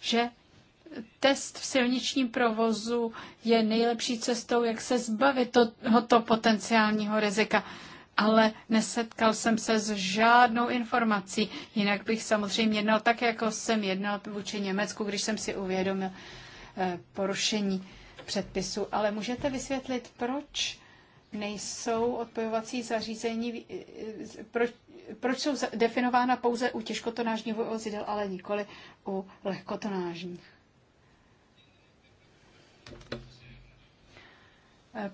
že test v silničním provozu je nejlepší cestou, jak se zbavit tohoto potenciálního rizika ale nesetkal jsem se s žádnou informací. Jinak bych samozřejmě jednal tak, jako jsem jednal vůči Německu, když jsem si uvědomil eh, porušení předpisu. Ale můžete vysvětlit, proč nejsou odpojovací zařízení, eh, eh, proč, proč jsou definována pouze u těžkotonážních vozidel, ale nikoli u lehkotonážních?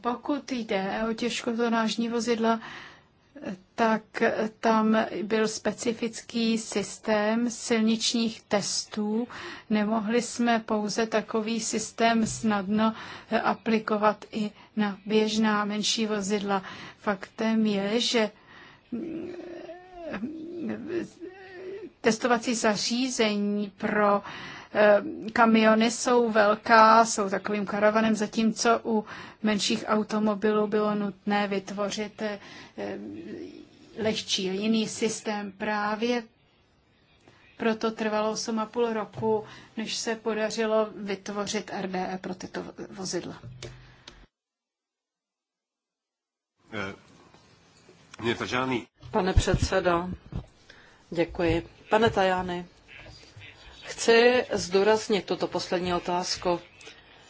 Pokud jde o těžkotonážní vozidla, tak tam byl specifický systém silničních testů. Nemohli jsme pouze takový systém snadno eh, aplikovat i na běžná menší vozidla. Faktem je, že mm, eh, testovací zařízení pro Eh, kamiony jsou velká, jsou takovým karavanem, zatímco u menších automobilů bylo nutné vytvořit eh, lehčí jiný systém právě proto trvalo 8,5 roku, než se podařilo vytvořit RDE pro tyto vozidla. Eh, Pane předsedo, děkuji. Pane Tajány, Chci zdůraznit tuto poslední otázku.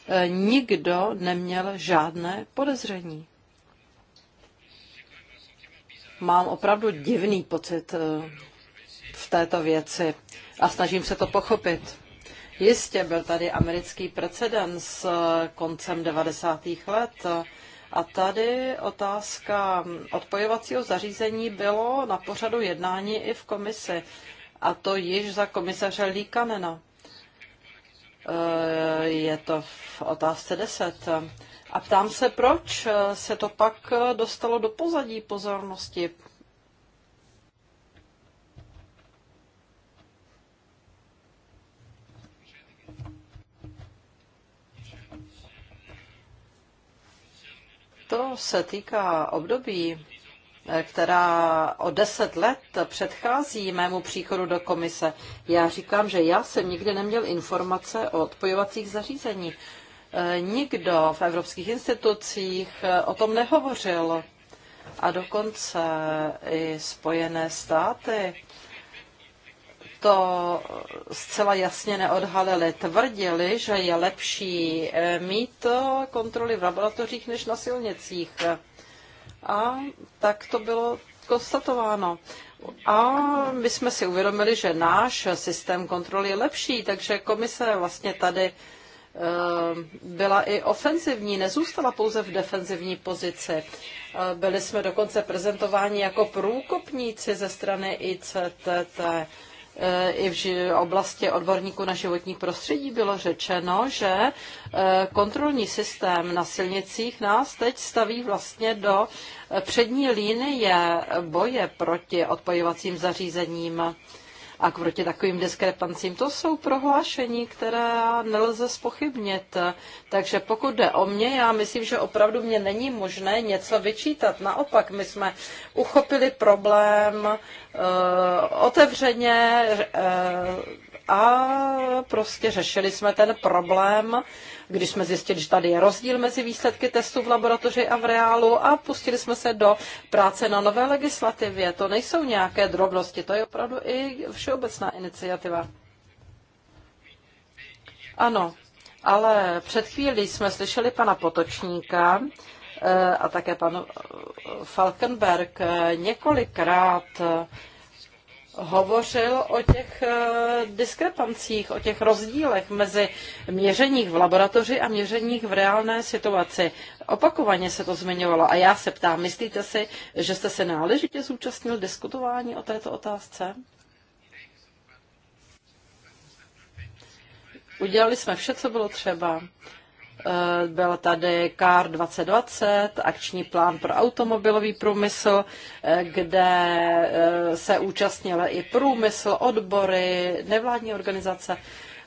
E, nikdo neměl žádné podezření. Mám opravdu divný pocit e, v této věci a snažím se to pochopit. Jistě byl tady americký precedens koncem 90. let a tady otázka odpojovacího zařízení bylo na pořadu jednání i v komisi a to již za komisaře Líkanena. Eh, je to v otázce 10. A ptám se, proč eh, se to pak eh, dostalo do pozadí pozornosti. To se týká období která o deset let předchází mému příchodu do komise. Já říkám, že já jsem nikdy neměl informace o odpojovacích zařízení. E, nikdo v evropských institucích e, o tom nehovořil. A dokonce i Spojené státy to zcela jasně neodhalili. Tvrdili, že je lepší e, mít kontroly v laboratořích než na silnicích a tak to bylo konstatováno. A my jsme si uvědomili, že náš systém kontroly je lepší, takže komise vlastně tady eh, byla i ofenzivní, nezůstala pouze v defenzivní pozici. Eh, byli jsme dokonce prezentováni jako průkopníci ze strany ICTT Eh, i v oblasti odborníků na životní prostředí bylo řečeno, že eh, kontrolní systém na silnicích nás teď staví vlastně do eh, přední linie boje proti odpojovacím zařízením a proti takovým diskrepancím. To jsou prohlášení, která nelze spochybnit. Takže pokud jde o mě, já myslím, že opravdu mě není možné něco vyčítat. Naopak, my jsme uchopili problém eh, otevřeně eh, a prostě řešili jsme ten problém když jsme zjistili, že tady je rozdíl mezi výsledky testů v laboratoři a v reálu a pustili jsme se do práce na nové legislativě. To nejsou nějaké drobnosti, to je opravdu i všeobecná iniciativa. Ano, ale před chvílí jsme slyšeli pana Potočníka eh, a také pan eh, Falkenberg eh, několikrát hovořil o těch eh, diskrepancích, o těch rozdílech mezi měřeních v laboratoři a měřeních v reálné situaci. Opakovaně se to zmiňovalo a já se ptám, myslíte si, že jste se náležitě zúčastnil diskutování o této otázce? Udělali jsme vše, co bylo třeba. Eh, byl tady CAR 2020, akční plán pro automobilový průmysl, eh, kde eh, se účastnil i průmysl, odbory, nevládní organizace.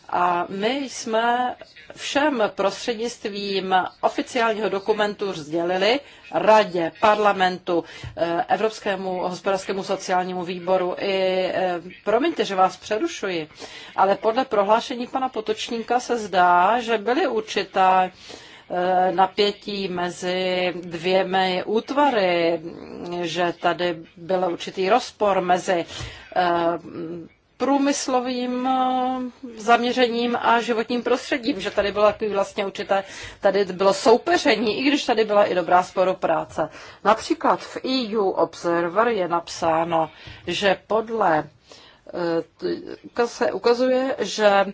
A my jsme všem prostřednictvím oficiálního dokumentu sdělili radě, parlamentu, eh, Evropskému hospodářskému sociálnímu výboru i, eh, promiňte, že vás přerušuji, ale podle prohlášení pana Potočníka se zdá, že byly určitá eh, napětí mezi dvěmi útvary, že tady byl určitý rozpor mezi průmyslovým eh, zaměřením a životním prostředím, že tady bylo takový vlastně určité, tady bylo soupeření, i když tady byla i dobrá spolupráce. Například v EU Observer je napsáno, že podle eh, se ukazuje, že eh,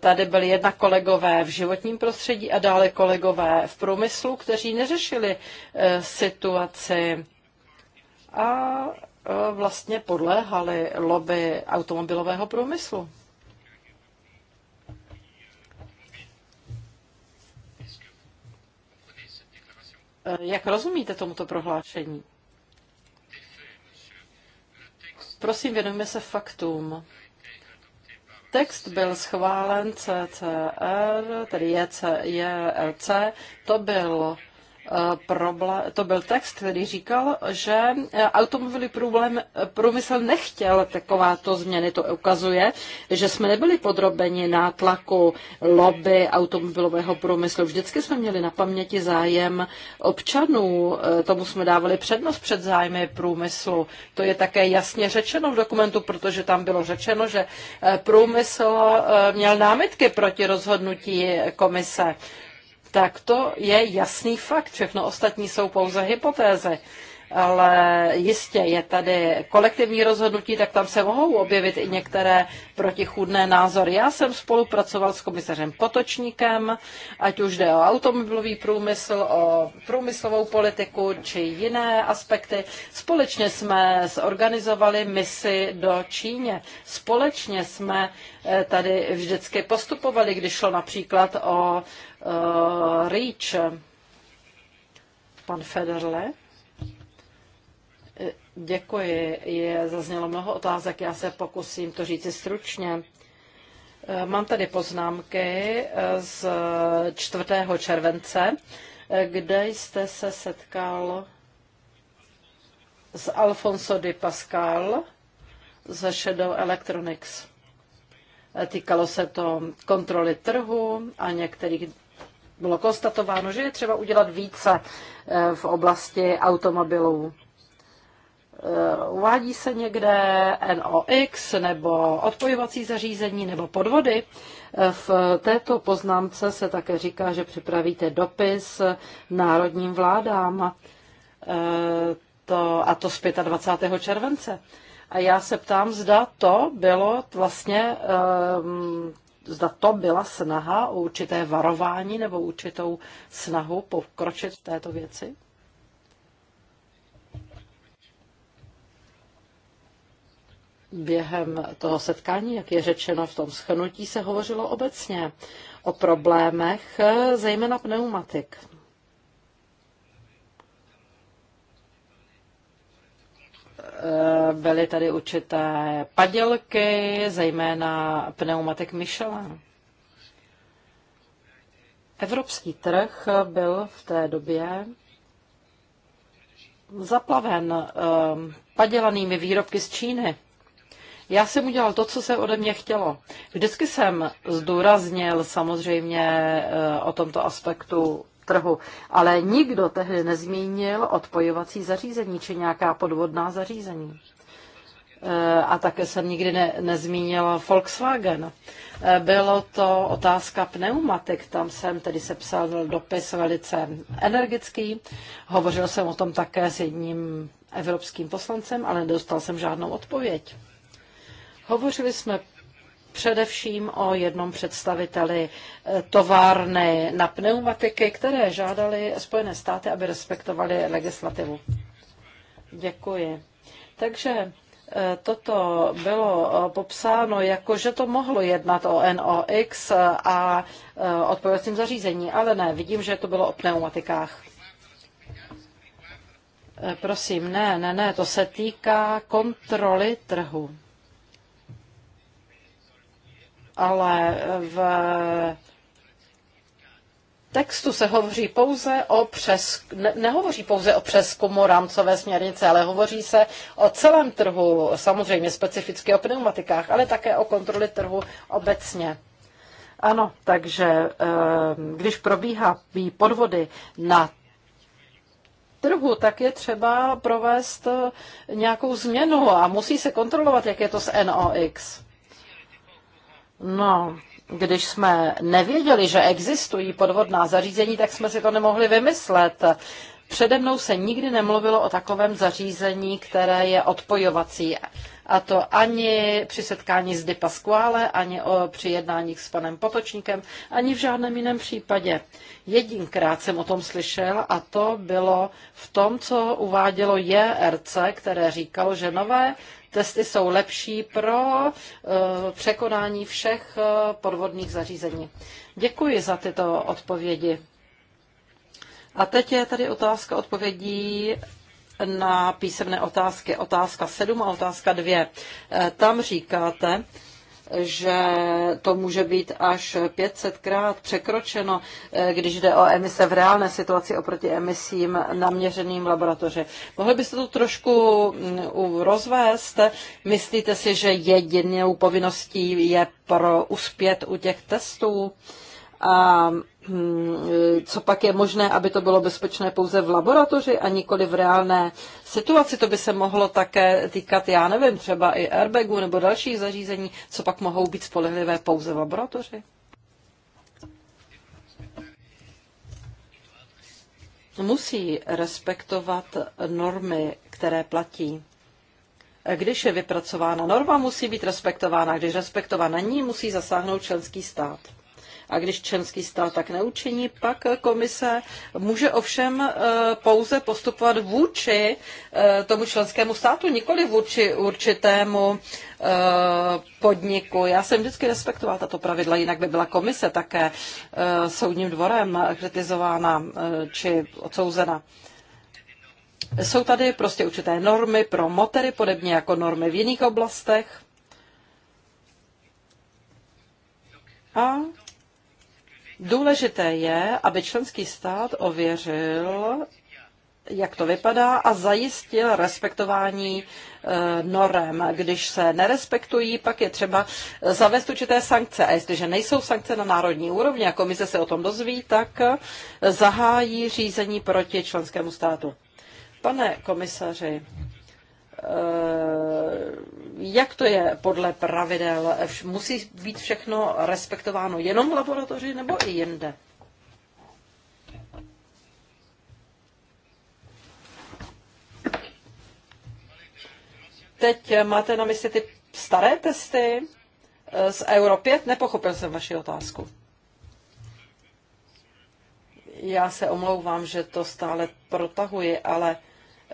tady byli jedna kolegové v životním prostředí a dále kolegové v průmyslu, kteří neřešili situaci a Eh, vlastně podléhaly lobby automobilového průmyslu. Eh, jak rozumíte tomuto prohlášení? Prosím, věnujme se faktům. Text byl schválen CCR, tedy JCLC. E e to byl Eh, problém, to byl text, který říkal, že eh, automobilový problém, eh, průmysl nechtěl takováto změny. To ukazuje, že jsme nebyli podrobeni nátlaku lobby automobilového průmyslu. Vždycky jsme měli na paměti zájem občanů, tomu jsme dávali přednost před zájmy průmyslu. To je také jasně řečeno v dokumentu, protože tam bylo řečeno, že průmysl měl námitky proti rozhodnutí komise tak to je jasný fakt. Všechno ostatní jsou pouze hypotézy ale jistě je tady kolektivní rozhodnutí, tak tam se mohou objevit i některé protichůdné názory. Já jsem spolupracoval s komisařem Potočníkem, ať už jde o automobilový průmysl, o průmyslovou politiku či jiné aspekty. Společně jsme zorganizovali misi do Číně. Společně jsme eh, tady vždycky postupovali, když šlo například o o eh, REACH. Pan Federle. Děkuji, je zaznělo mnoho otázek, já se pokusím to říci stručně. Eh, mám tady poznámky eh, z 4. července, eh, kde jste se setkal s Alfonso de Pascal ze Shadow Electronics. Týkalo se to kontroly trhu a některých bylo konstatováno, že je třeba udělat více v oblasti automobilů. Eh, uvádí se někde NOx nebo odpojovací zařízení nebo podvody. Eh, v této poznámce se také říká, že připravíte dopis národním vládám eh, to, a to z 25. července. A já se ptám, zda to bylo vlastně, ehm, zda to byla snaha o určité varování nebo určitou snahu pokročit v této věci? během toho setkání, jak je řečeno v tom schnutí, se hovořilo obecně o problémech, eh, zejména pneumatik. Eh, byly tady určité padělky, zejména pneumatik Michelin. Evropský trh byl v té době zaplaven eh, padělanými výrobky z Číny. Já jsem udělal to, co se ode mě chtělo. Vždycky jsem zdůraznil samozřejmě eh, o tomto aspektu trhu, ale nikdo tehdy nezmínil odpojovací zařízení či nějaká podvodná zařízení. Eh, a také jsem nikdy ne, nezmínil Volkswagen. Eh, bylo to otázka pneumatik, tam jsem tedy sepsal dopis velice energický. Hovořil jsem o tom také s jedním evropským poslancem, ale nedostal jsem žádnou odpověď. Hovořili jsme především o jednom představiteli eh, továrny na pneumatiky, které žádali Spojené státy, aby respektovali legislativu. Děkuji. Takže eh, toto bylo eh, popsáno jako, že to mohlo jednat o NOx a odpovědacím zařízení, ale ne, vidím, že to bylo o pneumatikách. Prosím, ne, ne, ne, to se týká kontroly trhu ale v textu se hovoří pouze o přes, ne, nehovoří pouze o přeskumu rámcové směrnice, ale hovoří se o celém trhu, samozřejmě specificky o pneumatikách, ale také o kontroli trhu obecně. Ano, takže eh, když probíhá podvody na trhu, tak je třeba provést eh, nějakou změnu a musí se kontrolovat, jak je to s NOx. No, když jsme nevěděli, že existují podvodná zařízení, tak jsme si to nemohli vymyslet. Přede mnou se nikdy nemluvilo o takovém zařízení, které je odpojovací. A to ani při setkání s Di Pasquale, ani o, při jednáních s panem Potočníkem, ani v žádném jiném případě. Jedinkrát jsem o tom slyšel a to bylo v tom, co uvádělo JRC, které říkalo, že nové testy jsou lepší pro eh, překonání všech eh, podvodných zařízení. Děkuji za tyto odpovědi. A teď je tady otázka odpovědí na písemné otázky. Otázka 7 a otázka 2. Eh, tam říkáte, že to může být až 500 krát překročeno, eh, když jde o emise v reálné situaci oproti emisím naměřeným v laboratoři. Mohli byste to trošku mm, rozvést? Myslíte si, že jedinou povinností je pro uspět u těch testů? A co pak je možné, aby to bylo bezpečné pouze v laboratoři a nikoli v reálné situaci. To by se mohlo také týkat, já nevím, třeba i airbagů nebo dalších zařízení, co pak mohou být spolehlivé pouze v laboratoři. Musí respektovat normy, které platí. Když je vypracována norma, musí být respektována. Když respektována není, musí zasáhnout členský stát. A když členský stát tak neučiní, pak komise může ovšem eh, pouze postupovat vůči eh, tomu členskému státu, nikoli vůči určitému eh, podniku. Já jsem vždycky respektovala tato pravidla, jinak by byla komise také soudním dvorem kritizována či odsouzena. Jsou tady prostě určité normy pro motory, podobně jako normy v jiných oblastech. A Důležité je, aby členský stát ověřil, jak to vypadá a zajistil respektování e, norem. Když se nerespektují, pak je třeba e, zavést určité sankce. A jestliže nejsou sankce na národní úrovni a komise se o tom dozví, tak e, zahájí řízení proti členskému státu. Pane komisaři, Eh, jak to je podle pravidel? Musí být všechno respektováno jenom v laboratoři nebo i jinde? Teď eh, máte na mysli ty staré testy eh, z Euro 5? Nepochopil jsem vaši otázku. Já se omlouvám, že to stále protahuji, ale uh,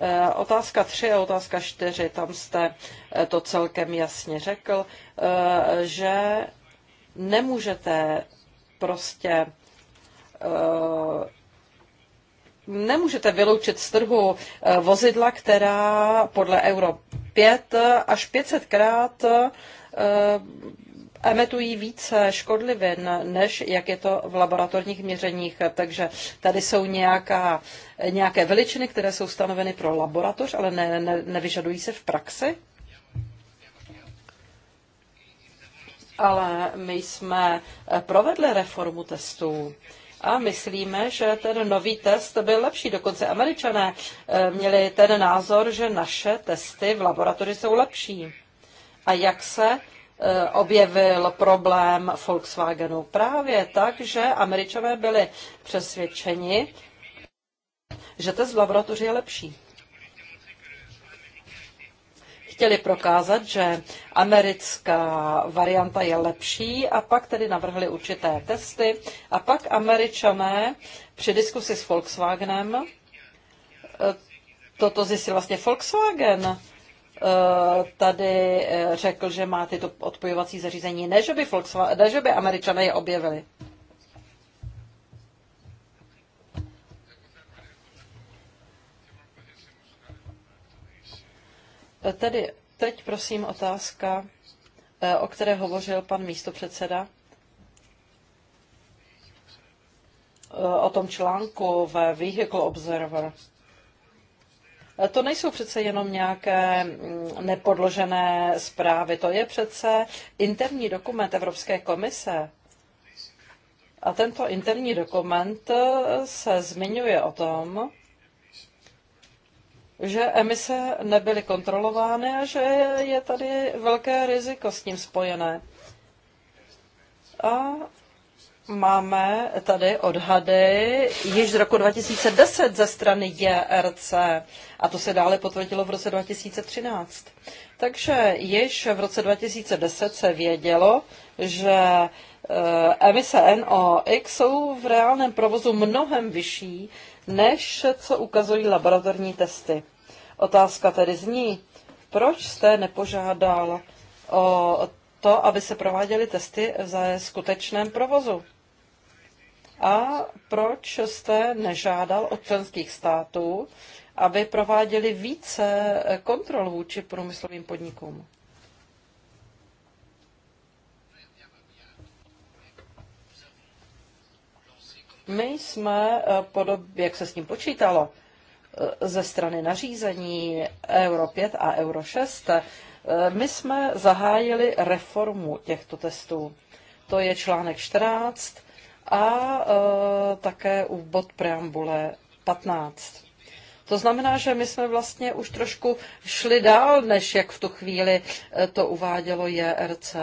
Eh, otázka 3 a otázka 4, tam jste eh, to celkem jasně řekl, eh, že nemůžete prostě nemůžete vyloučit z trhu vozidla, která podle Euro 5 až 500 krát emitují více škodlivin, než jak je to v laboratorních měřeních. Takže tady jsou nějaká, nějaké veličiny, které jsou stanoveny pro laboratoř, ale ne, ne, nevyžadují se v praxi. Ale my jsme provedli reformu testů a myslíme, že ten nový test byl lepší. Dokonce američané eh, měli ten názor, že naše testy v laboratoři jsou lepší. A jak se Eh, objevil problém Volkswagenu právě tak, že američané byli přesvědčeni, že test v laboratoři je lepší. Chtěli prokázat, že americká varianta je lepší a pak tedy navrhli určité testy a pak američané při diskusi s Volkswagenem eh, toto zjistil vlastně Volkswagen Eh, tady eh, řekl, že má tyto odpojovací zařízení, než by, Volkswagen, než by američané je objevili. Eh, tedy teď prosím otázka, o které hovořil pan místopředseda. O tom článku ve Vehicle Observer. To nejsou přece jenom nějaké mm, nepodložené zprávy, to je přece interní dokument Evropské komise. A tento interní dokument eh, se zmiňuje o tom, že emise nebyly kontrolovány a že je tady velké riziko s tím spojené. A Máme tady odhady již z roku 2010 ze strany JRC a to se dále potvrdilo v roce 2013. Takže již v roce 2010 se vědělo, že eh, emise NOx jsou v reálném provozu mnohem vyšší, než co ukazují laboratorní testy. Otázka tedy zní, proč jste nepožádal o to, aby se prováděly testy ze skutečném provozu. A proč jste nežádal od členských států, aby prováděli více kontrol vůči průmyslovým podnikům? My jsme, eh, podob, jak se s ním počítalo, eh, ze strany nařízení Euro 5 a Euro 6 Eh, my jsme zahájili reformu těchto testů. To je článek 14 a eh, také u bod preambule 15. To znamená, že my jsme vlastně už trošku šli dál, než jak v tu chvíli eh, to uvádělo JRC.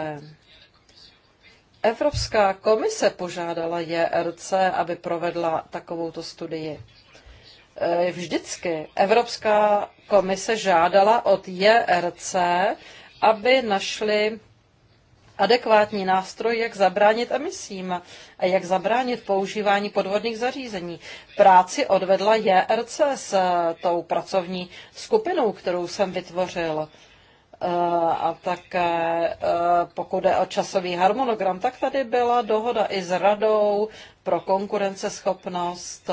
Evropská komise požádala JRC, aby provedla takovouto studii. Vždycky Evropská komise žádala od JRC, aby našli adekvátní nástroj, jak zabránit emisím a jak zabránit používání podvodných zařízení. Práci odvedla JRC s eh, tou pracovní skupinou, kterou jsem vytvořil. Eh, a také eh, pokud je o časový harmonogram, tak tady byla dohoda i s radou pro konkurenceschopnost,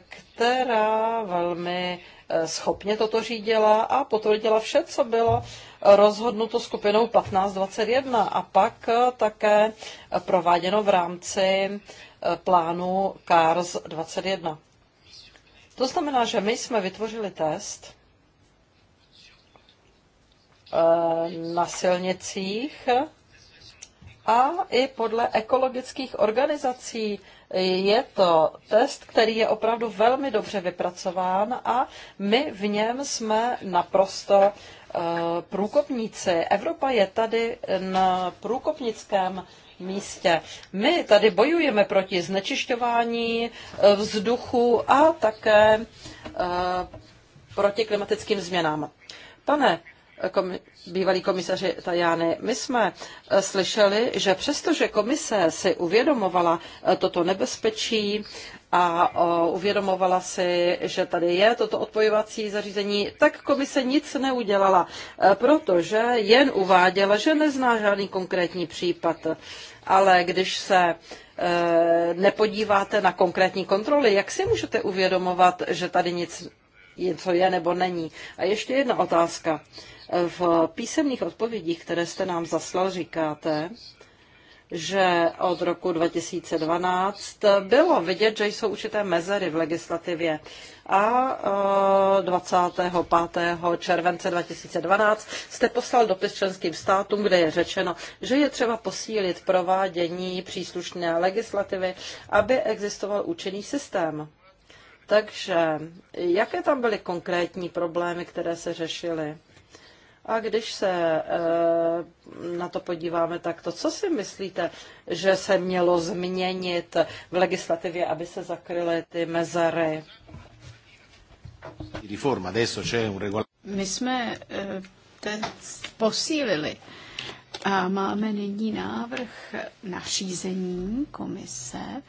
která velmi Eh, schopně toto řídila a potvrdila vše, co bylo rozhodnuto skupinou 1521 a pak eh, také prováděno v rámci eh, plánu CARS 21. To znamená, že my jsme vytvořili test na silnicích a i podle ekologických organizací je to test, který je opravdu velmi dobře vypracován a my v něm jsme naprosto eh, průkopníci. Evropa je tady na průkopnickém místě. My tady bojujeme proti znečišťování eh, vzduchu a také eh, proti klimatickým změnám. Pane komi- bývalý komisaři Tajány, my jsme eh, slyšeli, že přestože komise si uvědomovala eh, toto nebezpečí a uvědomovala si, že tady je toto odpojovací zařízení, tak komise nic neudělala, eh, protože jen uváděla, že nezná žádný konkrétní případ. Ale když se nepodíváte na konkrétní kontroly, jak si můžete uvědomovat, že tady nic něco je nebo není. A ještě jedna otázka. V písemných odpovědích, které jste nám zaslal, říkáte, že od roku 2012 bylo vidět, že jsou určité mezery v legislativě. A 25. Eh, července 2012 jste poslal dopis členským státům, kde je řečeno, že je třeba posílit provádění příslušné legislativy, aby existoval účinný systém. Takže jaké tam byly konkrétní problémy, které se řešily? A když se eh, na to podíváme, tak to, co si myslíte, že se mělo změnit v legislativě, aby se zakryly ty mezery? My jsme eh, teď posílili a máme nyní návrh nařízení komise,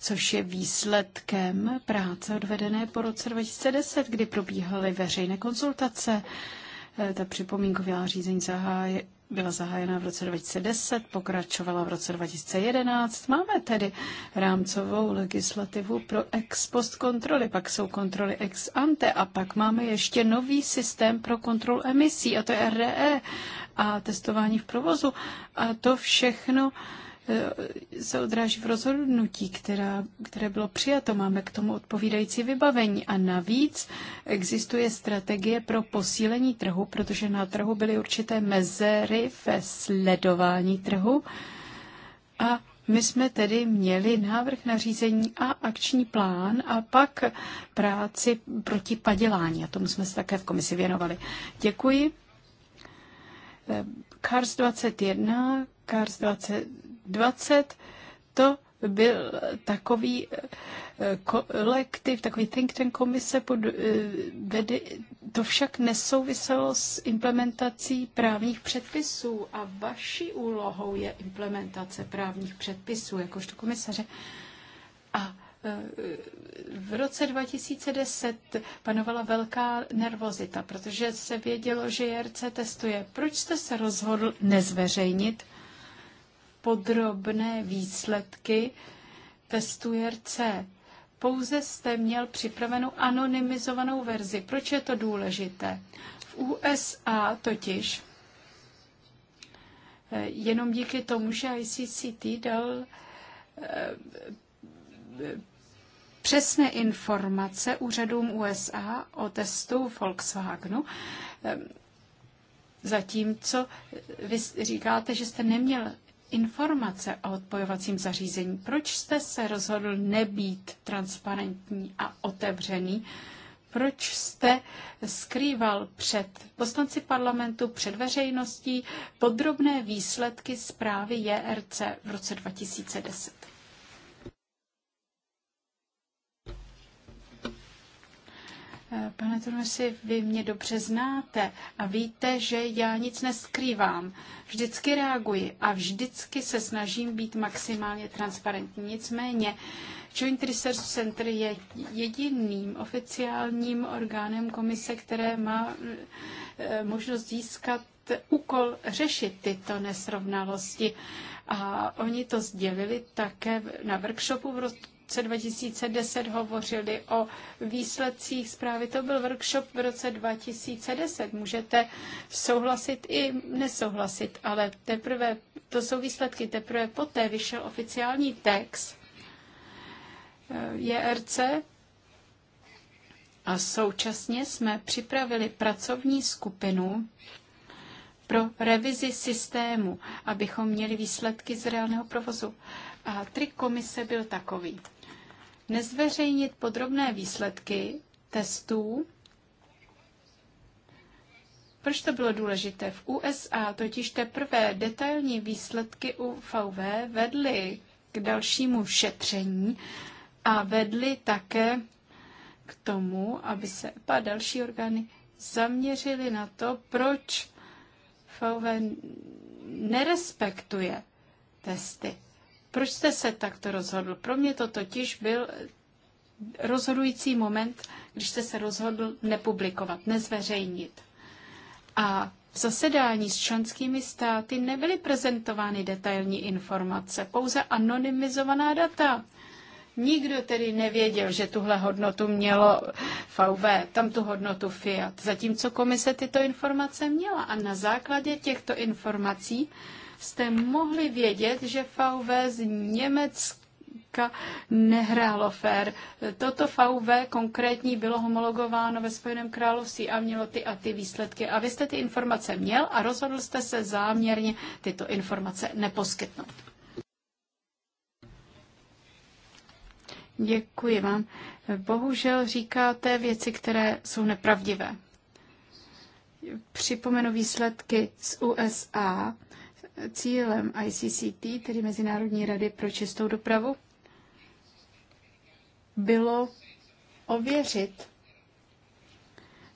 což je výsledkem práce odvedené po roce 2010, kdy probíhaly veřejné konzultace Eh, ta připomínková řízení zaháje, byla zahájena v roce 2010, pokračovala v roce 2011. Máme tedy rámcovou legislativu pro ex post kontroly, pak jsou kontroly ex ante a pak máme ještě nový systém pro kontrolu emisí, a to je RDE e a testování v provozu. A to všechno uh, Eh, se odráží v rozhodnutí, která, které bylo přijato. Máme k tomu odpovídající vybavení. A navíc existuje strategie pro posílení trhu, protože na trhu byly určité mezery ve sledování trhu. A my jsme tedy měli návrh na řízení a akční plán a pak práci proti padělání. A tomu jsme se také v komisi věnovali. Děkuji. Eh, CARS 21, CARS 20, 20 to byl takový eh, kolektiv, takový think tank komise pod, eh, vedy, to však nesouviselo s implementací právních předpisů a vaší úlohou je implementace právních předpisů jakožto komisaře. A eh, v roce 2010 panovala velká nervozita, protože se vědělo, že JRC testuje. Proč jste se rozhodl nezveřejnit podrobné výsledky testu JRC. Pouze jste měl připravenou anonymizovanou verzi. Proč je to důležité? V USA totiž eh, jenom díky tomu, že ICCT dal eh, přesné informace úřadům USA o testu Volkswagenu, eh, zatímco vy říkáte, že jste neměl informace o odpojovacím zařízení. Proč jste se rozhodl nebýt transparentní a otevřený? Proč jste skrýval před poslanci parlamentu, před veřejností podrobné výsledky zprávy JRC v roce 2010? Pane Turmesi, vy mě dobře znáte a víte, že já nic neskrývám. Vždycky reaguji a vždycky se snažím být maximálně transparentní. Nicméně Joint Research Center je jediným oficiálním orgánem komise, které má eh, možnost získat úkol řešit tyto nesrovnalosti. A oni to sdělili také na workshopu v roce roce 2010 hovořili o výsledcích zprávy. To byl workshop v roce 2010. Můžete souhlasit i nesouhlasit, ale teprve, to jsou výsledky, teprve poté vyšel oficiální text JRC a současně jsme připravili pracovní skupinu pro revizi systému, abychom měli výsledky z reálného provozu. A trik komise byl takový nezveřejnit podrobné výsledky testů. Proč to bylo důležité? V USA totiž teprve detailní výsledky u VV vedly k dalšímu šetření a vedly také k tomu, aby se a další orgány zaměřili na to, proč VV nerespektuje testy. Proč jste se takto rozhodl? Pro mě to totiž byl rozhodující moment, když jste se rozhodl nepublikovat, nezveřejnit. A v zasedání s členskými státy nebyly prezentovány detailní informace, pouze anonymizovaná data. Nikdo tedy nevěděl, že tuhle hodnotu mělo VV, tam tu hodnotu Fiat, zatímco komise tyto informace měla. A na základě těchto informací jste mohli vědět, že VV z Německa nehrálo fér. Toto VV konkrétní bylo homologováno ve Spojeném království a mělo ty a ty výsledky. A vy jste ty informace měl a rozhodl jste se záměrně tyto informace neposkytnout. Děkuji vám. Bohužel říkáte věci, které jsou nepravdivé. Připomenu výsledky z USA cílem ICCT, tedy Mezinárodní rady pro čistou dopravu, bylo ověřit,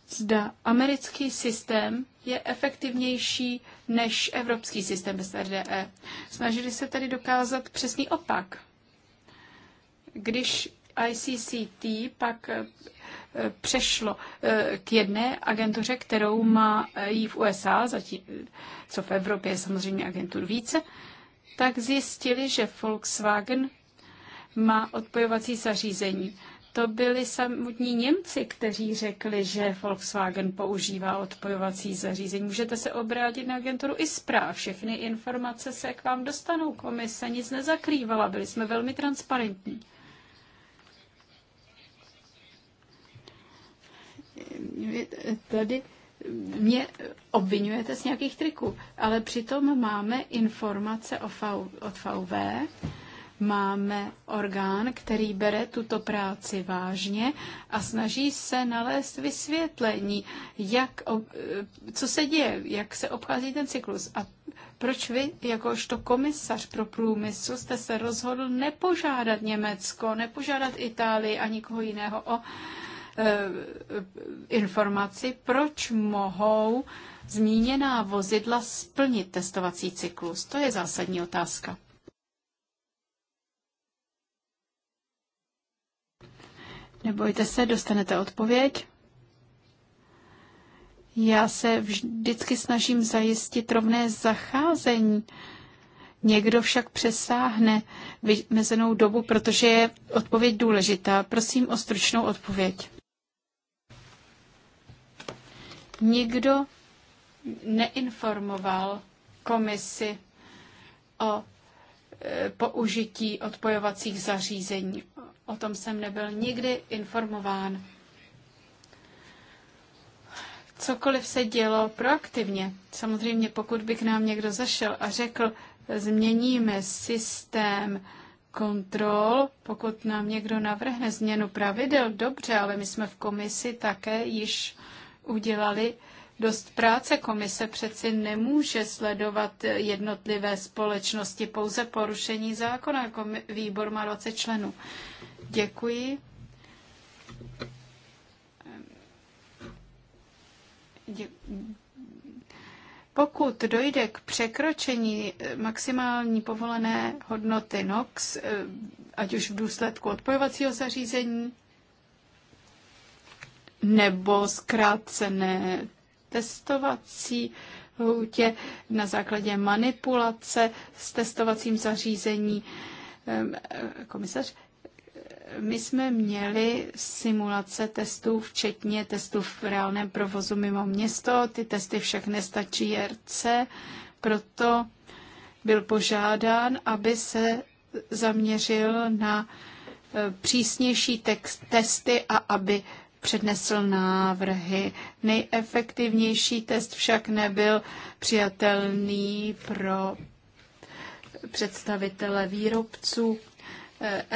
zda americký systém je efektivnější než evropský systém bez RDE. Snažili se tedy dokázat přesný opak. Když ICCT pak Eh, přešlo eh, k jedné agentuře, kterou má eh, jí v USA, zatím, co v Evropě je samozřejmě agentur více, tak zjistili, že Volkswagen má odpojovací zařízení. To byli samotní Němci, kteří řekli, že Volkswagen používá odpojovací zařízení. Můžete se obrátit na agenturu zpráv. Všechny informace se k vám dostanou. Komise nic nezakrývala. Byli jsme velmi transparentní. tady mě obvinujete z nějakých triků, ale přitom máme informace o v, od VV, máme orgán, který bere tuto práci vážně a snaží se nalézt vysvětlení, jak, co se děje, jak se obchází ten cyklus. A proč vy, jakožto komisař pro průmysl, jste se rozhodl nepožádat Německo, nepožádat Itálii a nikoho jiného o Eh, informaci, proč mohou zmíněná vozidla splnit testovací cyklus? To je zásadní otázka. Nebojte se, dostanete odpověď. Já se vždycky snažím zajistit rovné zacházení. Někdo však přesáhne vymezenou dobu, protože je odpověď důležitá. Prosím o stručnou odpověď. Nikdo neinformoval komisi o e, použití odpojovacích zařízení. O tom jsem nebyl nikdy informován. Cokoliv se dělo proaktivně, samozřejmě pokud by k nám někdo zašel a řekl, změníme systém kontrol, pokud nám někdo navrhne změnu pravidel, dobře, ale my jsme v komisi také již udělali dost práce. Komise přeci nemůže sledovat jednotlivé společnosti, pouze porušení zákona. Jako výbor má 20 členů. Děkuji. Děkuji. Pokud dojde k překročení eh, maximální povolené hodnoty NOx, eh, ať už v důsledku odpojovacího zařízení nebo zkrácené testovací hůtě na základě manipulace s testovacím zařízení. Eh, komisař, my jsme měli simulace testů, včetně testů v reálném provozu mimo město. Ty testy však nestačí RC, proto byl požádán, aby se zaměřil na eh, přísnější text, testy a aby přednesl návrhy. Nejefektivnější test však nebyl přijatelný pro představitele výrobců.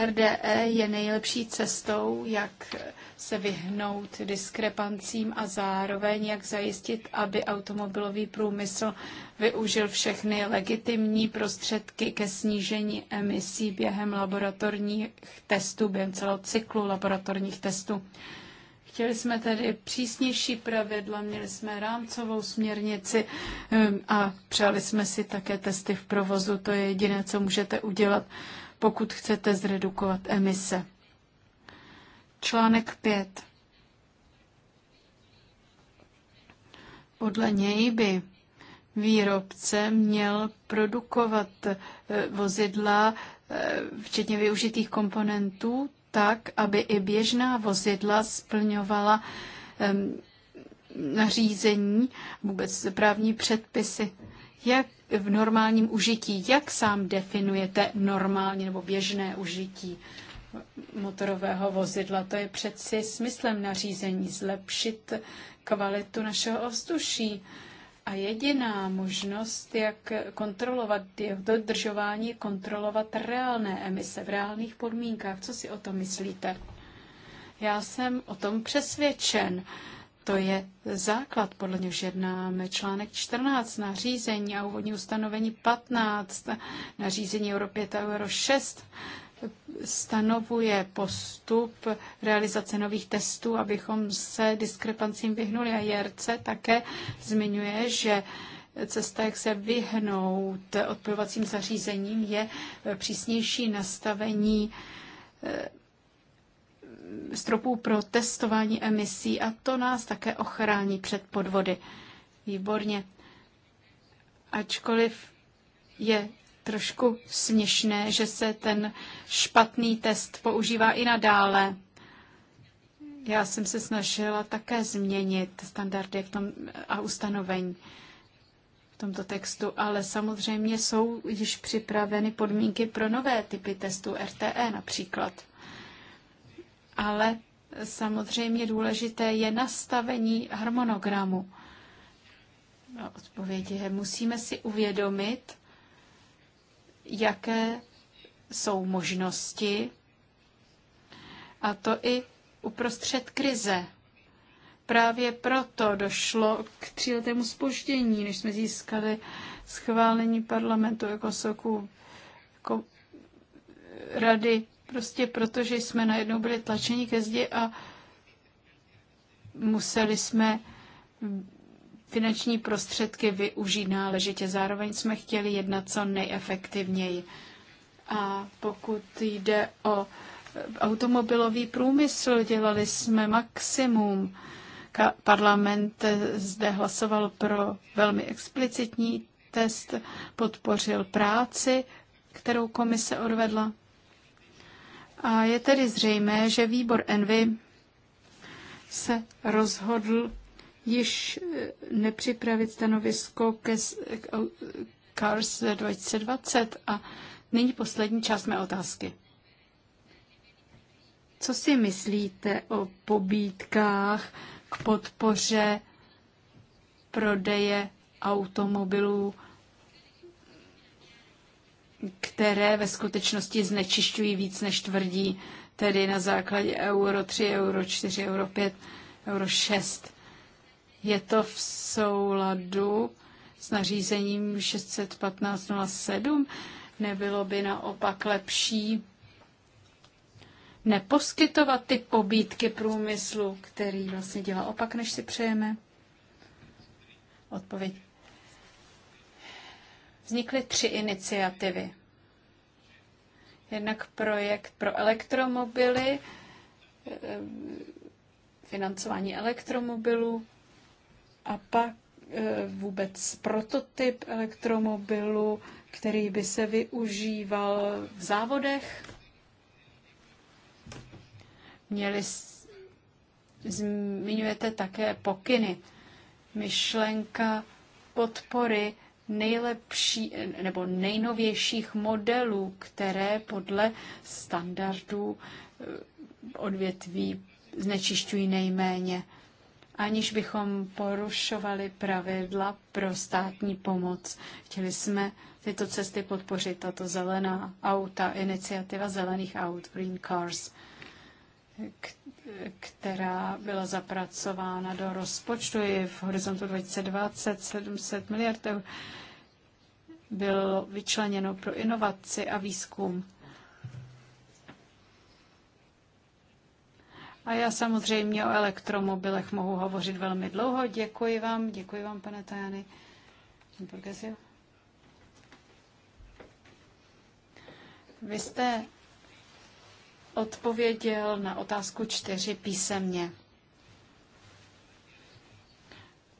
RDE je nejlepší cestou, jak se vyhnout diskrepancím a zároveň jak zajistit, aby automobilový průmysl využil všechny legitimní prostředky ke snížení emisí během laboratorních testů, během celého cyklu laboratorních testů. Chtěli jsme tedy přísnější pravidla, měli jsme rámcovou směrnici hm, a přáli jsme si také testy v provozu. To je jediné, co můžete udělat, pokud chcete zredukovat emise. Článek 5. Podle něj by výrobce měl produkovat eh, vozidla eh, včetně využitých komponentů tak, aby i běžná vozidla splňovala nařízení, vůbec právní předpisy. Jak v normálním užití, jak sám definujete normální nebo běžné užití motorového vozidla? To je přeci smyslem nařízení zlepšit kvalitu našeho ovzduší. A jediná možnost, jak kontrolovat je dodržování, kontrolovat reálné emise v reálných podmínkách. Co si o tom myslíte? Já jsem o tom přesvědčen. To je základ, podle něž jednáme. Článek 14 nařízení a úvodní ustanovení 15 nařízení řízení Evropě a Euro 6 stanovuje postup realizace nových testů, abychom se diskrepancím vyhnuli. A JRC také zmiňuje, že cesta, jak se vyhnout odpojovacím zařízením, je přísnější nastavení eh, stropů pro testování emisí a to nás také ochrání před podvody. Výborně. Ačkoliv je trošku směšné, že se ten špatný test používá i nadále. Já jsem se snažila také změnit standardy v tom a ustanovení v tomto textu, ale samozřejmě jsou již připraveny podmínky pro nové typy testů RTE například. Ale samozřejmě důležité je nastavení harmonogramu. No, Odpovědi je, musíme si uvědomit, jaké jsou možnosti, a to i uprostřed krize. Právě proto došlo k tříletému spoždění, než jsme získali schválení parlamentu jako soku jako rady, prostě proto, že jsme najednou byli tlačeni ke zdi a museli jsme finanční prostředky využít náležitě. Zároveň jsme chtěli jednat co nejefektivněji. A pokud jde o automobilový průmysl, dělali jsme maximum. Parlament zde hlasoval pro velmi explicitní test, podpořil práci, kterou komise odvedla. A je tedy zřejmé, že výbor Envy se rozhodl již eh, nepřipravit stanovisko ke CARS 2020 a nyní poslední část mé otázky. Co si myslíte o pobídkách k podpoře prodeje automobilů, které ve skutečnosti znečišťují víc než tvrdí, tedy na základě euro 3, euro 4, euro 5, euro 6? Je to v souladu s nařízením 615.07? Nebylo by naopak lepší neposkytovat ty pobídky průmyslu, který vlastně dělá opak, než si přejeme? Odpověď. Vznikly tři iniciativy. Jednak projekt pro elektromobily, eh, financování elektromobilů, a pak e, vůbec prototyp elektromobilu, který by se využíval v závodech. Měli zmiňujete také pokyny. Myšlenka podpory nejlepší nebo nejnovějších modelů, které podle standardů e, odvětví znečišťují nejméně aniž bychom porušovali pravidla pro státní pomoc. Chtěli jsme tyto cesty podpořit, tato zelená auta, iniciativa zelených aut, Green Cars, která byla zapracována do rozpočtu i v horizontu 2020 700 miliard eur, bylo vyčleněno pro inovaci a výzkum A já samozřejmě o elektromobilech mohu hovořit velmi dlouho. Děkuji vám, děkuji vám, pane Tajany. Vy jste odpověděl na otázku čtyři písemně.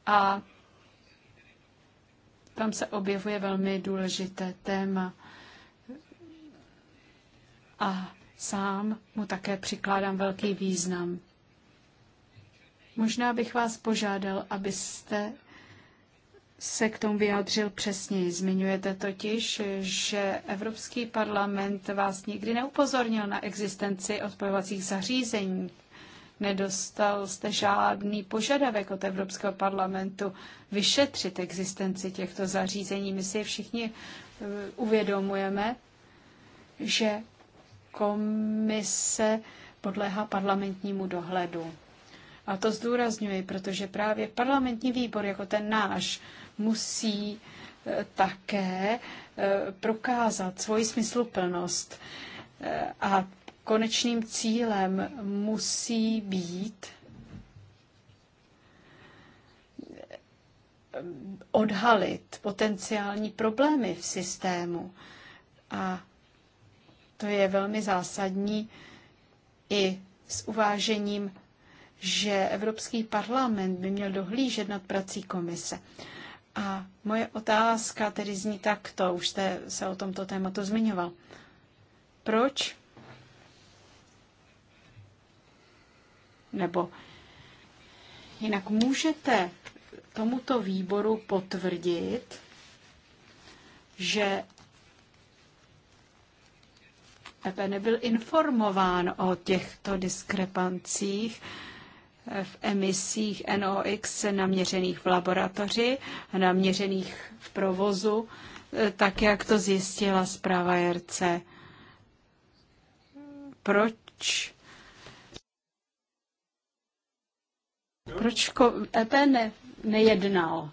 A tam se objevuje velmi důležité téma. A sám mu také přikládám velký význam. Možná bych vás požádal, abyste se k tomu vyjádřil přesněji. Zmiňujete totiž, že Evropský parlament vás nikdy neupozornil na existenci odpojovacích zařízení. Nedostal jste žádný požadavek od Evropského parlamentu vyšetřit existenci těchto zařízení. My si je všichni eh, uvědomujeme, že komise podléhá parlamentnímu dohledu. A to zdůrazňuji, protože právě parlamentní výbor jako ten náš musí e, také e, prokázat svoji smysluplnost. E, a konečným cílem musí být odhalit potenciální problémy v systému a to je velmi zásadní i s uvážením, že Evropský parlament by měl dohlížet nad prací komise. A moje otázka tedy zní takto, už jste se o tomto tématu zmiňoval. Proč? Nebo jinak můžete tomuto výboru potvrdit, že EP nebyl informován o těchto diskrepancích v emisích NOx naměřených v laboratoři naměřených v provozu, tak jak to zjistila zpráva JRC. Proč Proč EP ne, nejednal?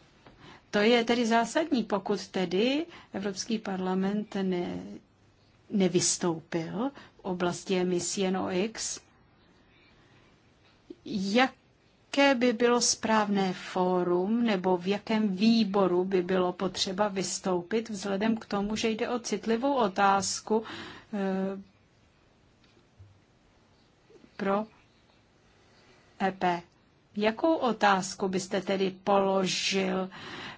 To je tedy zásadní, pokud tedy Evropský parlament ne, nevystoupil v oblasti emisí NOx, jaké by bylo správné fórum nebo v jakém výboru by bylo potřeba vystoupit vzhledem k tomu, že jde o citlivou otázku eh, pro EP. Jakou otázku byste tedy položil,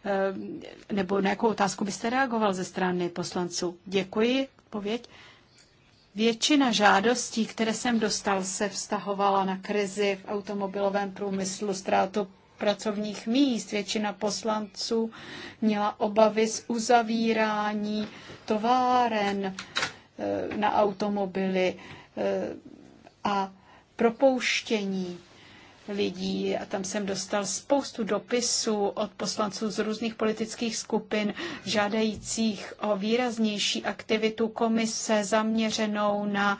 eh, nebo na jakou otázku byste reagoval ze strany poslanců? Děkuji odpověď. Většina žádostí, které jsem dostal, se vztahovala na krizi v automobilovém průmyslu, ztrátu pracovních míst. Většina poslanců měla obavy z uzavírání továren eh, na automobily eh, a propouštění lidí a tam jsem dostal spoustu dopisů od poslanců z různých politických skupin žádajících o výraznější aktivitu komise zaměřenou na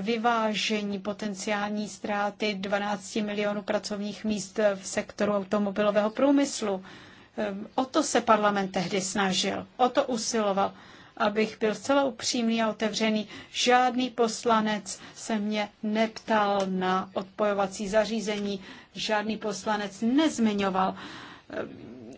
vyvážení potenciální ztráty 12 milionů pracovních míst v sektoru automobilového průmyslu. Ehm, o to se parlament tehdy snažil, o to usiloval abych byl zcela upřímný a otevřený, žádný poslanec se mě neptal na odpojovací zařízení, žádný poslanec nezmiňoval eh,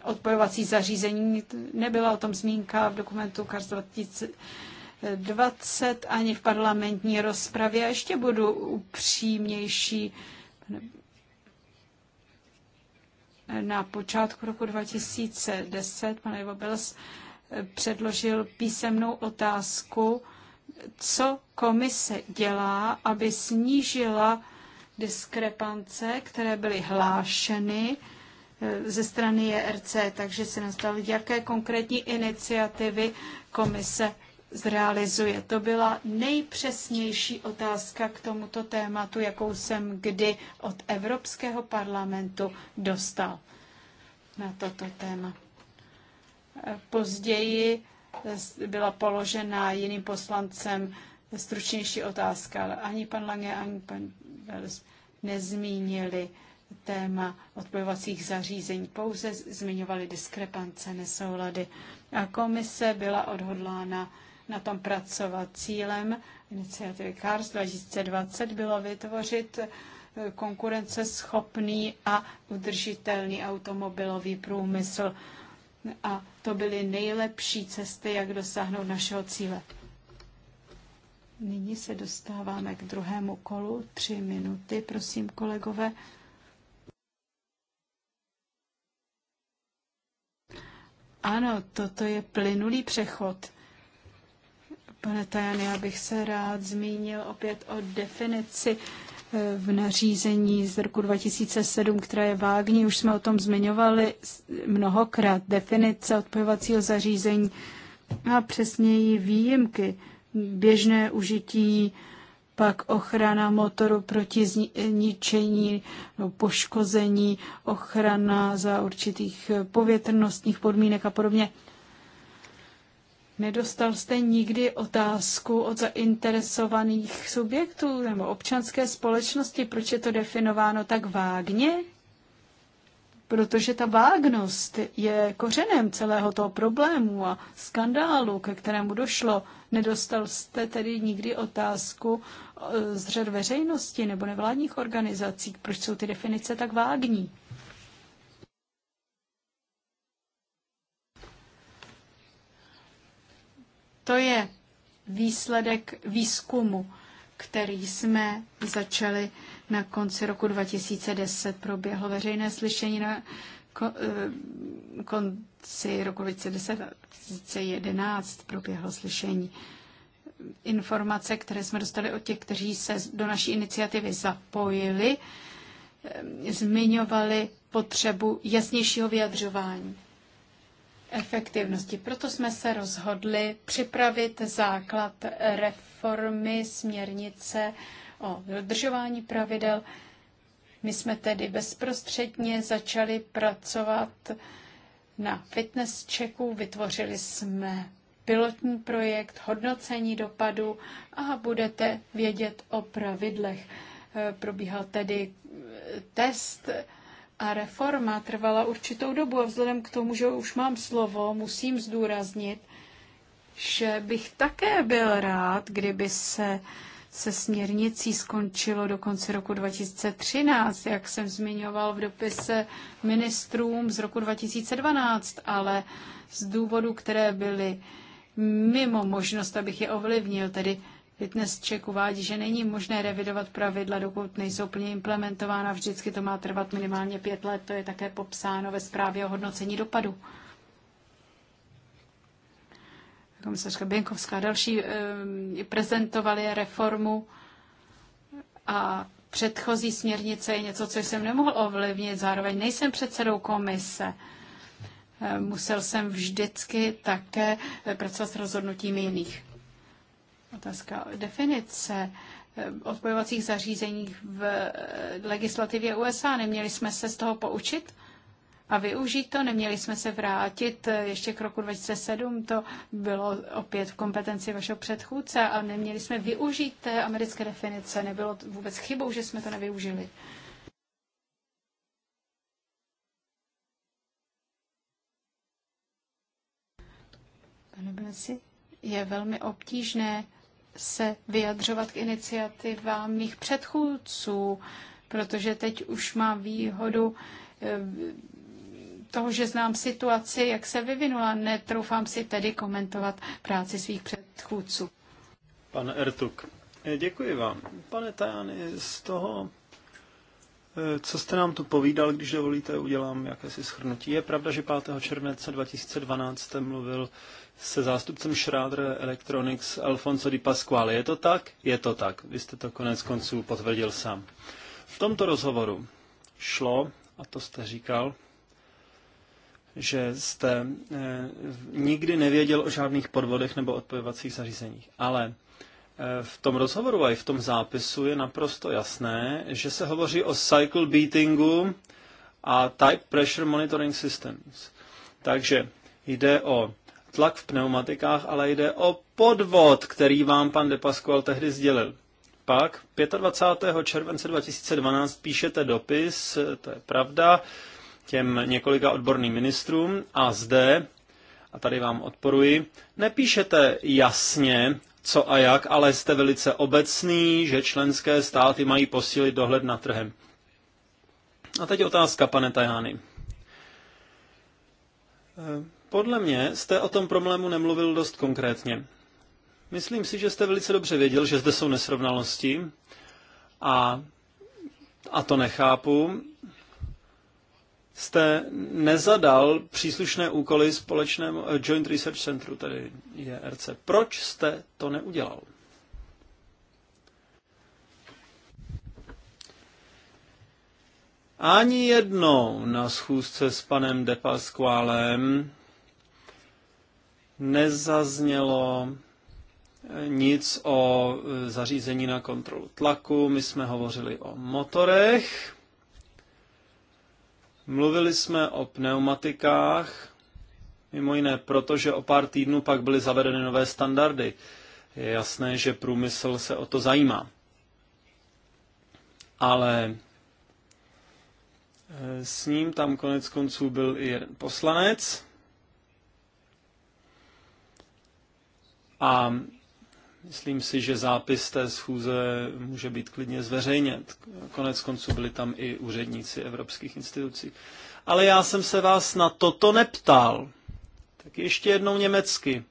odpojovací zařízení. Nebyla o tom zmínka v dokumentu KARS 2020 ani v parlamentní rozpravě. Ještě budu upřímnější. Eh, na počátku roku 2010 pane Vobels předložil písemnou otázku, co komise dělá, aby snížila diskrepance, které byly hlášeny eh, ze strany JRC, e takže se nastal, jaké konkrétní iniciativy komise zrealizuje. To byla nejpřesnější otázka k tomuto tématu, jakou jsem kdy od Evropského parlamentu dostal na toto téma. Později byla položena jiným poslancem stručnější otázka, ale ani pan Lange, ani pan Vels nezmínili téma odpojovacích zařízení. Pouze zmiňovali diskrepance, nesoulady. A komise byla odhodlána na tom pracovat. Cílem iniciativy CARS 2020 bylo vytvořit konkurenceschopný a udržitelný automobilový průmysl. A to byly nejlepší cesty, jak dosáhnout našeho cíle. Nyní se dostáváme k druhému kolu. Tři minuty, prosím, kolegové. Ano, toto je plynulý přechod. Pane Tajany, já bych se rád zmínil opět o definici v nařízení z roku 2007, které je vágní, už jsme o tom zmiňovali mnohokrát, definice odpojovacího zařízení a přesněji výjimky, běžné užití, pak ochrana motoru proti zničení, no, poškození, ochrana za určitých povětrnostních podmínek a podobně. Nedostal jste nikdy otázku od zainteresovaných subjektů nebo občanské společnosti, proč je to definováno tak vágně? Protože ta vágnost je kořenem celého toho problému a skandálu, ke kterému došlo. Nedostal jste tedy nikdy otázku e, z řad veřejnosti nebo nevládních organizací, proč jsou ty definice tak vágní? To je výsledek výzkumu, který jsme začali na konci roku 2010. Proběhlo veřejné slyšení na eh, konci roku 2010 a 2011 proběhlo slyšení. Informace, které jsme dostali od těch, kteří se do naší iniciativy zapojili, eh, zmiňovali potřebu jasnějšího vyjadřování efektivnosti. Proto jsme se rozhodli připravit základ reformy směrnice o dodržování pravidel. My jsme tedy bezprostředně začali pracovat na fitness checku, vytvořili jsme pilotní projekt, hodnocení dopadu a budete vědět o pravidlech. Probíhal tedy test a reforma trvala určitou dobu a vzhledem k tomu, že už mám slovo, musím zdůraznit, že bych také byl rád, kdyby se se směrnicí skončilo do konce roku 2013, jak jsem zmiňoval v dopise ministrům z roku 2012, ale z důvodů, které byly mimo možnost, abych je ovlivnil, tedy Fitness check uvádí, že není možné revidovat pravidla, dokud nejsou plně implementována. Vždycky to má trvat minimálně pět let. To je také popsáno ve zprávě o hodnocení dopadu. Komisařka Běnkovská další další eh, prezentovali reformu a předchozí směrnice je něco, co jsem nemohl ovlivnit. Zároveň nejsem předsedou komise. Eh, musel jsem vždycky také eh, pracovat s rozhodnutími jiných. Otázka definice eh, odpojovacích zařízení v eh, legislativě USA. Neměli jsme se z toho poučit a využít to, neměli jsme se vrátit eh, ještě k roku 2007, to bylo opět v kompetenci vašeho předchůdce a neměli jsme využít té americké definice. Nebylo vůbec chybou, že jsme to nevyužili. Pane je velmi obtížné se vyjadřovat k iniciativám mých předchůdců, protože teď už má výhodu eh, toho, že znám situaci, jak se vyvinula. Netroufám si tedy komentovat práci svých předchůdců. Pan Ertuk, eh, děkuji vám. Pane Tajany, z toho, eh, co jste nám tu povídal, když dovolíte, udělám jakési schrnutí. Je pravda, že 5. července 2012 jste mluvil se zástupcem Schrader Electronics Alfonso Di Pasquale. Je to tak? Je to tak. Vy jste to konec konců potvrdil sám. V tomto rozhovoru šlo, a to jste říkal, že jste eh, nikdy nevěděl o žádných podvodech nebo odpojovacích zařízeních. Ale eh, v tom rozhovoru a i v tom zápisu je naprosto jasné, že se hovoří o cycle beatingu a type pressure monitoring systems. Takže jde o tlak v pneumatikách, ale jde o podvod, který vám pan de Pascual tehdy sdělil. Pak 25. července 2012 píšete dopis, to je pravda, těm několika odborným ministrům a zde, a tady vám odporuji, nepíšete jasně, co a jak, ale jste velice obecný, že členské státy mají posílit dohled na trhem. A teď otázka, pane Tajány. Podle mě jste o tom problému nemluvil dost konkrétně. Myslím si, že jste velice dobře věděl, že zde jsou nesrovnalosti a, a to nechápu. Jste nezadal příslušné úkoly společnému eh, Joint Research Centru, tedy JRC. E Proč jste to neudělal? Ani jednou na schůzce s panem Depasquálem nezaznělo eh, nic o eh, zařízení na kontrolu tlaku, my jsme hovořili o motorech, mluvili jsme o pneumatikách, mimo jiné protože o pár týdnů pak byly zavedeny nové standardy. Je jasné, že průmysl se o to zajímá. Ale eh, s ním tam konec konců byl i jeden poslanec, A myslím si, že zápis té schůze může být klidně zveřejněn. Konec konců byli tam i úředníci evropských institucí. Ale já jsem se vás na toto neptal. Tak ještě jednou německy.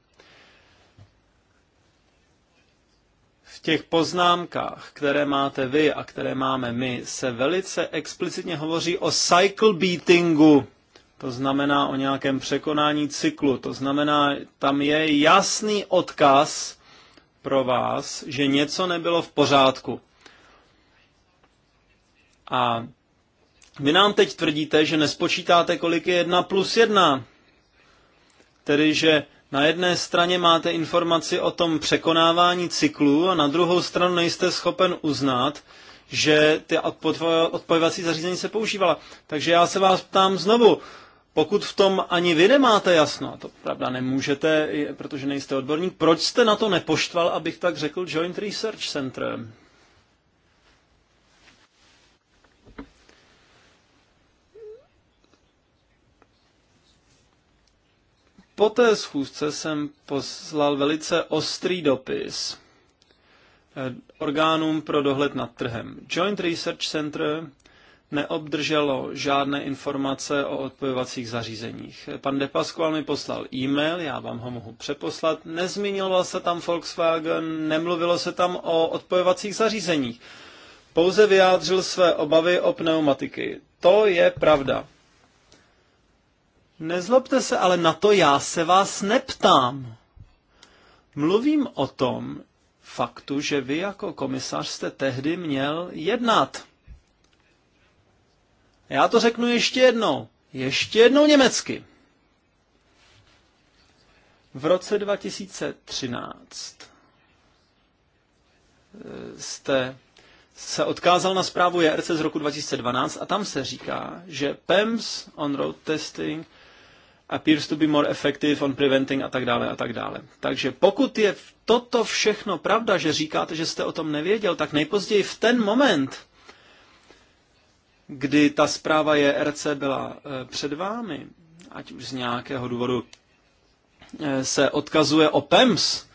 V těch poznámkách, které máte vy a které máme my, se velice explicitně hovoří o cycle beatingu. To znamená o nějakém překonání cyklu. To znamená, tam je jasný odkaz pro vás, že něco nebylo v pořádku. A vy nám teď tvrdíte, že nespočítáte, kolik je 1 plus 1. Tedy, že na jedné straně máte informaci o tom překonávání cyklu a na druhou stranu nejste schopen uznat, že ty odpojovací zařízení se používala. Takže já se vás ptám znovu, pokud v tom ani vy nemáte jasno, to pravda nemůžete, protože nejste odborník, proč jste na to nepoštval, abych tak řekl, Joint Research Center? Po té schůzce jsem poslal velice ostrý dopis eh, orgánům pro dohled nad trhem. Joint Research Center neobdrželo žádné informace o odpojovacích zařízeních. Pan Depasqual mi poslal e-mail, já vám ho mohu přeposlat. Nezmínilo se tam Volkswagen, nemluvilo se tam o odpojovacích zařízeních. Pouze vyjádřil své obavy o pneumatiky. To je pravda. Nezlobte se, ale na to já se vás neptám. Mluvím o tom faktu, že vy jako komisař jste tehdy měl jednat. Já to řeknu ještě jednou. Ještě jednou německy. V roce 2013 eh, jste se odkázal na zprávu JRC z roku 2012 a tam se říká, že PEMS on road testing appears to be more effective on preventing a tak dále a tak dále. Takže pokud je toto všechno pravda, že říkáte, že jste o tom nevěděl, tak nejpozději v ten moment kdy ta zpráva JRC byla e, před vámi, ať už z nějakého důvodu e, se odkazuje o PEMS,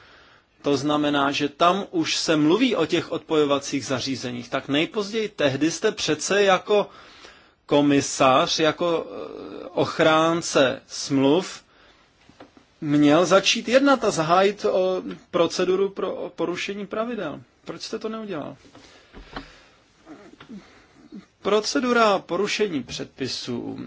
to znamená, že tam už se mluví o těch odpojovacích zařízeních, tak nejpozději tehdy jste přece jako komisař, jako e, ochránce smluv, měl začít jednat a zahájit o proceduru pro porušení pravidel. Proč jste to neudělal? Procedura porušení předpisů,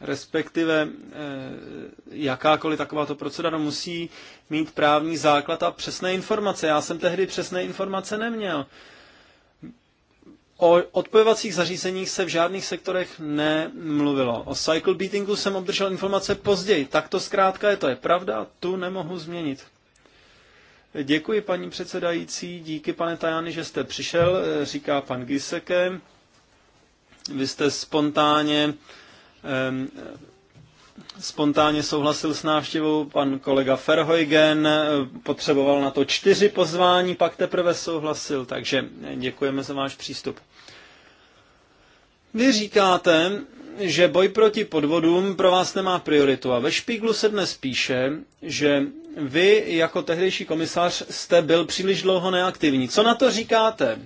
respektive eh, jakákoliv takováto procedura no, musí mít právní základ a přesné informace. Já jsem tehdy přesné informace neměl. O odpojovacích zařízeních se v žádných sektorech nemluvilo. O cycle beatingu jsem obdržel informace později. Tak to zkrátka je, to je pravda, tu nemohu změnit. Děkuji paní předsedající, díky pane Tajany, že jste přišel, eh, říká pan Giseke. Vy jste spontánně, spontánně souhlasil s návštěvou pan kolega Ferhojgen, eh, potřeboval na to čtyři pozvání, pak teprve souhlasil, takže děkujeme za váš přístup. Vy říkáte, že boj proti podvodům pro vás nemá prioritu a ve Špíglu se dnes píše, že vy jako tehdejší komisař jste byl příliš dlouho neaktivní. Co na to říkáte?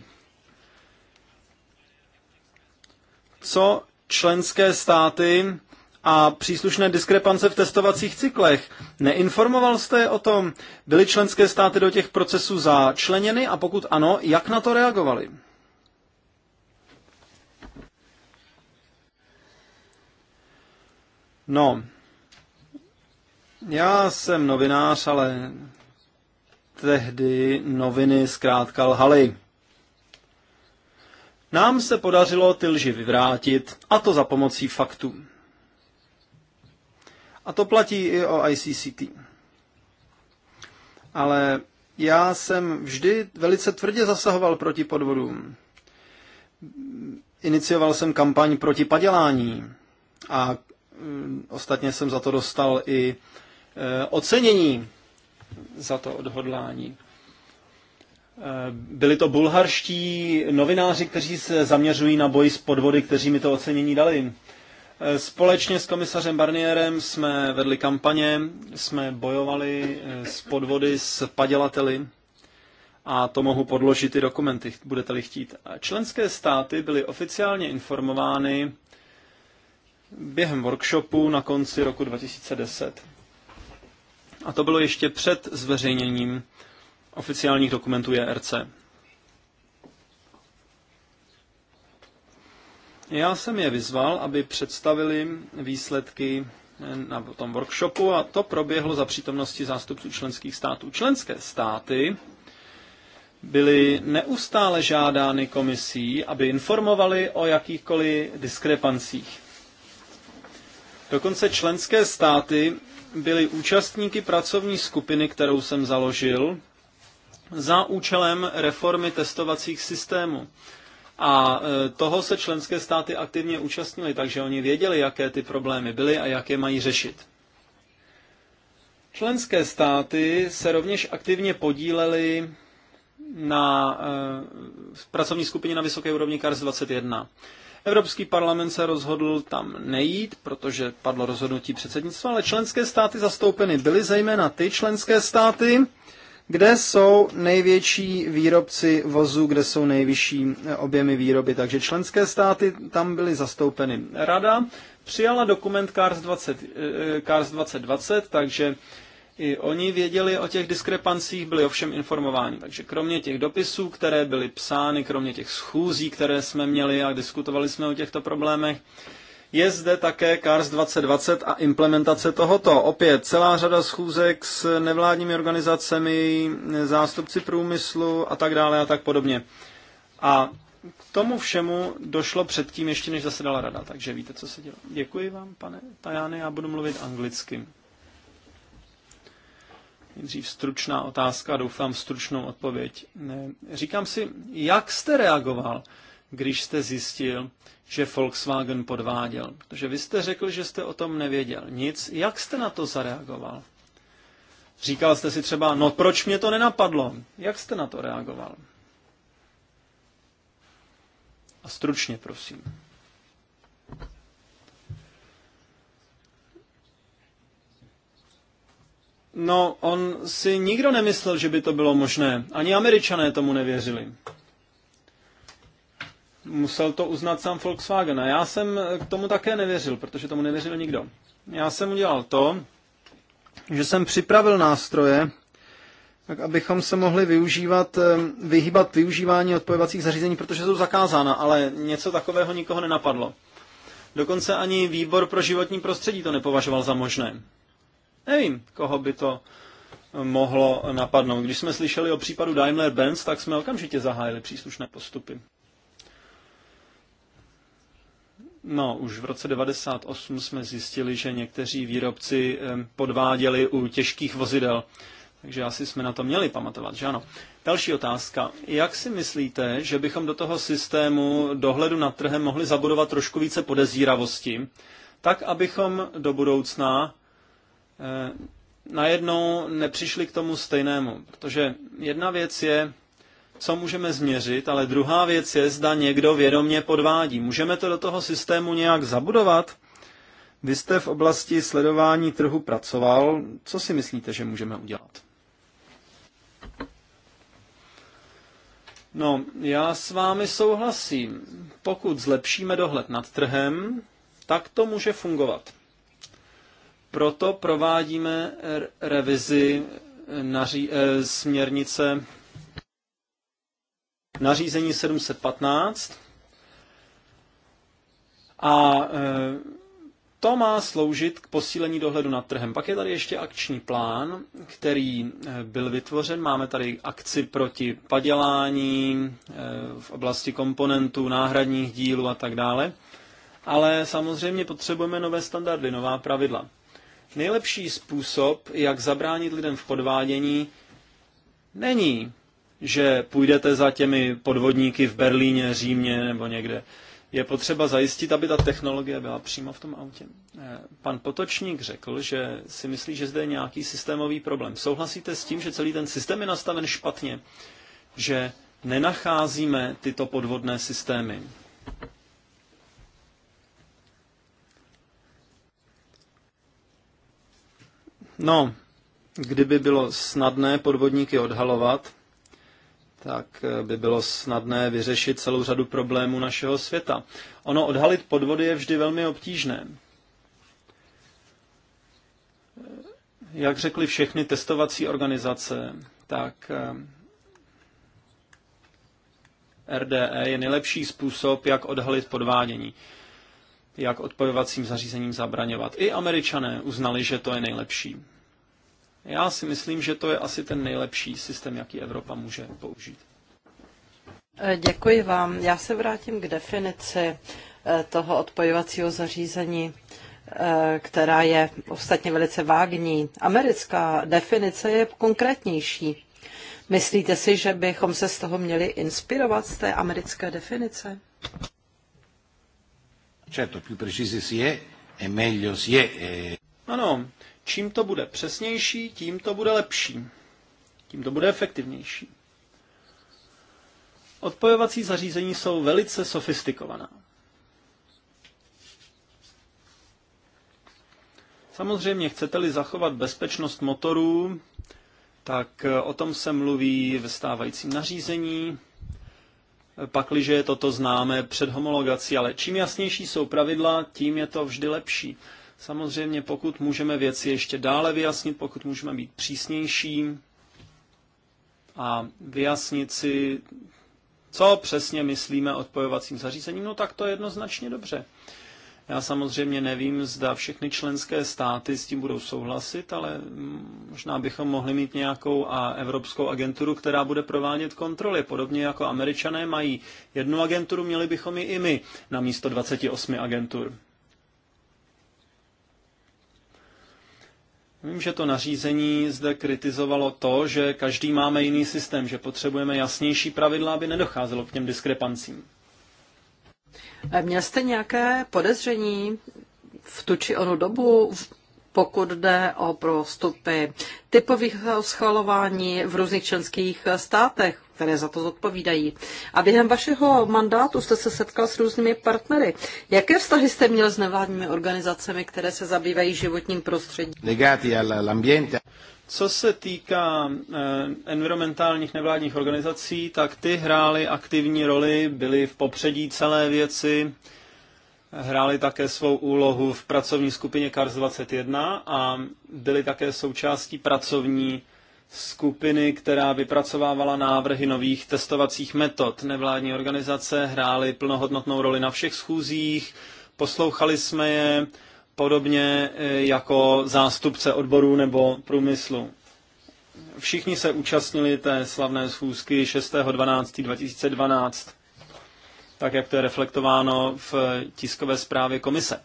co členské státy a příslušné diskrepance v testovacích cyklech. Neinformoval jste o tom? Byly členské státy do těch procesů začleněny a pokud ano, jak na to reagovali? No, já jsem novinář, ale tehdy noviny zkrátka lhaly. Nám se podařilo ty lži vyvrátit, a to za pomocí faktů. A to platí i o ICCT. Ale já jsem vždy velice tvrdě zasahoval proti podvodům. Inicioval jsem kampaň proti padělání a mm, ostatně jsem za to dostal i eh, ocenění za to odhodlání. Eh, byli to bulharští novináři, kteří se zaměřují na boj s podvody, kteří mi to ocenění dali. Eh, společně s komisařem Barnierem jsme vedli kampaně, jsme bojovali eh, s podvody s padělateli a to mohu podložit i dokumenty, budete-li chtít. členské státy byly oficiálně informovány během workshopu na konci roku 2010. A to bylo ještě před zveřejněním oficiálních dokumentů RC. Já jsem je vyzval, aby představili výsledky na tom workshopu a to proběhlo za přítomnosti zástupců členských států. Členské státy byly neustále žádány komisí, aby informovali o jakýchkoliv diskrepancích. Dokonce členské státy byly účastníky pracovní skupiny, kterou jsem založil, za účelem reformy testovacích systémů. A e, toho se členské státy aktivně účastnily, takže oni věděli, jaké ty problémy byly a jak je mají řešit. Členské státy se rovněž aktivně podílely na e, pracovní skupině na vysoké úrovni CARS 21. Evropský parlament se rozhodl tam nejít, protože padlo rozhodnutí předsednictva, ale členské státy zastoupeny byly zejména ty členské státy, kde jsou největší výrobci vozů, kde jsou nejvyšší eh, objemy výroby. Takže členské státy tam byly zastoupeny. Rada přijala dokument CARS 20, eh, CARS 2020, takže i oni věděli o těch diskrepancích, byli ovšem informováni. Takže kromě těch dopisů, které byly psány, kromě těch schůzí, které jsme měli a diskutovali jsme o těchto problémech, je zde také CARS 2020 a implementace tohoto. Opět celá řada schůzek s nevládními organizacemi, zástupci průmyslu a tak dále a tak podobně. A k tomu všemu došlo předtím, ještě než zasedala rada, takže víte, co se dělo. Děkuji vám, pane Tajány, já budu mluvit anglicky. Nejdřív stručná otázka, doufám stručnou odpověď. Ne. Říkám si, jak jste reagoval, když jste zjistil, že Volkswagen podváděl? Protože vy jste řekl, že jste o tom nevěděl nic. Jak jste na to zareagoval? Říkal jste si třeba, no proč mě to nenapadlo? Jak jste na to reagoval? A stručně, prosím. No, on si nikdo nemyslel, že by to bylo možné. Ani američané tomu nevěřili musel to uznat sám Volkswagen. A já jsem k tomu také nevěřil, protože tomu nevěřil nikdo. Já jsem udělal to, že jsem připravil nástroje, tak abychom se mohli využívat, eh, vyhýbat využívání odpojovacích zařízení, protože jsou zakázána, ale něco takového nikoho nenapadlo. Dokonce ani výbor pro životní prostředí to nepovažoval za možné. Nevím, koho by to eh, mohlo napadnout. Když jsme slyšeli o případu Daimler-Benz, tak jsme okamžitě zahájili příslušné postupy. No, už v roce 98 jsme zjistili, že někteří výrobci podváděli u těžkých vozidel. Takže asi jsme na to měli pamatovat, že ano. Další otázka. Jak si myslíte, že bychom do toho systému dohledu nad trhem mohli zabudovat trošku více podezíravosti, tak abychom do budoucna eh, najednou nepřišli k tomu stejnému? Protože jedna věc je co můžeme změřit, ale druhá věc je, zda někdo vědomě podvádí. Můžeme to do toho systému nějak zabudovat? Vy jste v oblasti sledování trhu pracoval. Co si myslíte, že můžeme udělat? No, já s vámi souhlasím. Pokud zlepšíme dohled nad trhem, tak to může fungovat. Proto provádíme revizi naří- eh, směrnice nařízení 715 a e, to má sloužit k posílení dohledu nad trhem. Pak je tady ještě akční plán, který e, byl vytvořen. Máme tady akci proti padělání e, v oblasti komponentů, náhradních dílů a tak dále. Ale samozřejmě potřebujeme nové standardy, nová pravidla. Nejlepší způsob, jak zabránit lidem v podvádění, není že půjdete za těmi podvodníky v Berlíně, Římě nebo někde. Je potřeba zajistit, aby ta technologie byla přímo v tom autě. Eh, pan Potočník řekl, že si myslí, že zde je nějaký systémový problém. Souhlasíte s tím, že celý ten systém je nastaven špatně, že nenacházíme tyto podvodné systémy? No, kdyby bylo snadné podvodníky odhalovat, tak eh, by bylo snadné vyřešit celou řadu problémů našeho světa. Ono odhalit podvody je vždy velmi obtížné. Eh, jak řekly všechny testovací organizace, tak eh, RDE je nejlepší způsob, jak odhalit podvádění, jak odpojovacím zařízením zabraňovat. I američané uznali, že to je nejlepší. Já si myslím, že to je asi ten nejlepší systém, jaký Evropa může použít. Eh, děkuji vám. Já se vrátím k definici eh, toho odpojovacího zařízení, eh, která je ostatně velice vágní. Americká definice je konkrétnější. Myslíte si, že bychom se z toho měli inspirovat z té americké definice? Certo, più precisi si è, e meglio si è. Ano, Čím to bude přesnější, tím to bude lepší. Tím to bude efektivnější. Odpojovací zařízení jsou velice sofistikovaná. Samozřejmě, chcete-li zachovat bezpečnost motorů, tak eh, o tom se mluví ve stávajícím nařízení, pakliže je toto známé před homologací, ale čím jasnější jsou pravidla, tím je to vždy lepší. Samozřejmě, pokud můžeme věci ještě dále vyjasnit, pokud můžeme být přísnější a vyjasnit si, co přesně myslíme odpojovacím zařízením, no tak to je jednoznačně dobře. Já samozřejmě nevím, zda všechny členské státy s tím budou souhlasit, ale možná bychom mohli mít nějakou a evropskou agenturu, která bude provádět kontroly. Podobně jako američané mají jednu agenturu, měli bychom ji i my na místo 28 agentur. Vím, že to nařízení zde kritizovalo to, že každý máme jiný systém, že potřebujeme jasnější pravidla, aby nedocházelo k těm diskrepancím. Měl jste nějaké podezření v tu či onu dobu pokud jde o prostupy typových schvalování v různých členských státech, které za to zodpovídají. A během vašeho mandátu jste se setkal s různými partnery. Jaké vztahy jste měl s nevládními organizacemi, které se zabývají životním prostředím? Co se týká eh, environmentálních nevládních organizací, tak ty hrály aktivní roli, byly v popředí celé věci hráli také svou úlohu v pracovní skupině CARS 21 a byli také součástí pracovní skupiny, která vypracovávala návrhy nových testovacích metod. Nevládní organizace hrály plnohodnotnou roli na všech schůzích, poslouchali jsme je podobně e, jako zástupce odborů nebo průmyslu. Všichni se účastnili té slavné schůzky 6.12.2012 tak jak to je reflektováno v tiskové zprávě komise.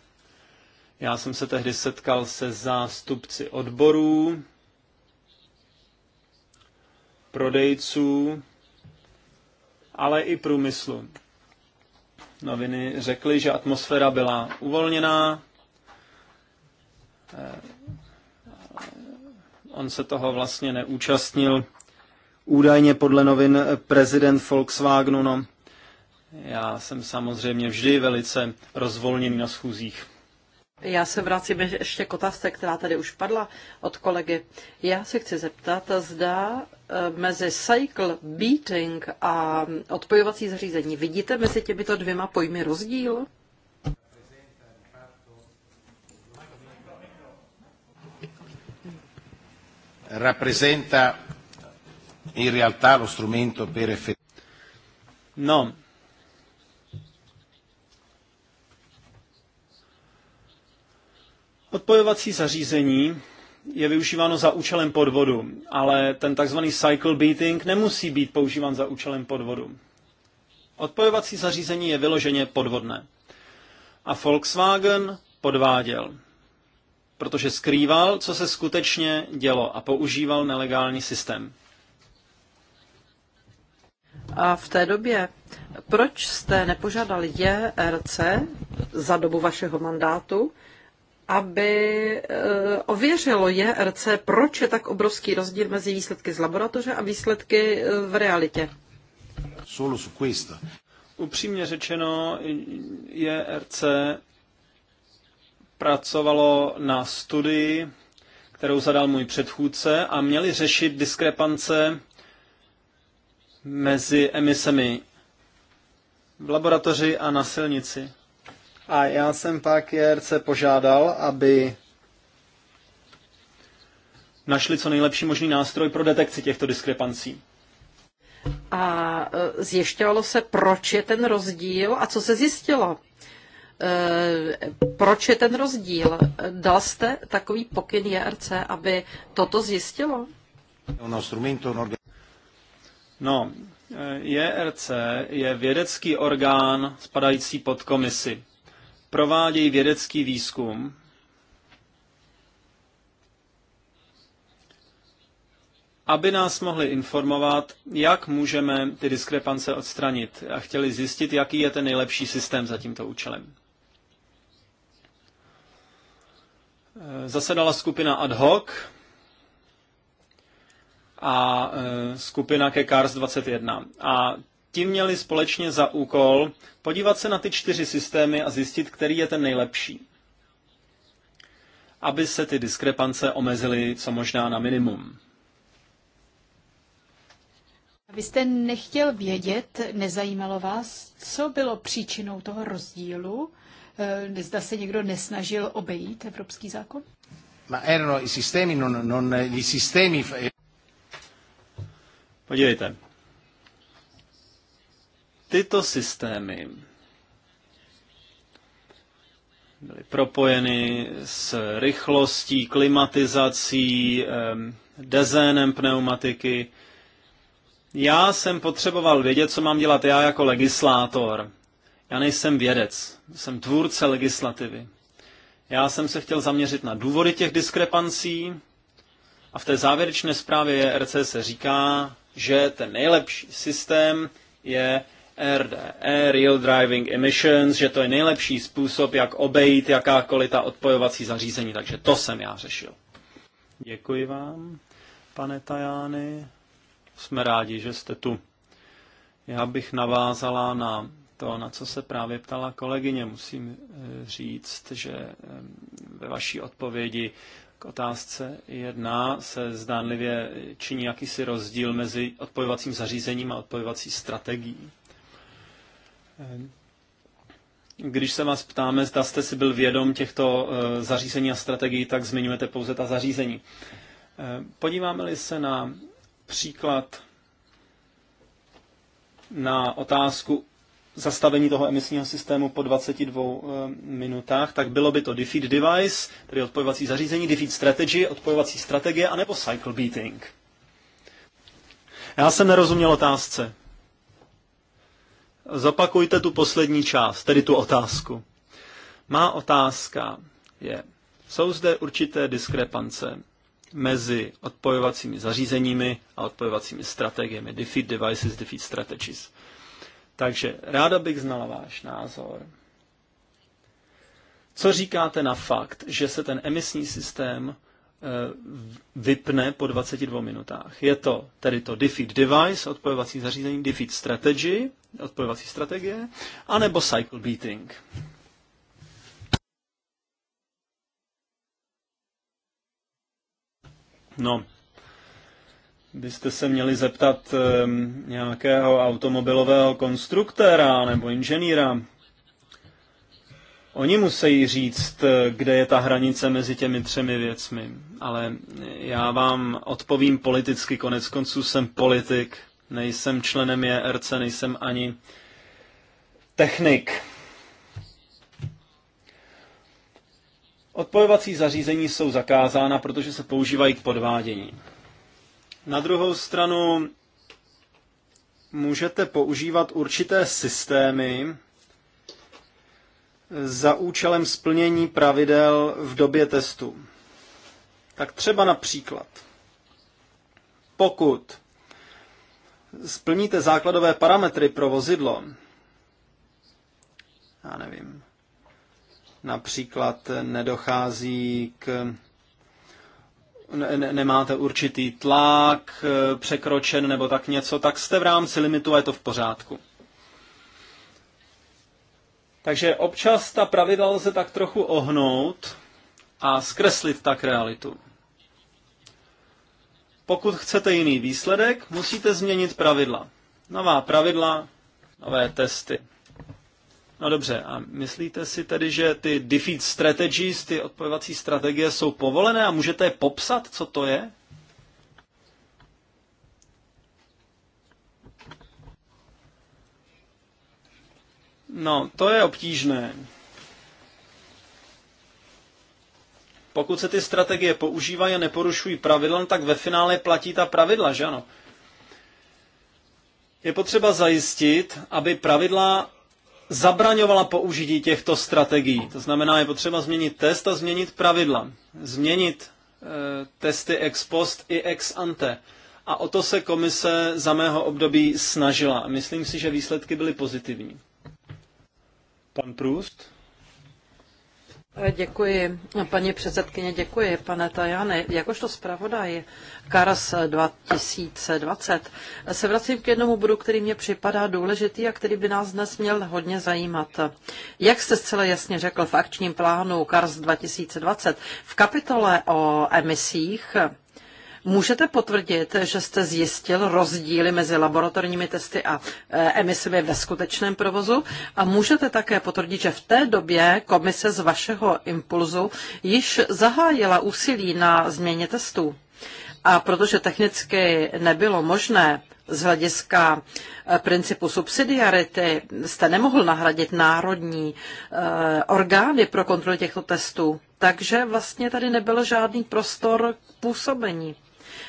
Já jsem se tehdy setkal se zástupci odborů, prodejců, ale i průmyslu. Noviny řekly, že atmosféra byla uvolněná. Eh, on se toho vlastně neúčastnil. Údajně podle novin prezident Volkswagenu, no, já jsem samozřejmě vždy velice rozvolněný na schůzích. Já se vracím ještě k otázce, která tady už padla od kolegy. Já se chci zeptat, zda e, mezi cycle beating a odpojovací zařízení vidíte mezi těmito dvěma pojmy rozdíl? Rappresenta in realtà lo strumento per effettuare. No, Odpojovací zařízení je využíváno za účelem podvodu, ale ten tzv. cycle beating nemusí být používán za účelem podvodu. Odpojovací zařízení je vyloženě podvodné. A Volkswagen podváděl, protože skrýval, co se skutečně dělo a používal nelegální systém. A v té době, proč jste nepožádali JRC za dobu vašeho mandátu, aby eh, ověřilo JRC, proč je tak obrovský rozdíl mezi výsledky z laboratoře a výsledky eh, v realitě. Solo su questo. Upřímně řečeno, JRC pracovalo na studii, kterou zadal můj předchůdce a měli řešit diskrepance mezi emisemi v laboratoři a na silnici. A já jsem pak JRC požádal, aby našli co nejlepší možný nástroj pro detekci těchto diskrepancí. A e, zjišťovalo se, proč je ten rozdíl a co se zjistilo? E, proč je ten rozdíl? Dal jste takový pokyn JRC, aby toto zjistilo? No, e, JRC je vědecký orgán spadající pod komisi provádějí vědecký výzkum, aby nás mohli informovat, jak můžeme ty diskrepance odstranit a chtěli zjistit, jaký je ten nejlepší systém za tímto účelem. Zasedala skupina ad hoc a e, skupina ke CARS 21. A Ti měli společně za úkol podívat se na ty čtyři systémy a zjistit, který je ten nejlepší. Aby se ty diskrepance omezily co možná na minimum. Vy jste nechtěl vědět, nezajímalo vás, co bylo příčinou toho rozdílu? Eh, zda se někdo nesnažil obejít evropský zákon? Ma erano i systémy, non, non, gli systémy... Podívejte, Tyto systémy byly propojeny s rychlostí, klimatizací, dezénem pneumatiky. Já jsem potřeboval vědět, co mám dělat já jako legislátor. Já nejsem vědec, jsem tvůrce legislativy. Já jsem se chtěl zaměřit na důvody těch diskrepancí a v té závěrečné zprávě RC se říká, že ten nejlepší systém je RDE, Real Driving Emissions, že to je nejlepší způsob, jak obejít jakákoliv ta odpojovací zařízení, takže to jsem já řešil. Děkuji vám, pane Tajány. Jsme rádi, že jste tu. Já bych navázala na to, na co se právě ptala kolegyně. Musím eh, říct, že eh, ve vaší odpovědi k otázce jedna se zdánlivě činí jakýsi rozdíl mezi odpojovacím zařízením a odpojovací strategií. Ehm, když se vás ptáme, zda jste si byl vědom těchto eh, zařízení a strategií, tak zmiňujete pouze ta zařízení. Ehm, podíváme-li se na příklad na otázku zastavení toho emisního systému po 22 ehm, minutách, tak bylo by to defeat device, tedy odpojovací zařízení, defeat strategy, odpojovací strategie, anebo cycle beating. Já jsem nerozuměl otázce. Zopakujte tu poslední část, tedy tu otázku. Má otázka je, jsou zde určité diskrepance mezi odpojovacími zařízeními a odpojovacími strategiemi, defeat devices, defeat strategies. Takže ráda bych znala váš názor. Co říkáte na fakt, že se ten emisní systém eh, vypne po 22 minutách? Je to tedy to defeat device, odpojovací zařízení, defeat strategy, odpojovací strategie, anebo cycle beating. No, byste se měli zeptat um, nějakého automobilového konstruktéra nebo inženýra. Oni musí říct, eh, kde je ta hranice mezi těmi třemi věcmi. Ale já vám odpovím politicky, konec konců jsem politik. Nejsem členem JRC, nejsem ani technik. Odpojovací zařízení jsou zakázána, protože se používají k podvádění. Na druhou stranu můžete používat určité systémy za účelem splnění pravidel v době testu. Tak třeba například, pokud splníte základové parametry pro vozidlo, já nevím, například nedochází k ne, nemáte určitý tlak eh, překročen nebo tak něco, tak jste v rámci limitu a je to v pořádku. Takže občas ta pravidla lze tak trochu ohnout a zkreslit tak realitu. Pokud chcete jiný výsledek, musíte změnit pravidla. Nová pravidla, nové testy. No dobře, a myslíte si tedy, že ty defeat strategies, ty odpojovací strategie jsou povolené a můžete je popsat, co to je? No, to je obtížné. Pokud se ty strategie používají a neporušují pravidla, no tak ve finále platí ta pravidla, že ano? Je potřeba zajistit, aby pravidla zabraňovala použití těchto strategií. To znamená, je potřeba změnit test a změnit pravidla. Změnit e, testy ex post i ex ante. A o to se komise za mého období snažila. Myslím si, že výsledky byly pozitivní. Pan Průst? Eh, děkuji, paní předsedkyně, děkuji, pane Tajane. Jakožto zpravodaj Karas 2020 eh, se vracím k jednomu bodu, který mě připadá důležitý a který by nás dnes měl hodně zajímat. Jak jste zcela jasně řekl v akčním plánu Karas 2020, v kapitole o emisích Můžete potvrdit, že jste zjistil rozdíly mezi laboratorními testy a eh, emisemi ve skutečném provozu? A můžete také potvrdit, že v té době komise z vašeho impulzu již zahájila úsilí na změně testů? A protože technicky nebylo možné z hlediska eh, principu subsidiarity, jste nemohl nahradit národní eh, orgány pro kontrolu těchto testů, takže vlastně tady nebyl žádný prostor k působení.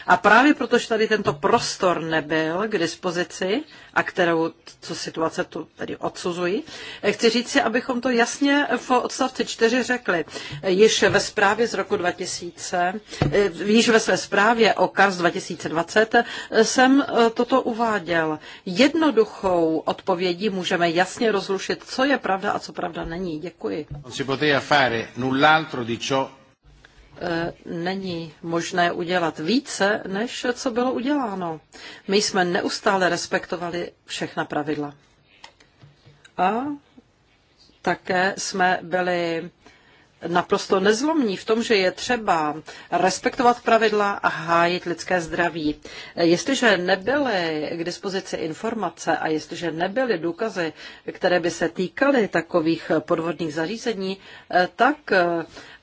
A právě protože tady tento prostor nebyl k dispozici, a kterou, co situace tu tedy odsuzují, chci říct si, abychom to jasně v odstavci 4 řekli. Již ve zprávě z roku 2000, eh, již ve své zprávě o KARS 2020 jsem eh, toto uváděl. Jednoduchou odpovědí můžeme jasně rozlušit, co je pravda a co pravda není. Děkuji. Non si poteva fare null'altro di ciò Eh, není možné udělat více, než co bylo uděláno. My jsme neustále respektovali všechna pravidla. A také jsme byli naprosto nezlomní v tom, že je třeba respektovat pravidla a hájit lidské zdraví. Eh, jestliže nebyly k dispozici informace a jestliže nebyly důkazy, které by se týkaly takových podvodných zařízení, eh, tak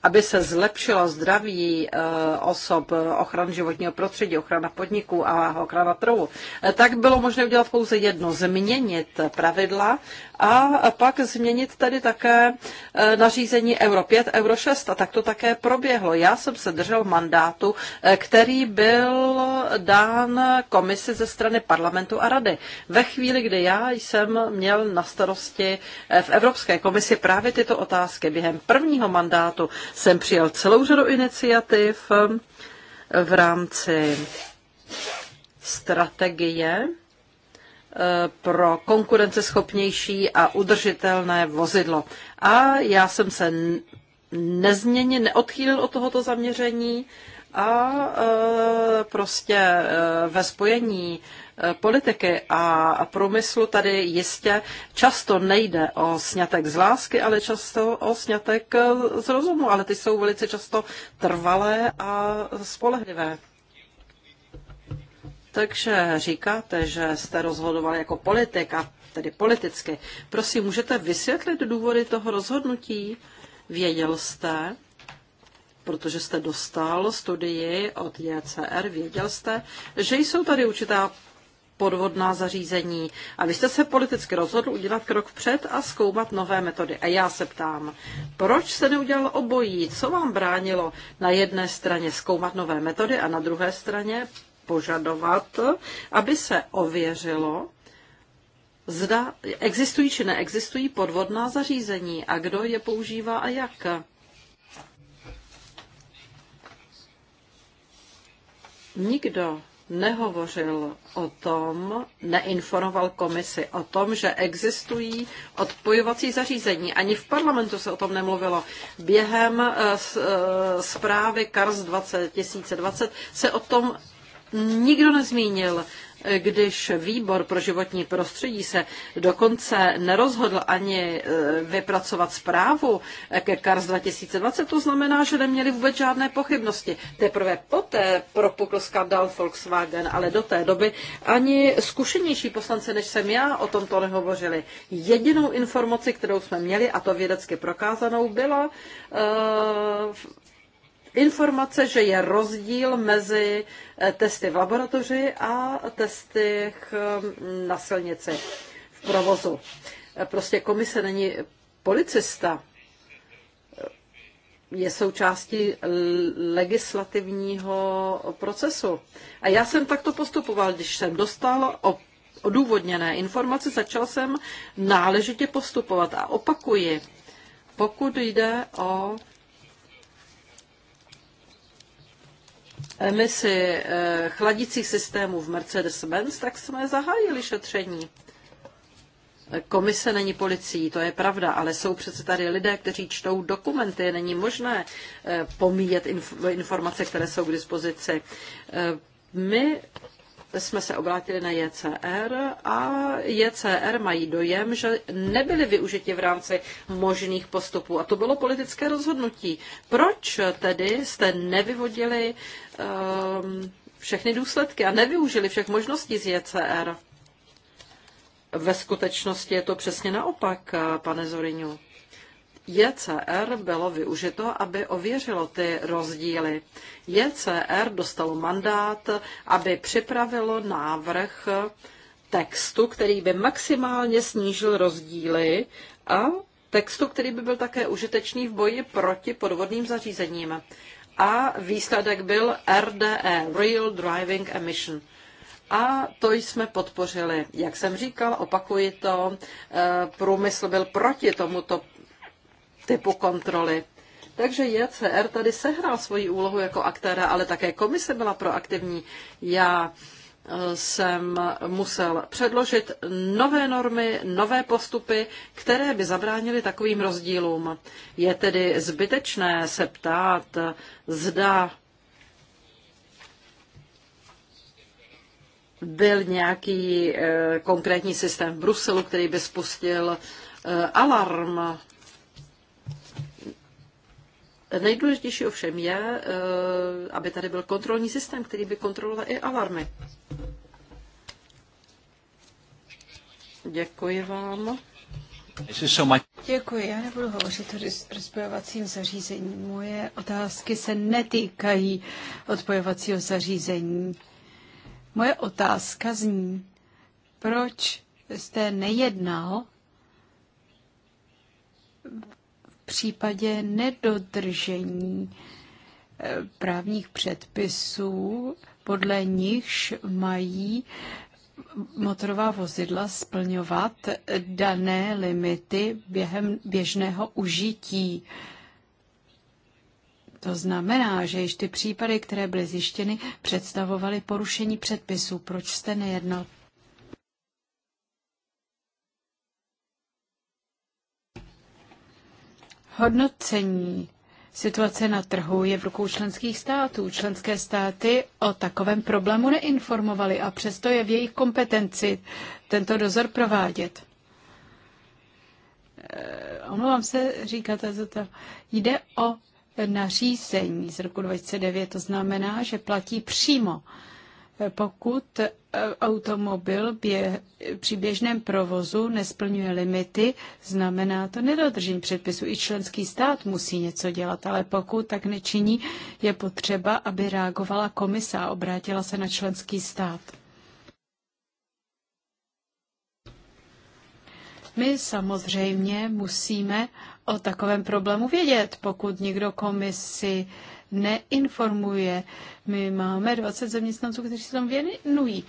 aby se zlepšilo zdraví eh, osob, ochran životního prostředí, ochrana podniků a ochrana trhu, eh, tak bylo možné udělat pouze jedno, změnit pravidla a pak změnit tady také eh, nařízení Euro 5, Euro 6 a tak to také proběhlo. Já jsem se držel mandátu, který byl dán komisi ze strany parlamentu a rady. Ve chvíli, kdy já jsem měl na starosti v Evropské komisi právě tyto otázky během prvního mandátu, jsem přijal celou řadu iniciativ ehm, v rámci strategie ehm, pro konkurenceschopnější a udržitelné vozidlo. A já jsem se nezměně neodchýlil od tohoto zaměření a ehm, prostě ve spojení Eh, politiky a průmyslu tady jistě často nejde o snětek z lásky, ale často o snětek eh, z rozumu, ale ty jsou velice často trvalé a spolehlivé. Takže říkáte, že jste rozhodoval jako politik a tedy politicky. Prosím, můžete vysvětlit důvody toho rozhodnutí? Věděl jste, protože jste dostal studii od JCR, věděl jste, že jsou tady určitá podvodná zařízení. A vy jste se politicky rozhodl udělat krok před a zkoumat nové metody. A já se ptám, proč se neudělal obojí? Co vám bránilo na jedné straně zkoumat nové metody a na druhé straně požadovat, aby se ověřilo, zda existují či neexistují podvodná zařízení a kdo je používá a jak. Nikdo nehovořil o tom, neinformoval komisi o tom, že existují odpojovací zařízení. Ani v parlamentu se o tom nemluvilo. Během eh, eh, zprávy CARS 2020 se o tom nikdo nezmínil když výbor pro životní prostředí se dokonce nerozhodl ani e, vypracovat zprávu ke CARS 2020, to znamená, že neměli vůbec žádné pochybnosti. Teprve poté propukl skandal Volkswagen, ale do té doby ani zkušenější poslance, než jsem já, o tomto nehovořili. Jedinou informaci, kterou jsme měli, a to vědecky prokázanou, byla uh, informace, že je rozdíl mezi eh, testy v laboratoři a testy eh, na silnici v provozu. Eh, prostě komise není policista, je součástí legislativního procesu. A já jsem takto postupoval, když jsem dostal o odůvodněné informace, začal jsem náležitě postupovat. A opakuji, pokud jde o emisi eh, chladicích systémů v Mercedes-Benz, tak jsme zahájili šetření. Komise není policií, to je pravda, ale jsou přece tady lidé, kteří čtou dokumenty. Není možné eh, pomíjet informace, které jsou k dispozici. Eh, my jsme se obrátili na JCR a JCR mají dojem, že nebyly využiti v rámci možných postupů. A to bylo politické rozhodnutí. Proč tedy jste nevyvodili um, všechny důsledky a nevyužili všech možností z JCR? Ve skutečnosti je to přesně naopak, pane Zorinu. JCR bylo využito, aby ověřilo ty rozdíly. JCR dostalo mandát, aby připravilo návrh textu, který by maximálně snížil rozdíly a textu, který by byl také užitečný v boji proti podvodným zařízením. A výsledek byl RDE, Real Driving Emission. A to jsme podpořili. Jak jsem říkal, opakuji to, eh, průmysl byl proti tomuto typu kontroly. Takže JCR tady sehrál svoji úlohu jako aktéra, ale také komise byla proaktivní. Já eh, jsem musel předložit nové normy, nové postupy, které by zabránily takovým rozdílům. Je tedy zbytečné se ptát, zda byl nějaký eh, konkrétní systém v Bruselu, který by spustil eh, alarm Nejdůležitější ovšem je, eh, aby tady byl kontrolní systém, který by kontroloval i alarmy. Děkuji vám. Děkuji, já nebudu hovořit o rozpojovacím zařízení. Moje otázky se netýkají odpojovacího zařízení. Moje otázka zní, proč jste nejednal případě nedodržení eh, právních předpisů, podle nichž mají motorová vozidla splňovat dané limity během běžného užití. To znamená, že již ty případy, které byly zjištěny, představovaly porušení předpisů. Proč jste nejednal Hodnocení situace na trhu je v rukou členských států. Členské státy o takovém problému neinformovaly a přesto je v jejich kompetenci tento dozor provádět. Eh, omlouvám se, říká to Jde o nařízení z roku 2009, to znamená, že platí přímo eh, pokud automobil bě, při běžném provozu nesplňuje limity, znamená to nedodržení předpisu. I členský stát musí něco dělat, ale pokud tak nečiní, je potřeba, aby reagovala komisa a obrátila se na členský stát. My samozřejmě musíme o takovém problému vědět, pokud někdo komisi eh, neinformuje. My máme 20 zaměstnanců, kteří se tam věnují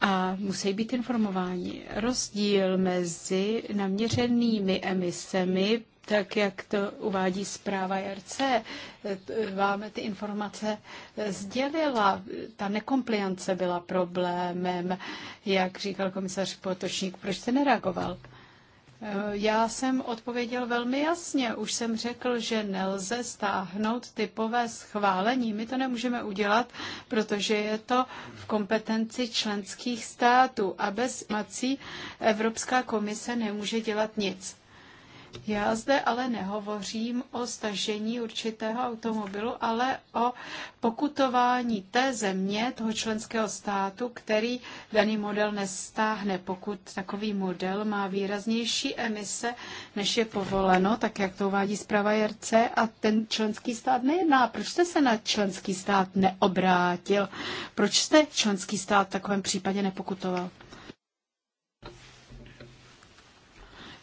a musí být informováni. Rozdíl mezi naměřenými emisemi, tak jak to uvádí zpráva JRC, vám ty informace sdělila. Ta nekompliance byla problémem, jak říkal komisař Potočník. Proč jste nereagoval? Eh, já jsem odpověděl velmi jasně. Už jsem řekl, že nelze stáhnout typové schválení. My to nemůžeme udělat, protože je to v kompetenci členských států a bez informací Evropská komise nemůže dělat nic. Já zde ale nehovořím o stažení určitého automobilu, ale o pokutování té země, toho členského státu, který daný model nestáhne. Pokud takový model má výraznější emise, než je povoleno, tak jak to uvádí zpráva JRC, a ten členský stát nejedná. Proč jste se na členský stát neobrátil? Proč jste členský stát v takovém případě nepokutoval?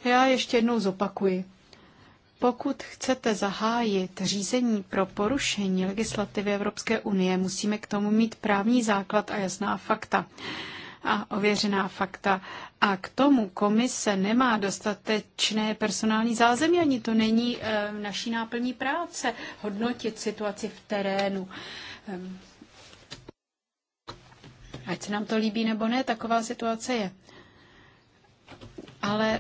Já ještě jednou zopakuji. Pokud chcete zahájit řízení pro porušení legislativy Evropské unie, musíme k tomu mít právní základ a jasná fakta a ověřená fakta. A k tomu komise nemá dostatečné personální zázemí, ani to není e, naší náplní práce hodnotit situaci v terénu. Ehm, ať se nám to líbí nebo ne, taková situace je. Ale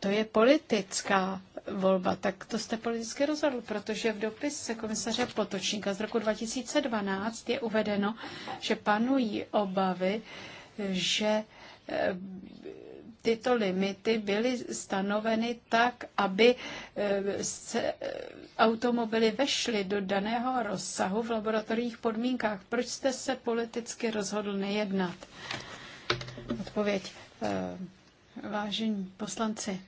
to je politická volba, tak to jste politicky rozhodl, protože v dopise komisaře Potočníka z roku 2012 je uvedeno, že panují obavy, že eh, tyto limity byly stanoveny tak, aby eh, se eh, automobily vešly do daného rozsahu v laboratorních podmínkách. Proč jste se politicky rozhodl nejednat? Odpověď Vážení poslanci,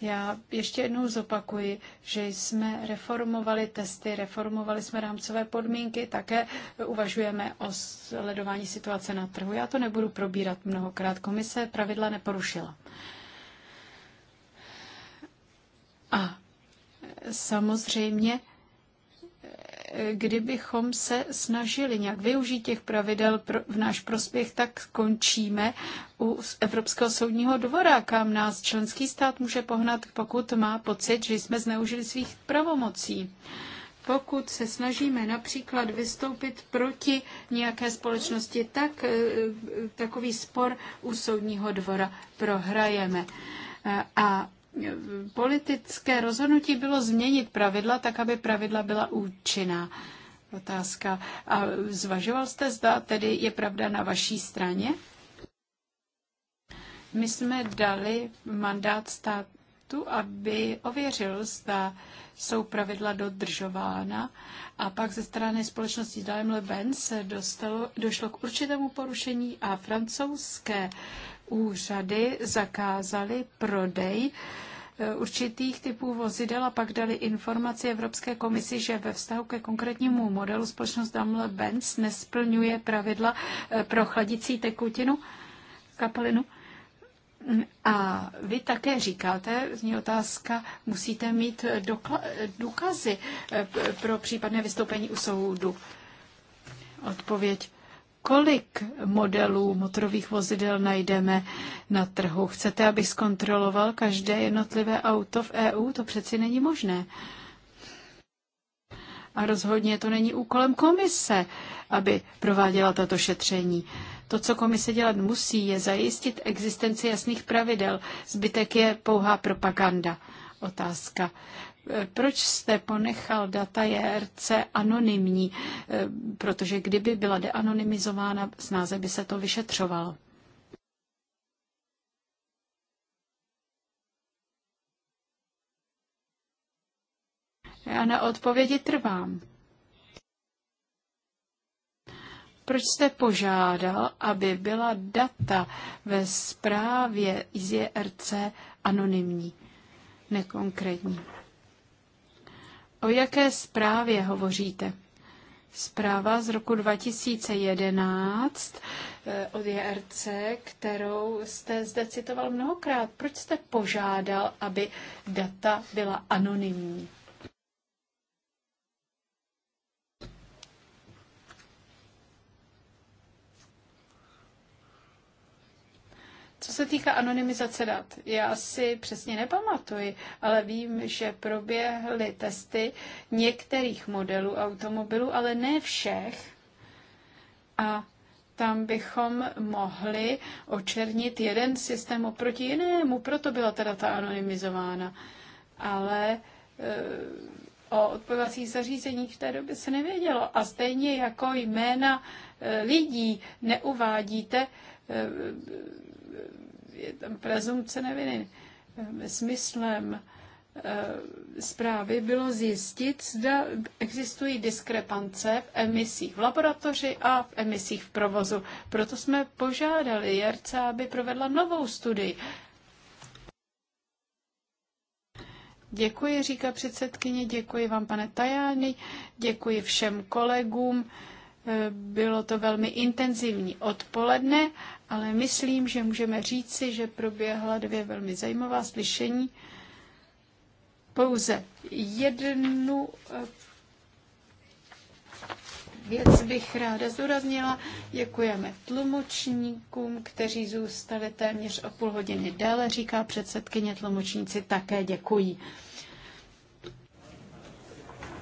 já ještě jednou zopakuji, že jsme reformovali testy, reformovali jsme rámcové podmínky, také uvažujeme o sledování situace na trhu. Já to nebudu probírat mnohokrát. Komise pravidla neporušila. A samozřejmě kdybychom se snažili nějak využít těch pravidel v náš prospěch, tak skončíme u Evropského soudního dvora, kam nás členský stát může pohnat, pokud má pocit, že jsme zneužili svých pravomocí pokud se snažíme například vystoupit proti nějaké společnosti, tak e, e, takový spor u soudního dvora prohrajeme. E, a politické rozhodnutí bylo změnit pravidla tak, aby pravidla byla účinná. Otázka. A zvažoval jste, zda tedy je pravda na vaší straně? My jsme dali mandát státu, aby ověřil, zda jsou pravidla dodržována. A pak ze strany společnosti Daimler-Benz dostalo, došlo k určitému porušení a francouzské úřady zakázaly prodej eh, určitých typů vozidel a pak dali informaci Evropské komisi, že ve vztahu ke konkrétnímu modelu společnost Daimler-Benz nesplňuje pravidla eh, pro chladicí tekutinu, kapalinu. A vy také říkáte, zní otázka, musíte mít dokla- důkazy eh, pro případné vystoupení u soudu. Odpověď kolik modelů motorových vozidel najdeme na trhu. Chcete, abych zkontroloval každé jednotlivé auto v EU? To přeci není možné. A rozhodně to není úkolem komise, aby prováděla tato šetření. To, co komise dělat musí, je zajistit existenci jasných pravidel. Zbytek je pouhá propaganda. Otázka. Proč jste ponechal data JRC anonymní? Protože kdyby byla deanonymizována, snáze by se to vyšetřovalo. Já na odpovědi trvám. Proč jste požádal, aby byla data ve zprávě z JRC anonymní, nekonkrétní? O jaké zprávě hovoříte? Zpráva z roku 2011 eh, od JRC, kterou jste zde citoval mnohokrát. Proč jste požádal, aby data byla anonymní? Co se týká anonymizace dat, já si přesně nepamatuji, ale vím, že proběhly testy některých modelů automobilů, ale ne všech. A tam bychom mohli očernit jeden systém oproti jinému, proto byla ta data anonymizována. Ale eh, o odpojovacích zařízeních v té době se nevědělo. A stejně jako jména eh, lidí neuvádíte, eh, je tam prezumce neviny. Eh, smyslem eh, zprávy bylo zjistit, zda existují diskrepance v emisích v laboratoři a v emisích v provozu. Proto jsme požádali JRC, aby provedla novou studii. Děkuji, říká předsedkyně, děkuji vám, pane Tajány, děkuji všem kolegům. Bylo to velmi intenzivní odpoledne, ale myslím, že můžeme říci, že proběhla dvě velmi zajímavá slyšení. Pouze jednu eh, věc bych ráda zdůraznila. Děkujeme tlumočníkům, kteří zůstali téměř o půl hodiny déle, říká předsedkyně. Tlumočníci také děkují.